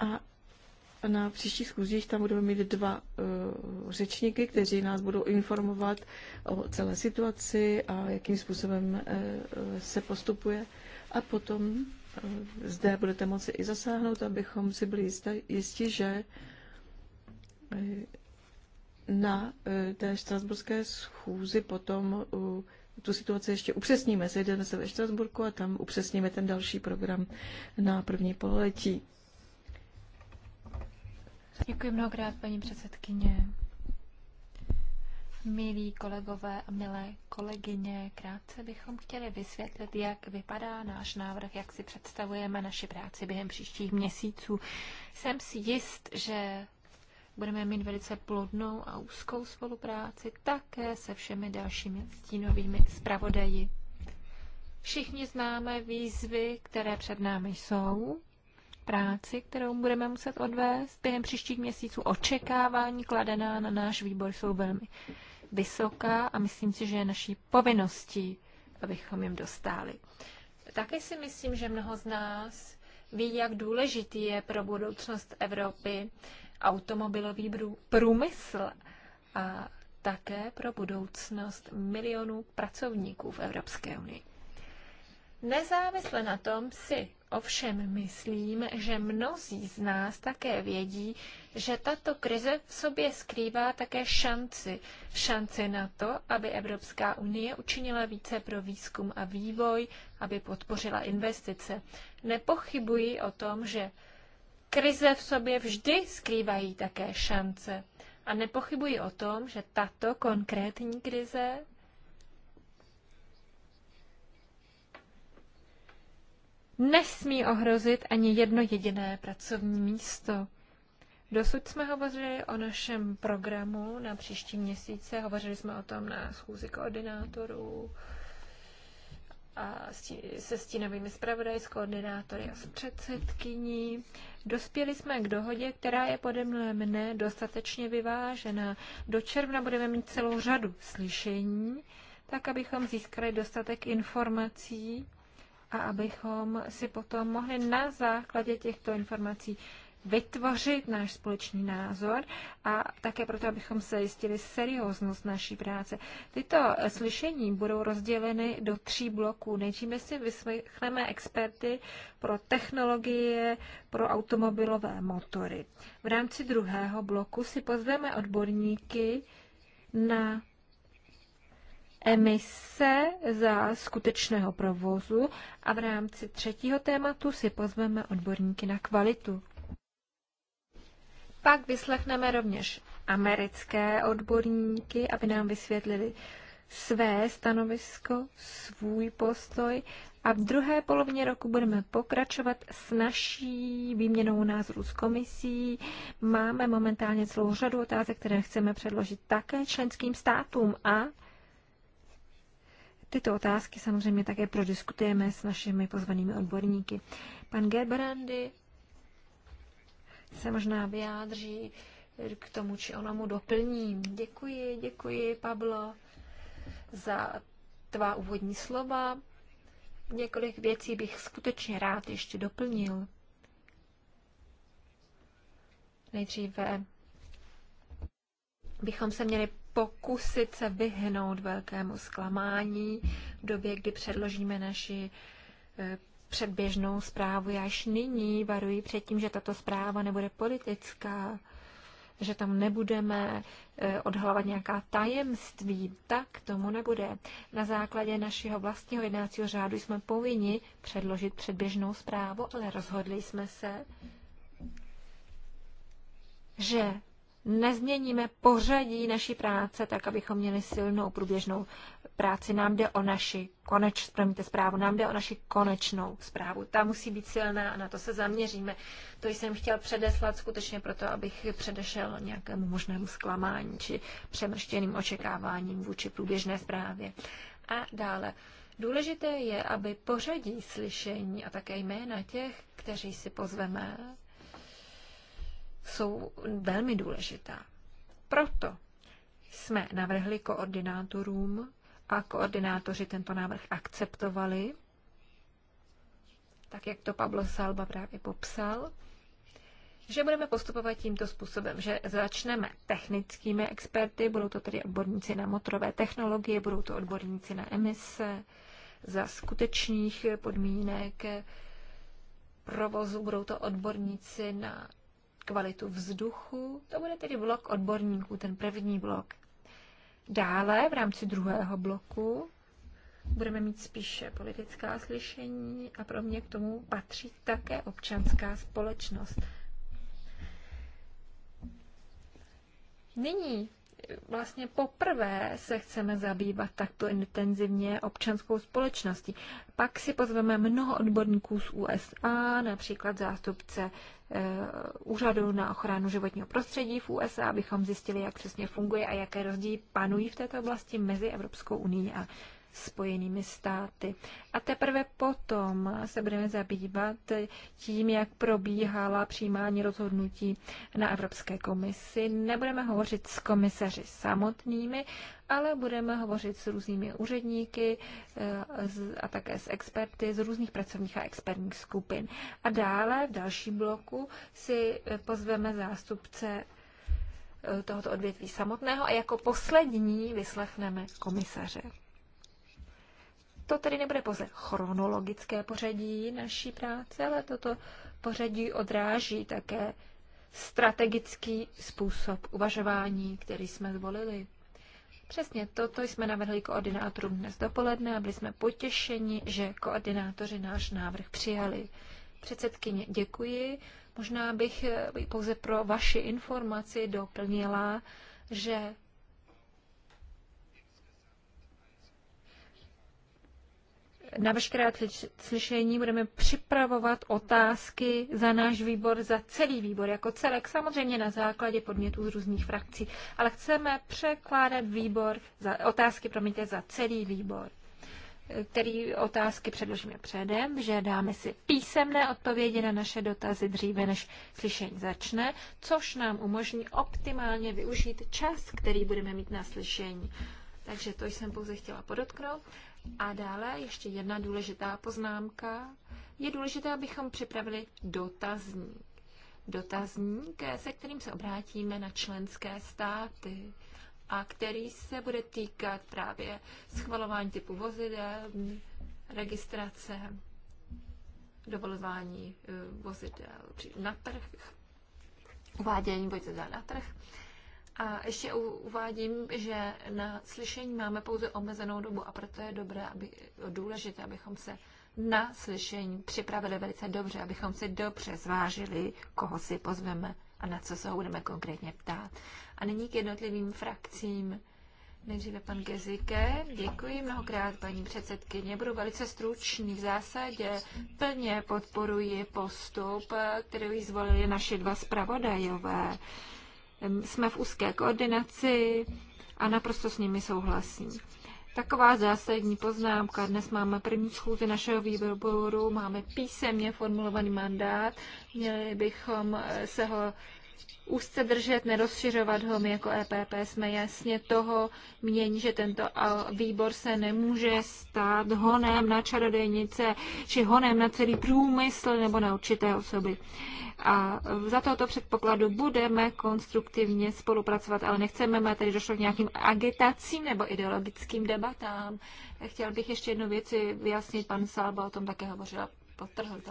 A na příštích schůzích tam budeme mít dva uh, řečníky, kteří nás budou informovat o celé situaci a jakým způsobem uh, se postupuje. A potom uh, zde budete moci i zasáhnout, abychom si byli jistí, že na eh, té štrasburské schůzi potom tu situaci ještě upřesníme. Sejdeme se ve Štrasburku a tam upřesníme ten další program na první pololetí. Děkuji mnohokrát, paní předsedkyně. Milí kolegové a milé kolegyně, krátce bychom chtěli vysvětlit, jak vypadá náš návrh, jak si představujeme naši práci během příštích měsíců. Jsem si jist, že Budeme mít velice plodnou a úzkou spolupráci také se všemi dalšími stínovými zpravodaji. Všichni známe výzvy, které před námi jsou, práci, kterou budeme muset odvést během příštích měsíců. Očekávání kladená na náš výbor jsou velmi vysoká a myslím si, že je naší povinností, abychom jim dostáli. Také si myslím, že mnoho z nás ví, jak důležitý je pro budoucnost Evropy automobilový průmysl a také pro budoucnost milionů pracovníků v Evropské unii. Nezávisle na tom si ovšem myslím, že mnozí z nás také vědí, že tato krize v sobě skrývá také šanci. Šanci na to, aby Evropská unie učinila více pro výzkum a vývoj, aby podpořila investice. Nepochybuji o tom, že Krize v sobě vždy skrývají také šance. A nepochybuji o tom, že tato konkrétní krize nesmí ohrozit ani jedno jediné pracovní místo. Dosud jsme hovořili o našem programu na příští měsíce, hovořili jsme o tom na schůzi koordinátorů se stínovými zpravodaji, s koordinátory a s předsedkyní. Dospěli jsme k dohodě, která je pode mne dostatečně vyvážená. Do června budeme mít celou řadu slyšení, tak abychom získali dostatek informací a abychom si potom mohli na základě těchto informací vytvořit náš společný názor a také proto, abychom se jistili serióznost naší práce. Tyto slyšení budou rozděleny do tří bloků. Nejdříve si vyslechneme experty pro technologie, pro automobilové motory. V rámci druhého bloku si pozveme odborníky na emise za skutečného provozu a v rámci třetího tématu si pozveme odborníky na kvalitu. Pak vyslechneme rovněž americké odborníky, aby nám vysvětlili své stanovisko, svůj postoj a v druhé polovině roku budeme pokračovat s naší výměnou názorů s komisí. Máme momentálně celou řadu otázek, které chceme předložit také členským státům a tyto otázky samozřejmě také prodiskutujeme s našimi pozvanými odborníky. Pan Gebrandy se možná vyjádří k tomu či onomu doplním. Děkuji, děkuji Pablo za tvá úvodní slova. Několik věcí bych skutečně rád ještě doplnil. Nejdříve bychom se měli pokusit se vyhnout velkému zklamání v době, kdy předložíme naši eh, předběžnou zprávu. Já až nyní varuji před tím, že tato zpráva nebude politická, že tam nebudeme eh, odhalovat nějaká tajemství. Tak tomu nebude. Na základě našeho vlastního jednácího řádu jsme povinni předložit předběžnou zprávu, ale rozhodli jsme se, že nezměníme pořadí naší práce tak, abychom měli silnou průběžnou práci. Nám jde o naši koneč, promiňte zprávu, nám jde o naši konečnou zprávu. Ta musí být silná a na to se zaměříme. To jsem chtěl předeslat skutečně proto, abych předešel nějakému možnému zklamání či přemrštěným očekáváním vůči průběžné zprávě. A dále. Důležité je, aby pořadí slyšení a také jména těch, kteří si pozveme, jsou velmi důležitá. Proto jsme navrhli koordinátorům a koordinátoři tento návrh akceptovali, tak jak to Pablo Salba právě popsal, že budeme postupovat tímto způsobem, že začneme technickými experty, budou to tedy odborníci na motorové technologie, budou to odborníci na emise, za skutečných podmínek provozu, budou to odborníci na kvalitu vzduchu. To bude tedy blok odborníků, ten první blok. Dále v rámci druhého bloku budeme mít spíše politická slyšení a pro mě k tomu patří také občanská společnost. Nyní vlastně poprvé se chceme zabývat takto intenzivně občanskou společností. Pak si pozveme mnoho odborníků z USA, například zástupce eh, Úřadu na ochranu životního prostředí v USA, abychom zjistili, jak přesně funguje a jaké rozdíly panují v této oblasti mezi Evropskou unii a spojenými státy. A teprve potom se budeme zabývat tím, jak probíhala přijímání rozhodnutí na Evropské komisi. Nebudeme hovořit s komisaři samotnými, ale budeme hovořit s různými úředníky eh, a také s experty z různých pracovních a expertních skupin. A dále v dalším bloku si pozveme zástupce eh, tohoto odvětví samotného a jako poslední vyslechneme komisaře. To tedy nebude pouze chronologické pořadí naší práce, ale toto pořadí odráží také strategický způsob uvažování, který jsme zvolili. Přesně toto jsme navrhli koordinátorům dnes dopoledne a byli jsme potěšeni, že koordinátoři náš návrh přijali. Předsedkyně, děkuji. Možná bych pouze pro vaši informaci doplnila, že na veškerá slyšení budeme připravovat otázky za náš výbor, za celý výbor jako celek, samozřejmě na základě podmětů z různých frakcí, ale chceme překládat výbor, za, otázky, promiňte, za celý výbor který otázky předložíme předem, že dáme si písemné odpovědi na naše dotazy dříve, než slyšení začne, což nám umožní optimálně využít čas, který budeme mít na slyšení. Takže to jsem pouze chtěla podotknout. A dále ještě jedna důležitá poznámka. Je důležité, abychom připravili dotazník. Dotazník, se kterým se obrátíme na členské státy a který se bude týkat právě schvalování typu vozidel, registrace, dovolování eh, vozidel na trh, uvádění vozidel na trh. A ještě uvádím, že na slyšení máme pouze omezenou dobu a proto je dobré, aby, důležité, abychom se na slyšení připravili velice dobře, abychom si dobře zvážili, koho si pozveme a na co se ho budeme konkrétně ptát. A nyní k jednotlivým frakcím. Nejdříve pan Gezike. Děkuji mnohokrát, paní předsedkyně. Budu velice stručný. V zásadě plně podporuji postup, který zvolili naše dva zpravodajové. Jsme v úzké koordinaci a naprosto s nimi souhlasím. Taková zásadní poznámka. Dnes máme první schůzi našeho výboru, máme písemně formulovaný mandát, měli bychom eh, se ho úzce držet, nerozšiřovat ho. My jako EPP jsme jasně toho mění, že tento výbor se nemůže stát honem na čarodějnice, či honem na celý průmysl nebo na určité osoby. A za tohoto předpokladu budeme konstruktivně spolupracovat, ale nechceme, aby tady došlo k nějakým agitacím nebo ideologickým debatám. Chtěl bych ještě jednu věci vyjasnit, pan Salba o tom také hovořil, potrhl to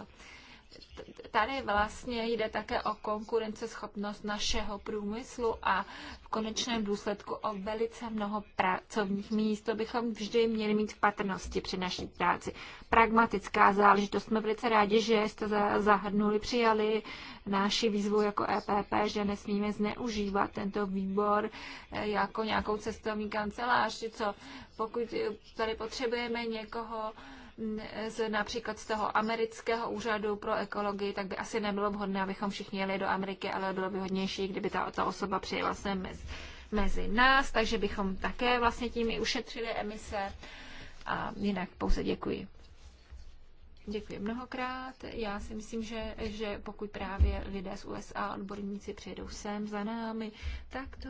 tady vlastně jde také o konkurenceschopnost našeho průmyslu a v konečném důsledku o velice mnoho pracovních míst. To bychom vždy měli mít v patrnosti při naší práci. Pragmatická záležitost. Jsme velice rádi, že jste zahrnuli, přijali naši výzvu jako EPP, že nesmíme zneužívat tento výbor eh, jako nějakou cestovní kancelář, co pokud tady potřebujeme někoho, z, například z toho amerického úřadu pro ekologii, tak by asi nebylo vhodné, abychom všichni jeli do Ameriky, ale bylo by hodnější, kdyby ta, ta osoba přijela sem mezi, mezi nás, takže bychom také vlastně tím i ušetřili emise. A jinak pouze děkuji. Děkuji mnohokrát. Já si myslím, že, že pokud právě lidé z USA, odborníci přijedou sem za námi, tak to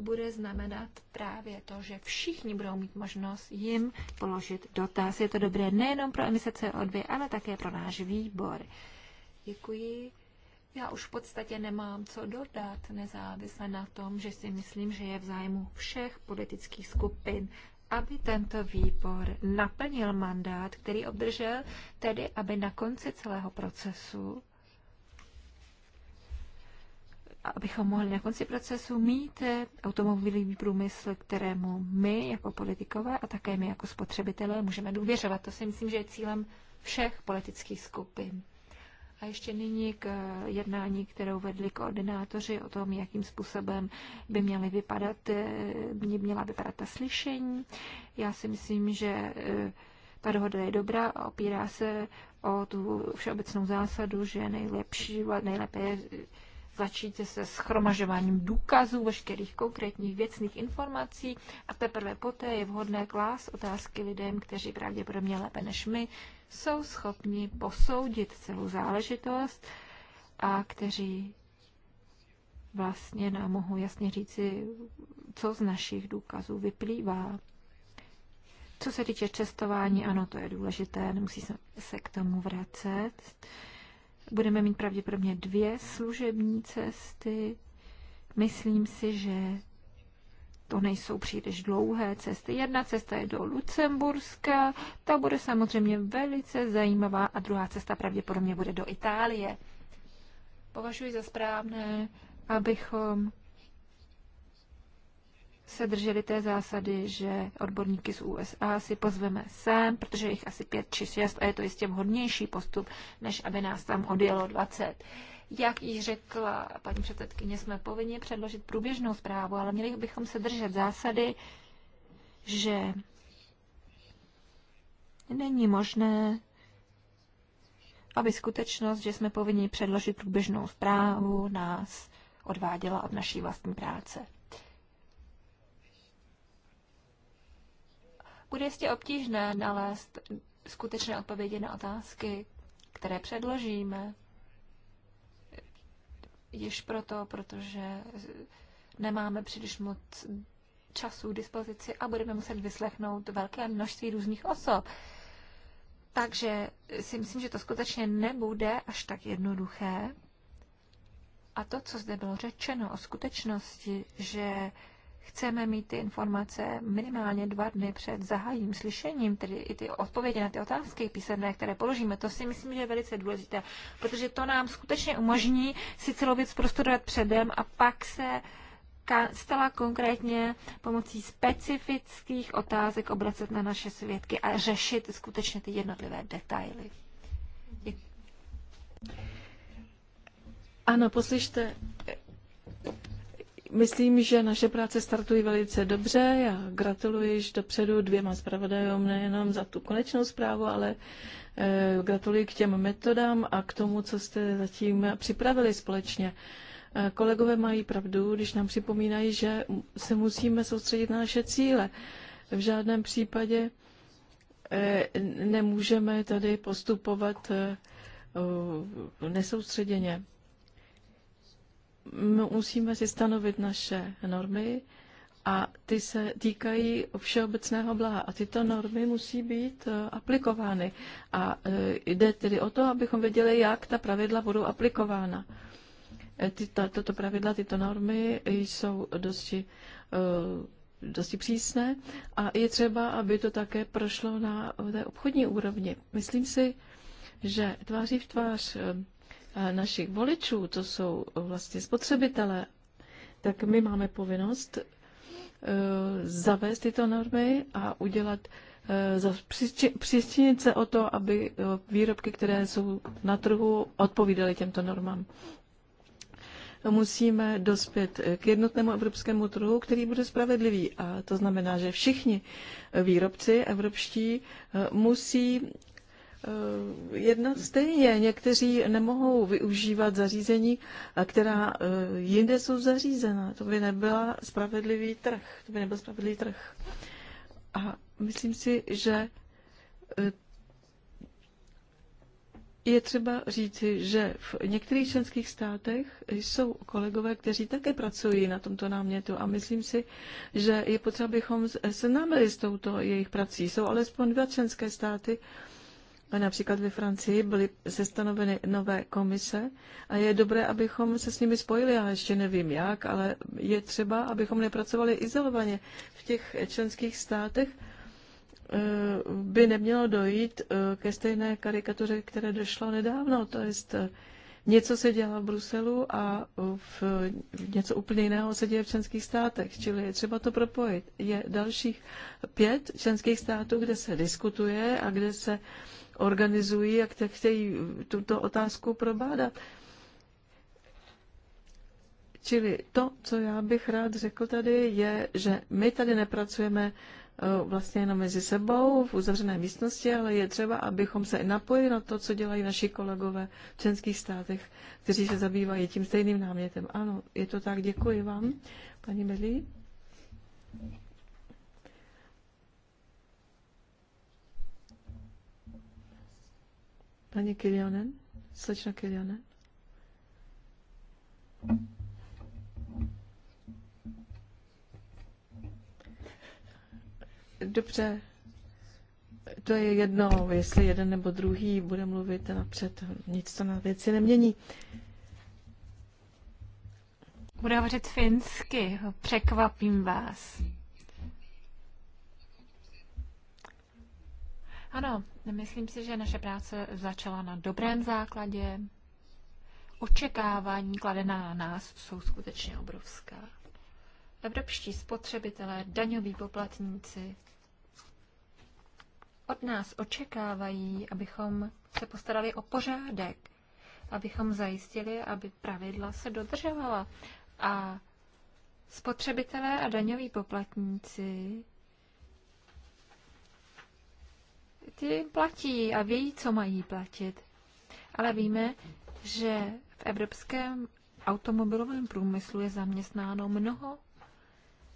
bude znamenat právě to, že všichni budou mít možnost jim položit dotaz. Je to dobré nejenom pro emise CO2, ale také pro náš výbor. Děkuji. Já už v podstatě nemám co dodat, nezávisle na tom, že si myslím, že je v zájmu všech politických skupin, aby tento výbor naplnil mandát, který obdržel, tedy aby na konci celého procesu abychom mohli na konci procesu mít automobilový průmysl, kterému my jako politikové a také my jako spotřebitelé můžeme důvěřovat. To si myslím, že je cílem všech politických skupin. A ještě nyní k jednání, kterou vedli koordinátoři o tom, jakým způsobem by měly vypadat, eh, by měla vypadat ta slyšení. Já si myslím, že eh, ta dohoda je dobrá a opírá se o tu všeobecnou zásadu, že nejlepší, nejlépe je začíte se schromažováním důkazů, veškerých konkrétních věcných informací a teprve poté je vhodné klás otázky lidem, kteří pravděpodobně lépe než my jsou schopni posoudit celou záležitost a kteří vlastně nám mohou jasně říci, co z našich důkazů vyplývá. Co se týče čestování, ano, to je důležité, nemusí se k tomu vracet. Budeme mít pravděpodobně dvě služební cesty. Myslím si, že to nejsou příliš dlouhé cesty. Jedna cesta je do Lucemburska, ta bude samozřejmě velice zajímavá a druhá cesta pravděpodobně bude do Itálie. Považuji za správné, abychom se drželi té zásady, že odborníky z USA si pozveme sem, protože jich asi pět či šest a je to jistě vhodnější postup, než aby nás tam odjelo 20. Jak již řekla paní předsedkyně, jsme povinni předložit průběžnou zprávu, ale měli bychom se držet zásady, že není možné, aby skutečnost, že jsme povinni předložit průběžnou zprávu, nás odváděla od naší vlastní práce. bude jistě obtížné nalézt skutečné odpovědi na otázky, které předložíme. Již proto, protože nemáme příliš moc času k dispozici a budeme muset vyslechnout velké množství různých osob. Takže si myslím, že to skutečně nebude až tak jednoduché. A to, co zde bylo řečeno o skutečnosti, že chceme mít ty informace minimálně dva dny před zahájením slyšením, tedy i ty odpovědi na ty otázky písemné, které položíme. To si myslím, že je velice důležité, protože to nám skutečně umožní si celou věc prostudovat předem a pak se stala konkrétně pomocí specifických otázek obracet na naše svědky a řešit skutečně ty jednotlivé detaily. Ano, poslyšte, Myslím, že naše práce startují velice dobře. Já gratuluji již dopředu dvěma zpravodajům nejenom za tu konečnou zprávu, ale eh, gratuluji k těm metodám a k tomu, co jste zatím připravili společně. Eh, kolegové mají pravdu, když nám připomínají, že se musíme soustředit na naše cíle. V žádném případě eh, nemůžeme tady postupovat nesoustředěně musíme si stanovit naše normy a ty se týkají všeobecného blaha. A tyto normy musí být eh, aplikovány. A eh, jde tedy o to, abychom věděli, jak ta pravidla budou aplikována. Eh, tyto, toto pravidla, tyto normy jsou dosti dosti přísné a je třeba, aby to také prošlo na té obchodní úrovni. Myslím si, že tváří v tvář našich voličů, to jsou vlastně spotřebitelé, tak my máme povinnost e, zavést tyto normy a udělat e, přičinit se o to, aby e, výrobky, které jsou na trhu, odpovídaly těmto normám. Musíme dospět k jednotnému evropskému trhu, který bude spravedlivý. A to znamená, že všichni výrobci evropští musí Eh, jednat stejně. Někteří nemohou využívat zařízení, eh, která eh, jinde jsou zařízena. To by nebyla spravedlivý trh. To by nebyl spravedlivý trh. A myslím si, že je třeba říci, že v některých členských státech jsou kolegové, kteří také pracují na tomto námětu a myslím si, že je potřeba, abychom námili s touto jejich prací. Jsou alespoň dva členské státy, Například ve Francii byly sestanoveny nové komise a je dobré, abychom se s nimi spojili. Já ještě nevím jak, ale je třeba, abychom nepracovali izolovaně. V těch členských státech eh, by nemělo dojít eh, ke stejné karikatuře, které došlo nedávno. To jest eh, něco se dělá v Bruselu a v něco úplně jiného se děje v členských státech, čili je třeba to propojit. Je dalších pět členských států, kde se diskutuje a kde se uh, organizují a kteří chtějí tuto otázku probádat. Čili to, co já bych rád řekl tady, je, že my tady nepracujeme eh, vlastně jenom mezi sebou v uzavřené místnosti, ale je třeba, abychom se napojili na to, co dělají naši kolegové v členských státech, kteří se zabývají tím stejným námětem. Ano, je to tak, děkuji vám, paní Melí. Paní Kilionen, slečna Kilionen. Dobře, to je jedno, jestli jeden nebo druhý bude mluvit napřed, nic to na věci nemění. Budu hovořit finsky, překvapím vás. Ano, Myslím si, že naše práce začala na dobrém základě. Očekávání kladená na nás jsou skutečně obrovská. Evropští spotřebitelé, daňoví poplatníci od nás očekávají, abychom se postarali o pořádek, abychom zajistili, aby pravidla se dodržovala. A spotřebitelé a daňoví poplatníci ti platí a vědí, co mají platit. Ale víme, že v evropském automobilovém průmyslu je zaměstnáno mnoho,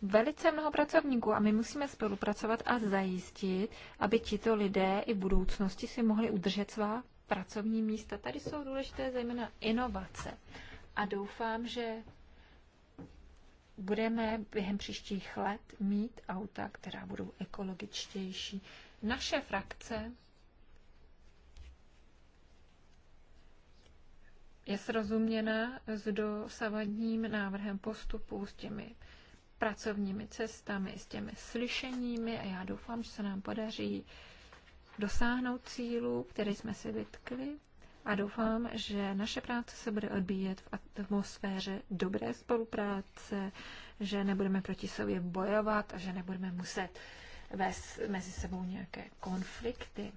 velice mnoho pracovníků a my musíme spolupracovat a zajistit, aby tito lidé i v budoucnosti si mohli udržet svá pracovní místa. Tady jsou důležité zejména inovace a doufám, že budeme během příštích let mít auta, která budou ekologičtější, naše frakce je srozuměna s dosavadním návrhem postupu, s těmi pracovními cestami, s těmi slyšeními a já doufám, že se nám podaří dosáhnout cílů, které jsme si vytkli a doufám, že naše práce se bude odbíjet v atmosféře dobré spolupráce, že nebudeme proti sobě bojovat a že nebudeme muset vést mezi sebou nějaké konflikty.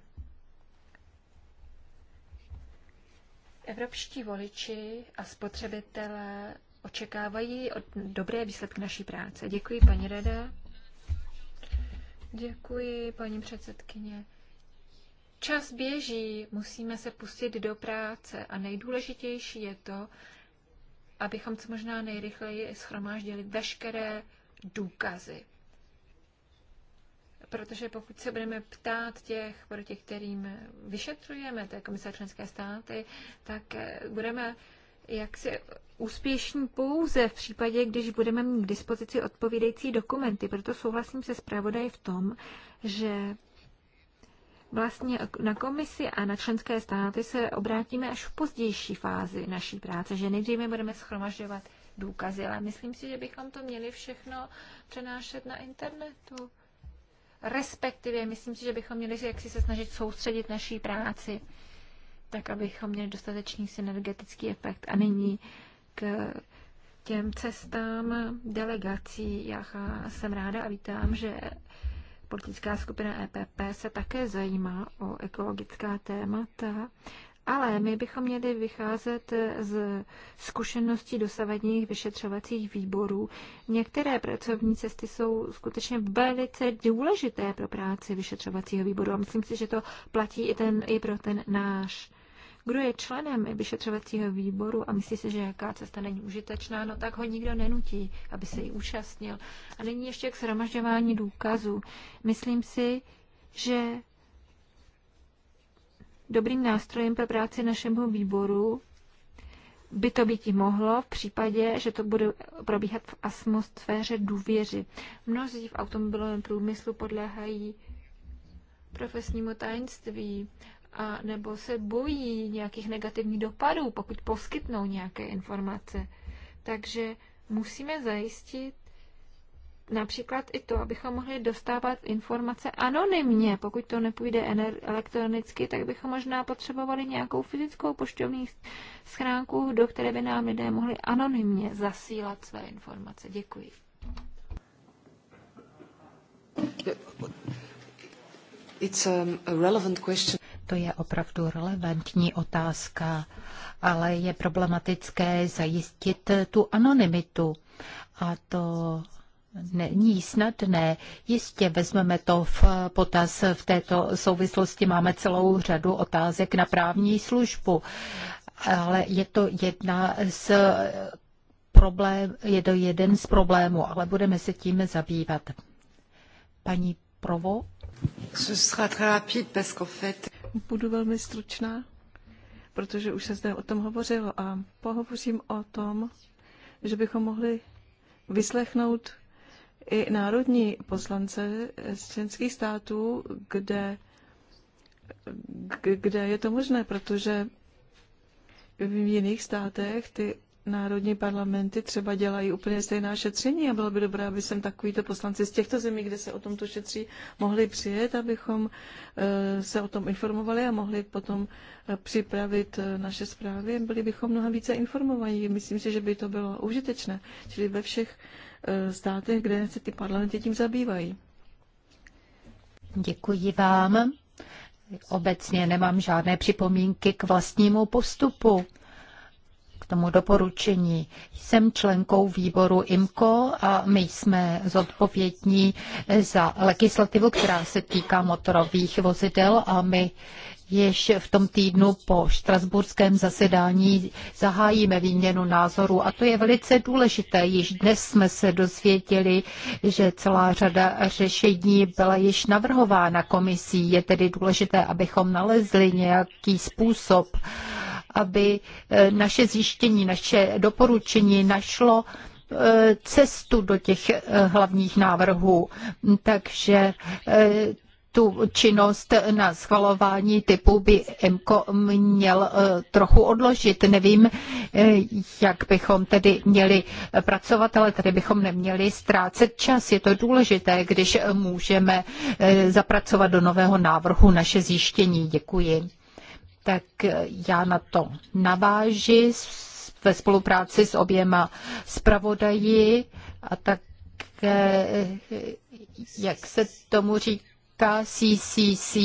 Evropští voliči a spotřebitelé očekávají od dobré výsledky naší práce. Děkuji, paní Reda. Děkuji, paní předsedkyně. Čas běží, musíme se pustit do práce a nejdůležitější je to, abychom co možná nejrychleji schromáždili veškeré důkazy protože pokud se budeme ptát těch, proti kterým vyšetřujeme, to je komise členské státy, tak eh, budeme jaksi úspěšní pouze v případě, když budeme mít k dispozici odpovídající dokumenty. Proto souhlasím se zpravodaji v tom, že vlastně na komisi a na členské státy se obrátíme až v pozdější fázi naší práce, že nejdříve budeme schromažďovat důkazy, ale myslím si, že bychom to měli všechno přenášet na internetu respektive myslím si, že bychom měli jaksi se snažit soustředit naší práci, tak abychom měli dostatečný synergetický efekt. A nyní k těm cestám delegací. Já jsem ráda a vítám, že politická skupina EPP se také zajímá o ekologická témata ale my bychom měli vycházet z zkušeností dosavadních vyšetřovacích výborů. Některé pracovní cesty jsou skutečně velice důležité pro práci vyšetřovacího výboru a myslím si, že to platí i, ten, i pro ten náš. Kdo je členem vyšetřovacího výboru a myslí si, že jaká cesta není užitečná, no tak ho nikdo nenutí, aby se jí účastnil. A není ještě k zhromažďování důkazů. Myslím si, že dobrým nástrojem pro práci našemu výboru by to být mohlo v případě, že to bude probíhat v atmosféře důvěři. Mnozí v automobilovém průmyslu podléhají profesnímu tajemství a nebo se bojí nějakých negativních dopadů, pokud poskytnou nějaké informace. Takže musíme zajistit, například i to, abychom mohli dostávat informace anonymně. Pokud to nepůjde elektronicky, tak bychom možná potřebovali nějakou fyzickou poštovní schránku, do které by nám lidé mohli anonymně zasílat své informace. Děkuji. It's um, a relevant question. To je opravdu relevantní otázka, ale je problematické zajistit tu anonymitu. A to není snadné. Jistě vezmeme to v potaz. V této souvislosti máme celou řadu otázek na právní službu, ale je to jedna z problém, je to jeden z problémů, ale budeme se tím zabývat. Paní Provo? Budu velmi stručná, protože už se zde o tom hovořilo a pohovořím o tom, že bychom mohli vyslechnout i národní poslance z členských států, kde, kde je to možné, protože v jiných státech ty národní parlamenty třeba dělají úplně stejná šetření a bylo by dobré, aby sem takovýto poslanci z těchto zemí, kde se o tomto šetří, mohli přijet, abychom eh, se o tom informovali a mohli potom eh, připravit eh, naše zprávy. Byli bychom mnohem více informovaní. Myslím si, že by to bylo užitečné. Čili ve všech státech, kde se ty parlamenty tím zabývají. Děkuji vám. Obecně nemám žádné připomínky k vlastnímu postupu tomu doporučení. Jsem členkou výboru IMCO a my jsme zodpovědní za legislativu, která se týká motorových vozidel a my Jež v tom týdnu po štrasburském zasedání zahájíme výměnu názorů a to je velice důležité. Již dnes jsme se dozvěděli, že celá řada řešení byla již navrhována komisí. Je tedy důležité, abychom nalezli nějaký způsob, aby eh, naše zjištění, naše doporučení našlo eh, cestu do těch eh, hlavních návrhů. Takže tu činnost na schvalování typu by MKO měl trochu odložit. Nevím, jak bychom tedy měli pracovat, ale tady bychom neměli ztrácet čas. Je to důležité, když můžeme zapracovat do nového návrhu naše zjištění. Děkuji tak já na to naváži ve spolupráci s oběma zpravodaji a tak, eh, jak se tomu říká CCC,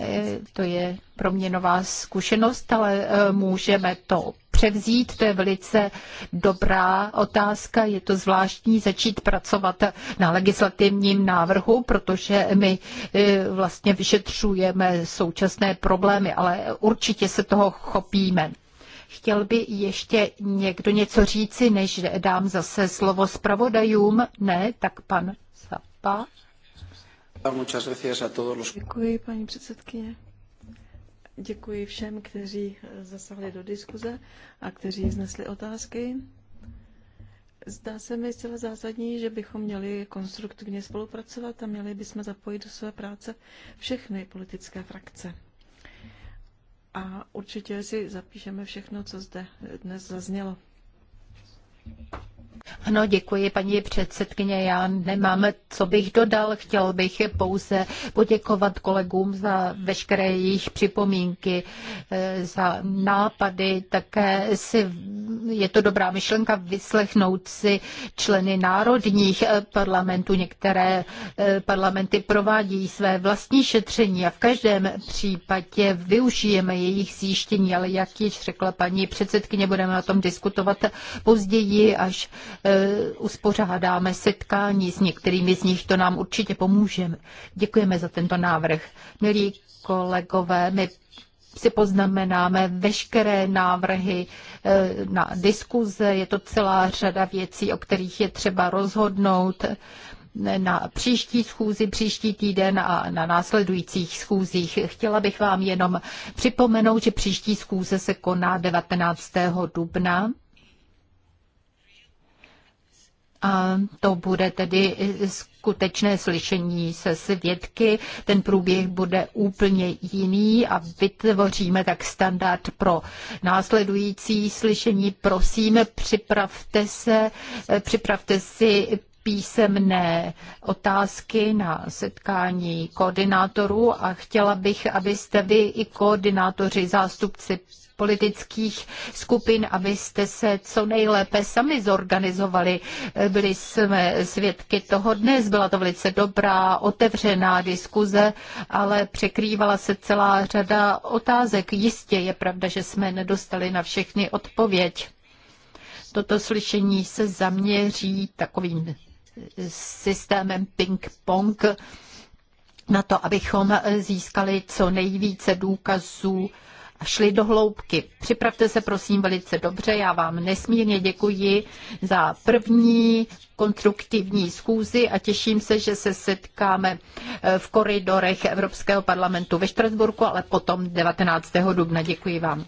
Eh, to je pro mě nová zkušenost, ale eh, můžeme to převzít. To je velice dobrá otázka. Je to zvláštní začít pracovat na legislativním návrhu, protože my eh, vlastně vyšetřujeme současné problémy, ale určitě se toho chopíme. Chtěl by ještě někdo něco říci, než dám zase slovo zpravodajům? Ne, tak pan Sapa. Děkuji, paní předsedkyně. Děkuji všem, kteří zasahli do diskuze a kteří vznesli otázky. Zdá se mi zcela zásadní, že bychom měli konstruktivně spolupracovat a měli bychom zapojit do své práce všechny politické frakce. A určitě si zapíšeme všechno, co zde dnes zaznělo. Ano, děkuji paní předsedkyně. Já nemám, co bych dodal. Chtěl bych pouze poděkovat kolegům za veškeré jejich připomínky, eh, za nápady. Také si, je to dobrá myšlenka vyslechnout si členy národních eh, parlamentů. Některé eh, parlamenty provádí své vlastní šetření a v každém případě využijeme jejich zjištění, ale jak již řekla paní předsedkyně, budeme o tom diskutovat později, až Eh, uspořádáme setkání s některými z nich, to nám určitě pomůže. Děkujeme za tento návrh. Milí kolegové, my si poznamenáme veškeré návrhy eh, na diskuze, je to celá řada věcí, o kterých je třeba rozhodnout eh, na příští schůzi, příští týden a na následujících schůzích. Chtěla bych vám jenom připomenout, že příští schůze se koná 19. dubna a to bude tedy e, skutečné slyšení se svědky. Ten průběh bude úplně jiný a vytvoříme tak standard pro následující slyšení. Prosím, připravte se, e, připravte si písemné otázky na setkání koordinátorů a chtěla bych, abyste vy i koordinátoři, zástupci politických skupin, abyste se co nejlépe sami zorganizovali. Byli jsme svědky toho dnes, byla to velice dobrá, otevřená diskuze, ale překrývala se celá řada otázek. Jistě je pravda, že jsme nedostali na všechny odpověď. Toto slyšení se zaměří takovým systémem ping-pong na to, abychom získali co nejvíce důkazů a šli do hloubky. Připravte se prosím velice dobře, já vám nesmírně děkuji za první konstruktivní schůzi a těším se, že se setkáme eh, v koridorech Evropského parlamentu ve Štrasburku, ale potom 19. dubna. Děkuji vám.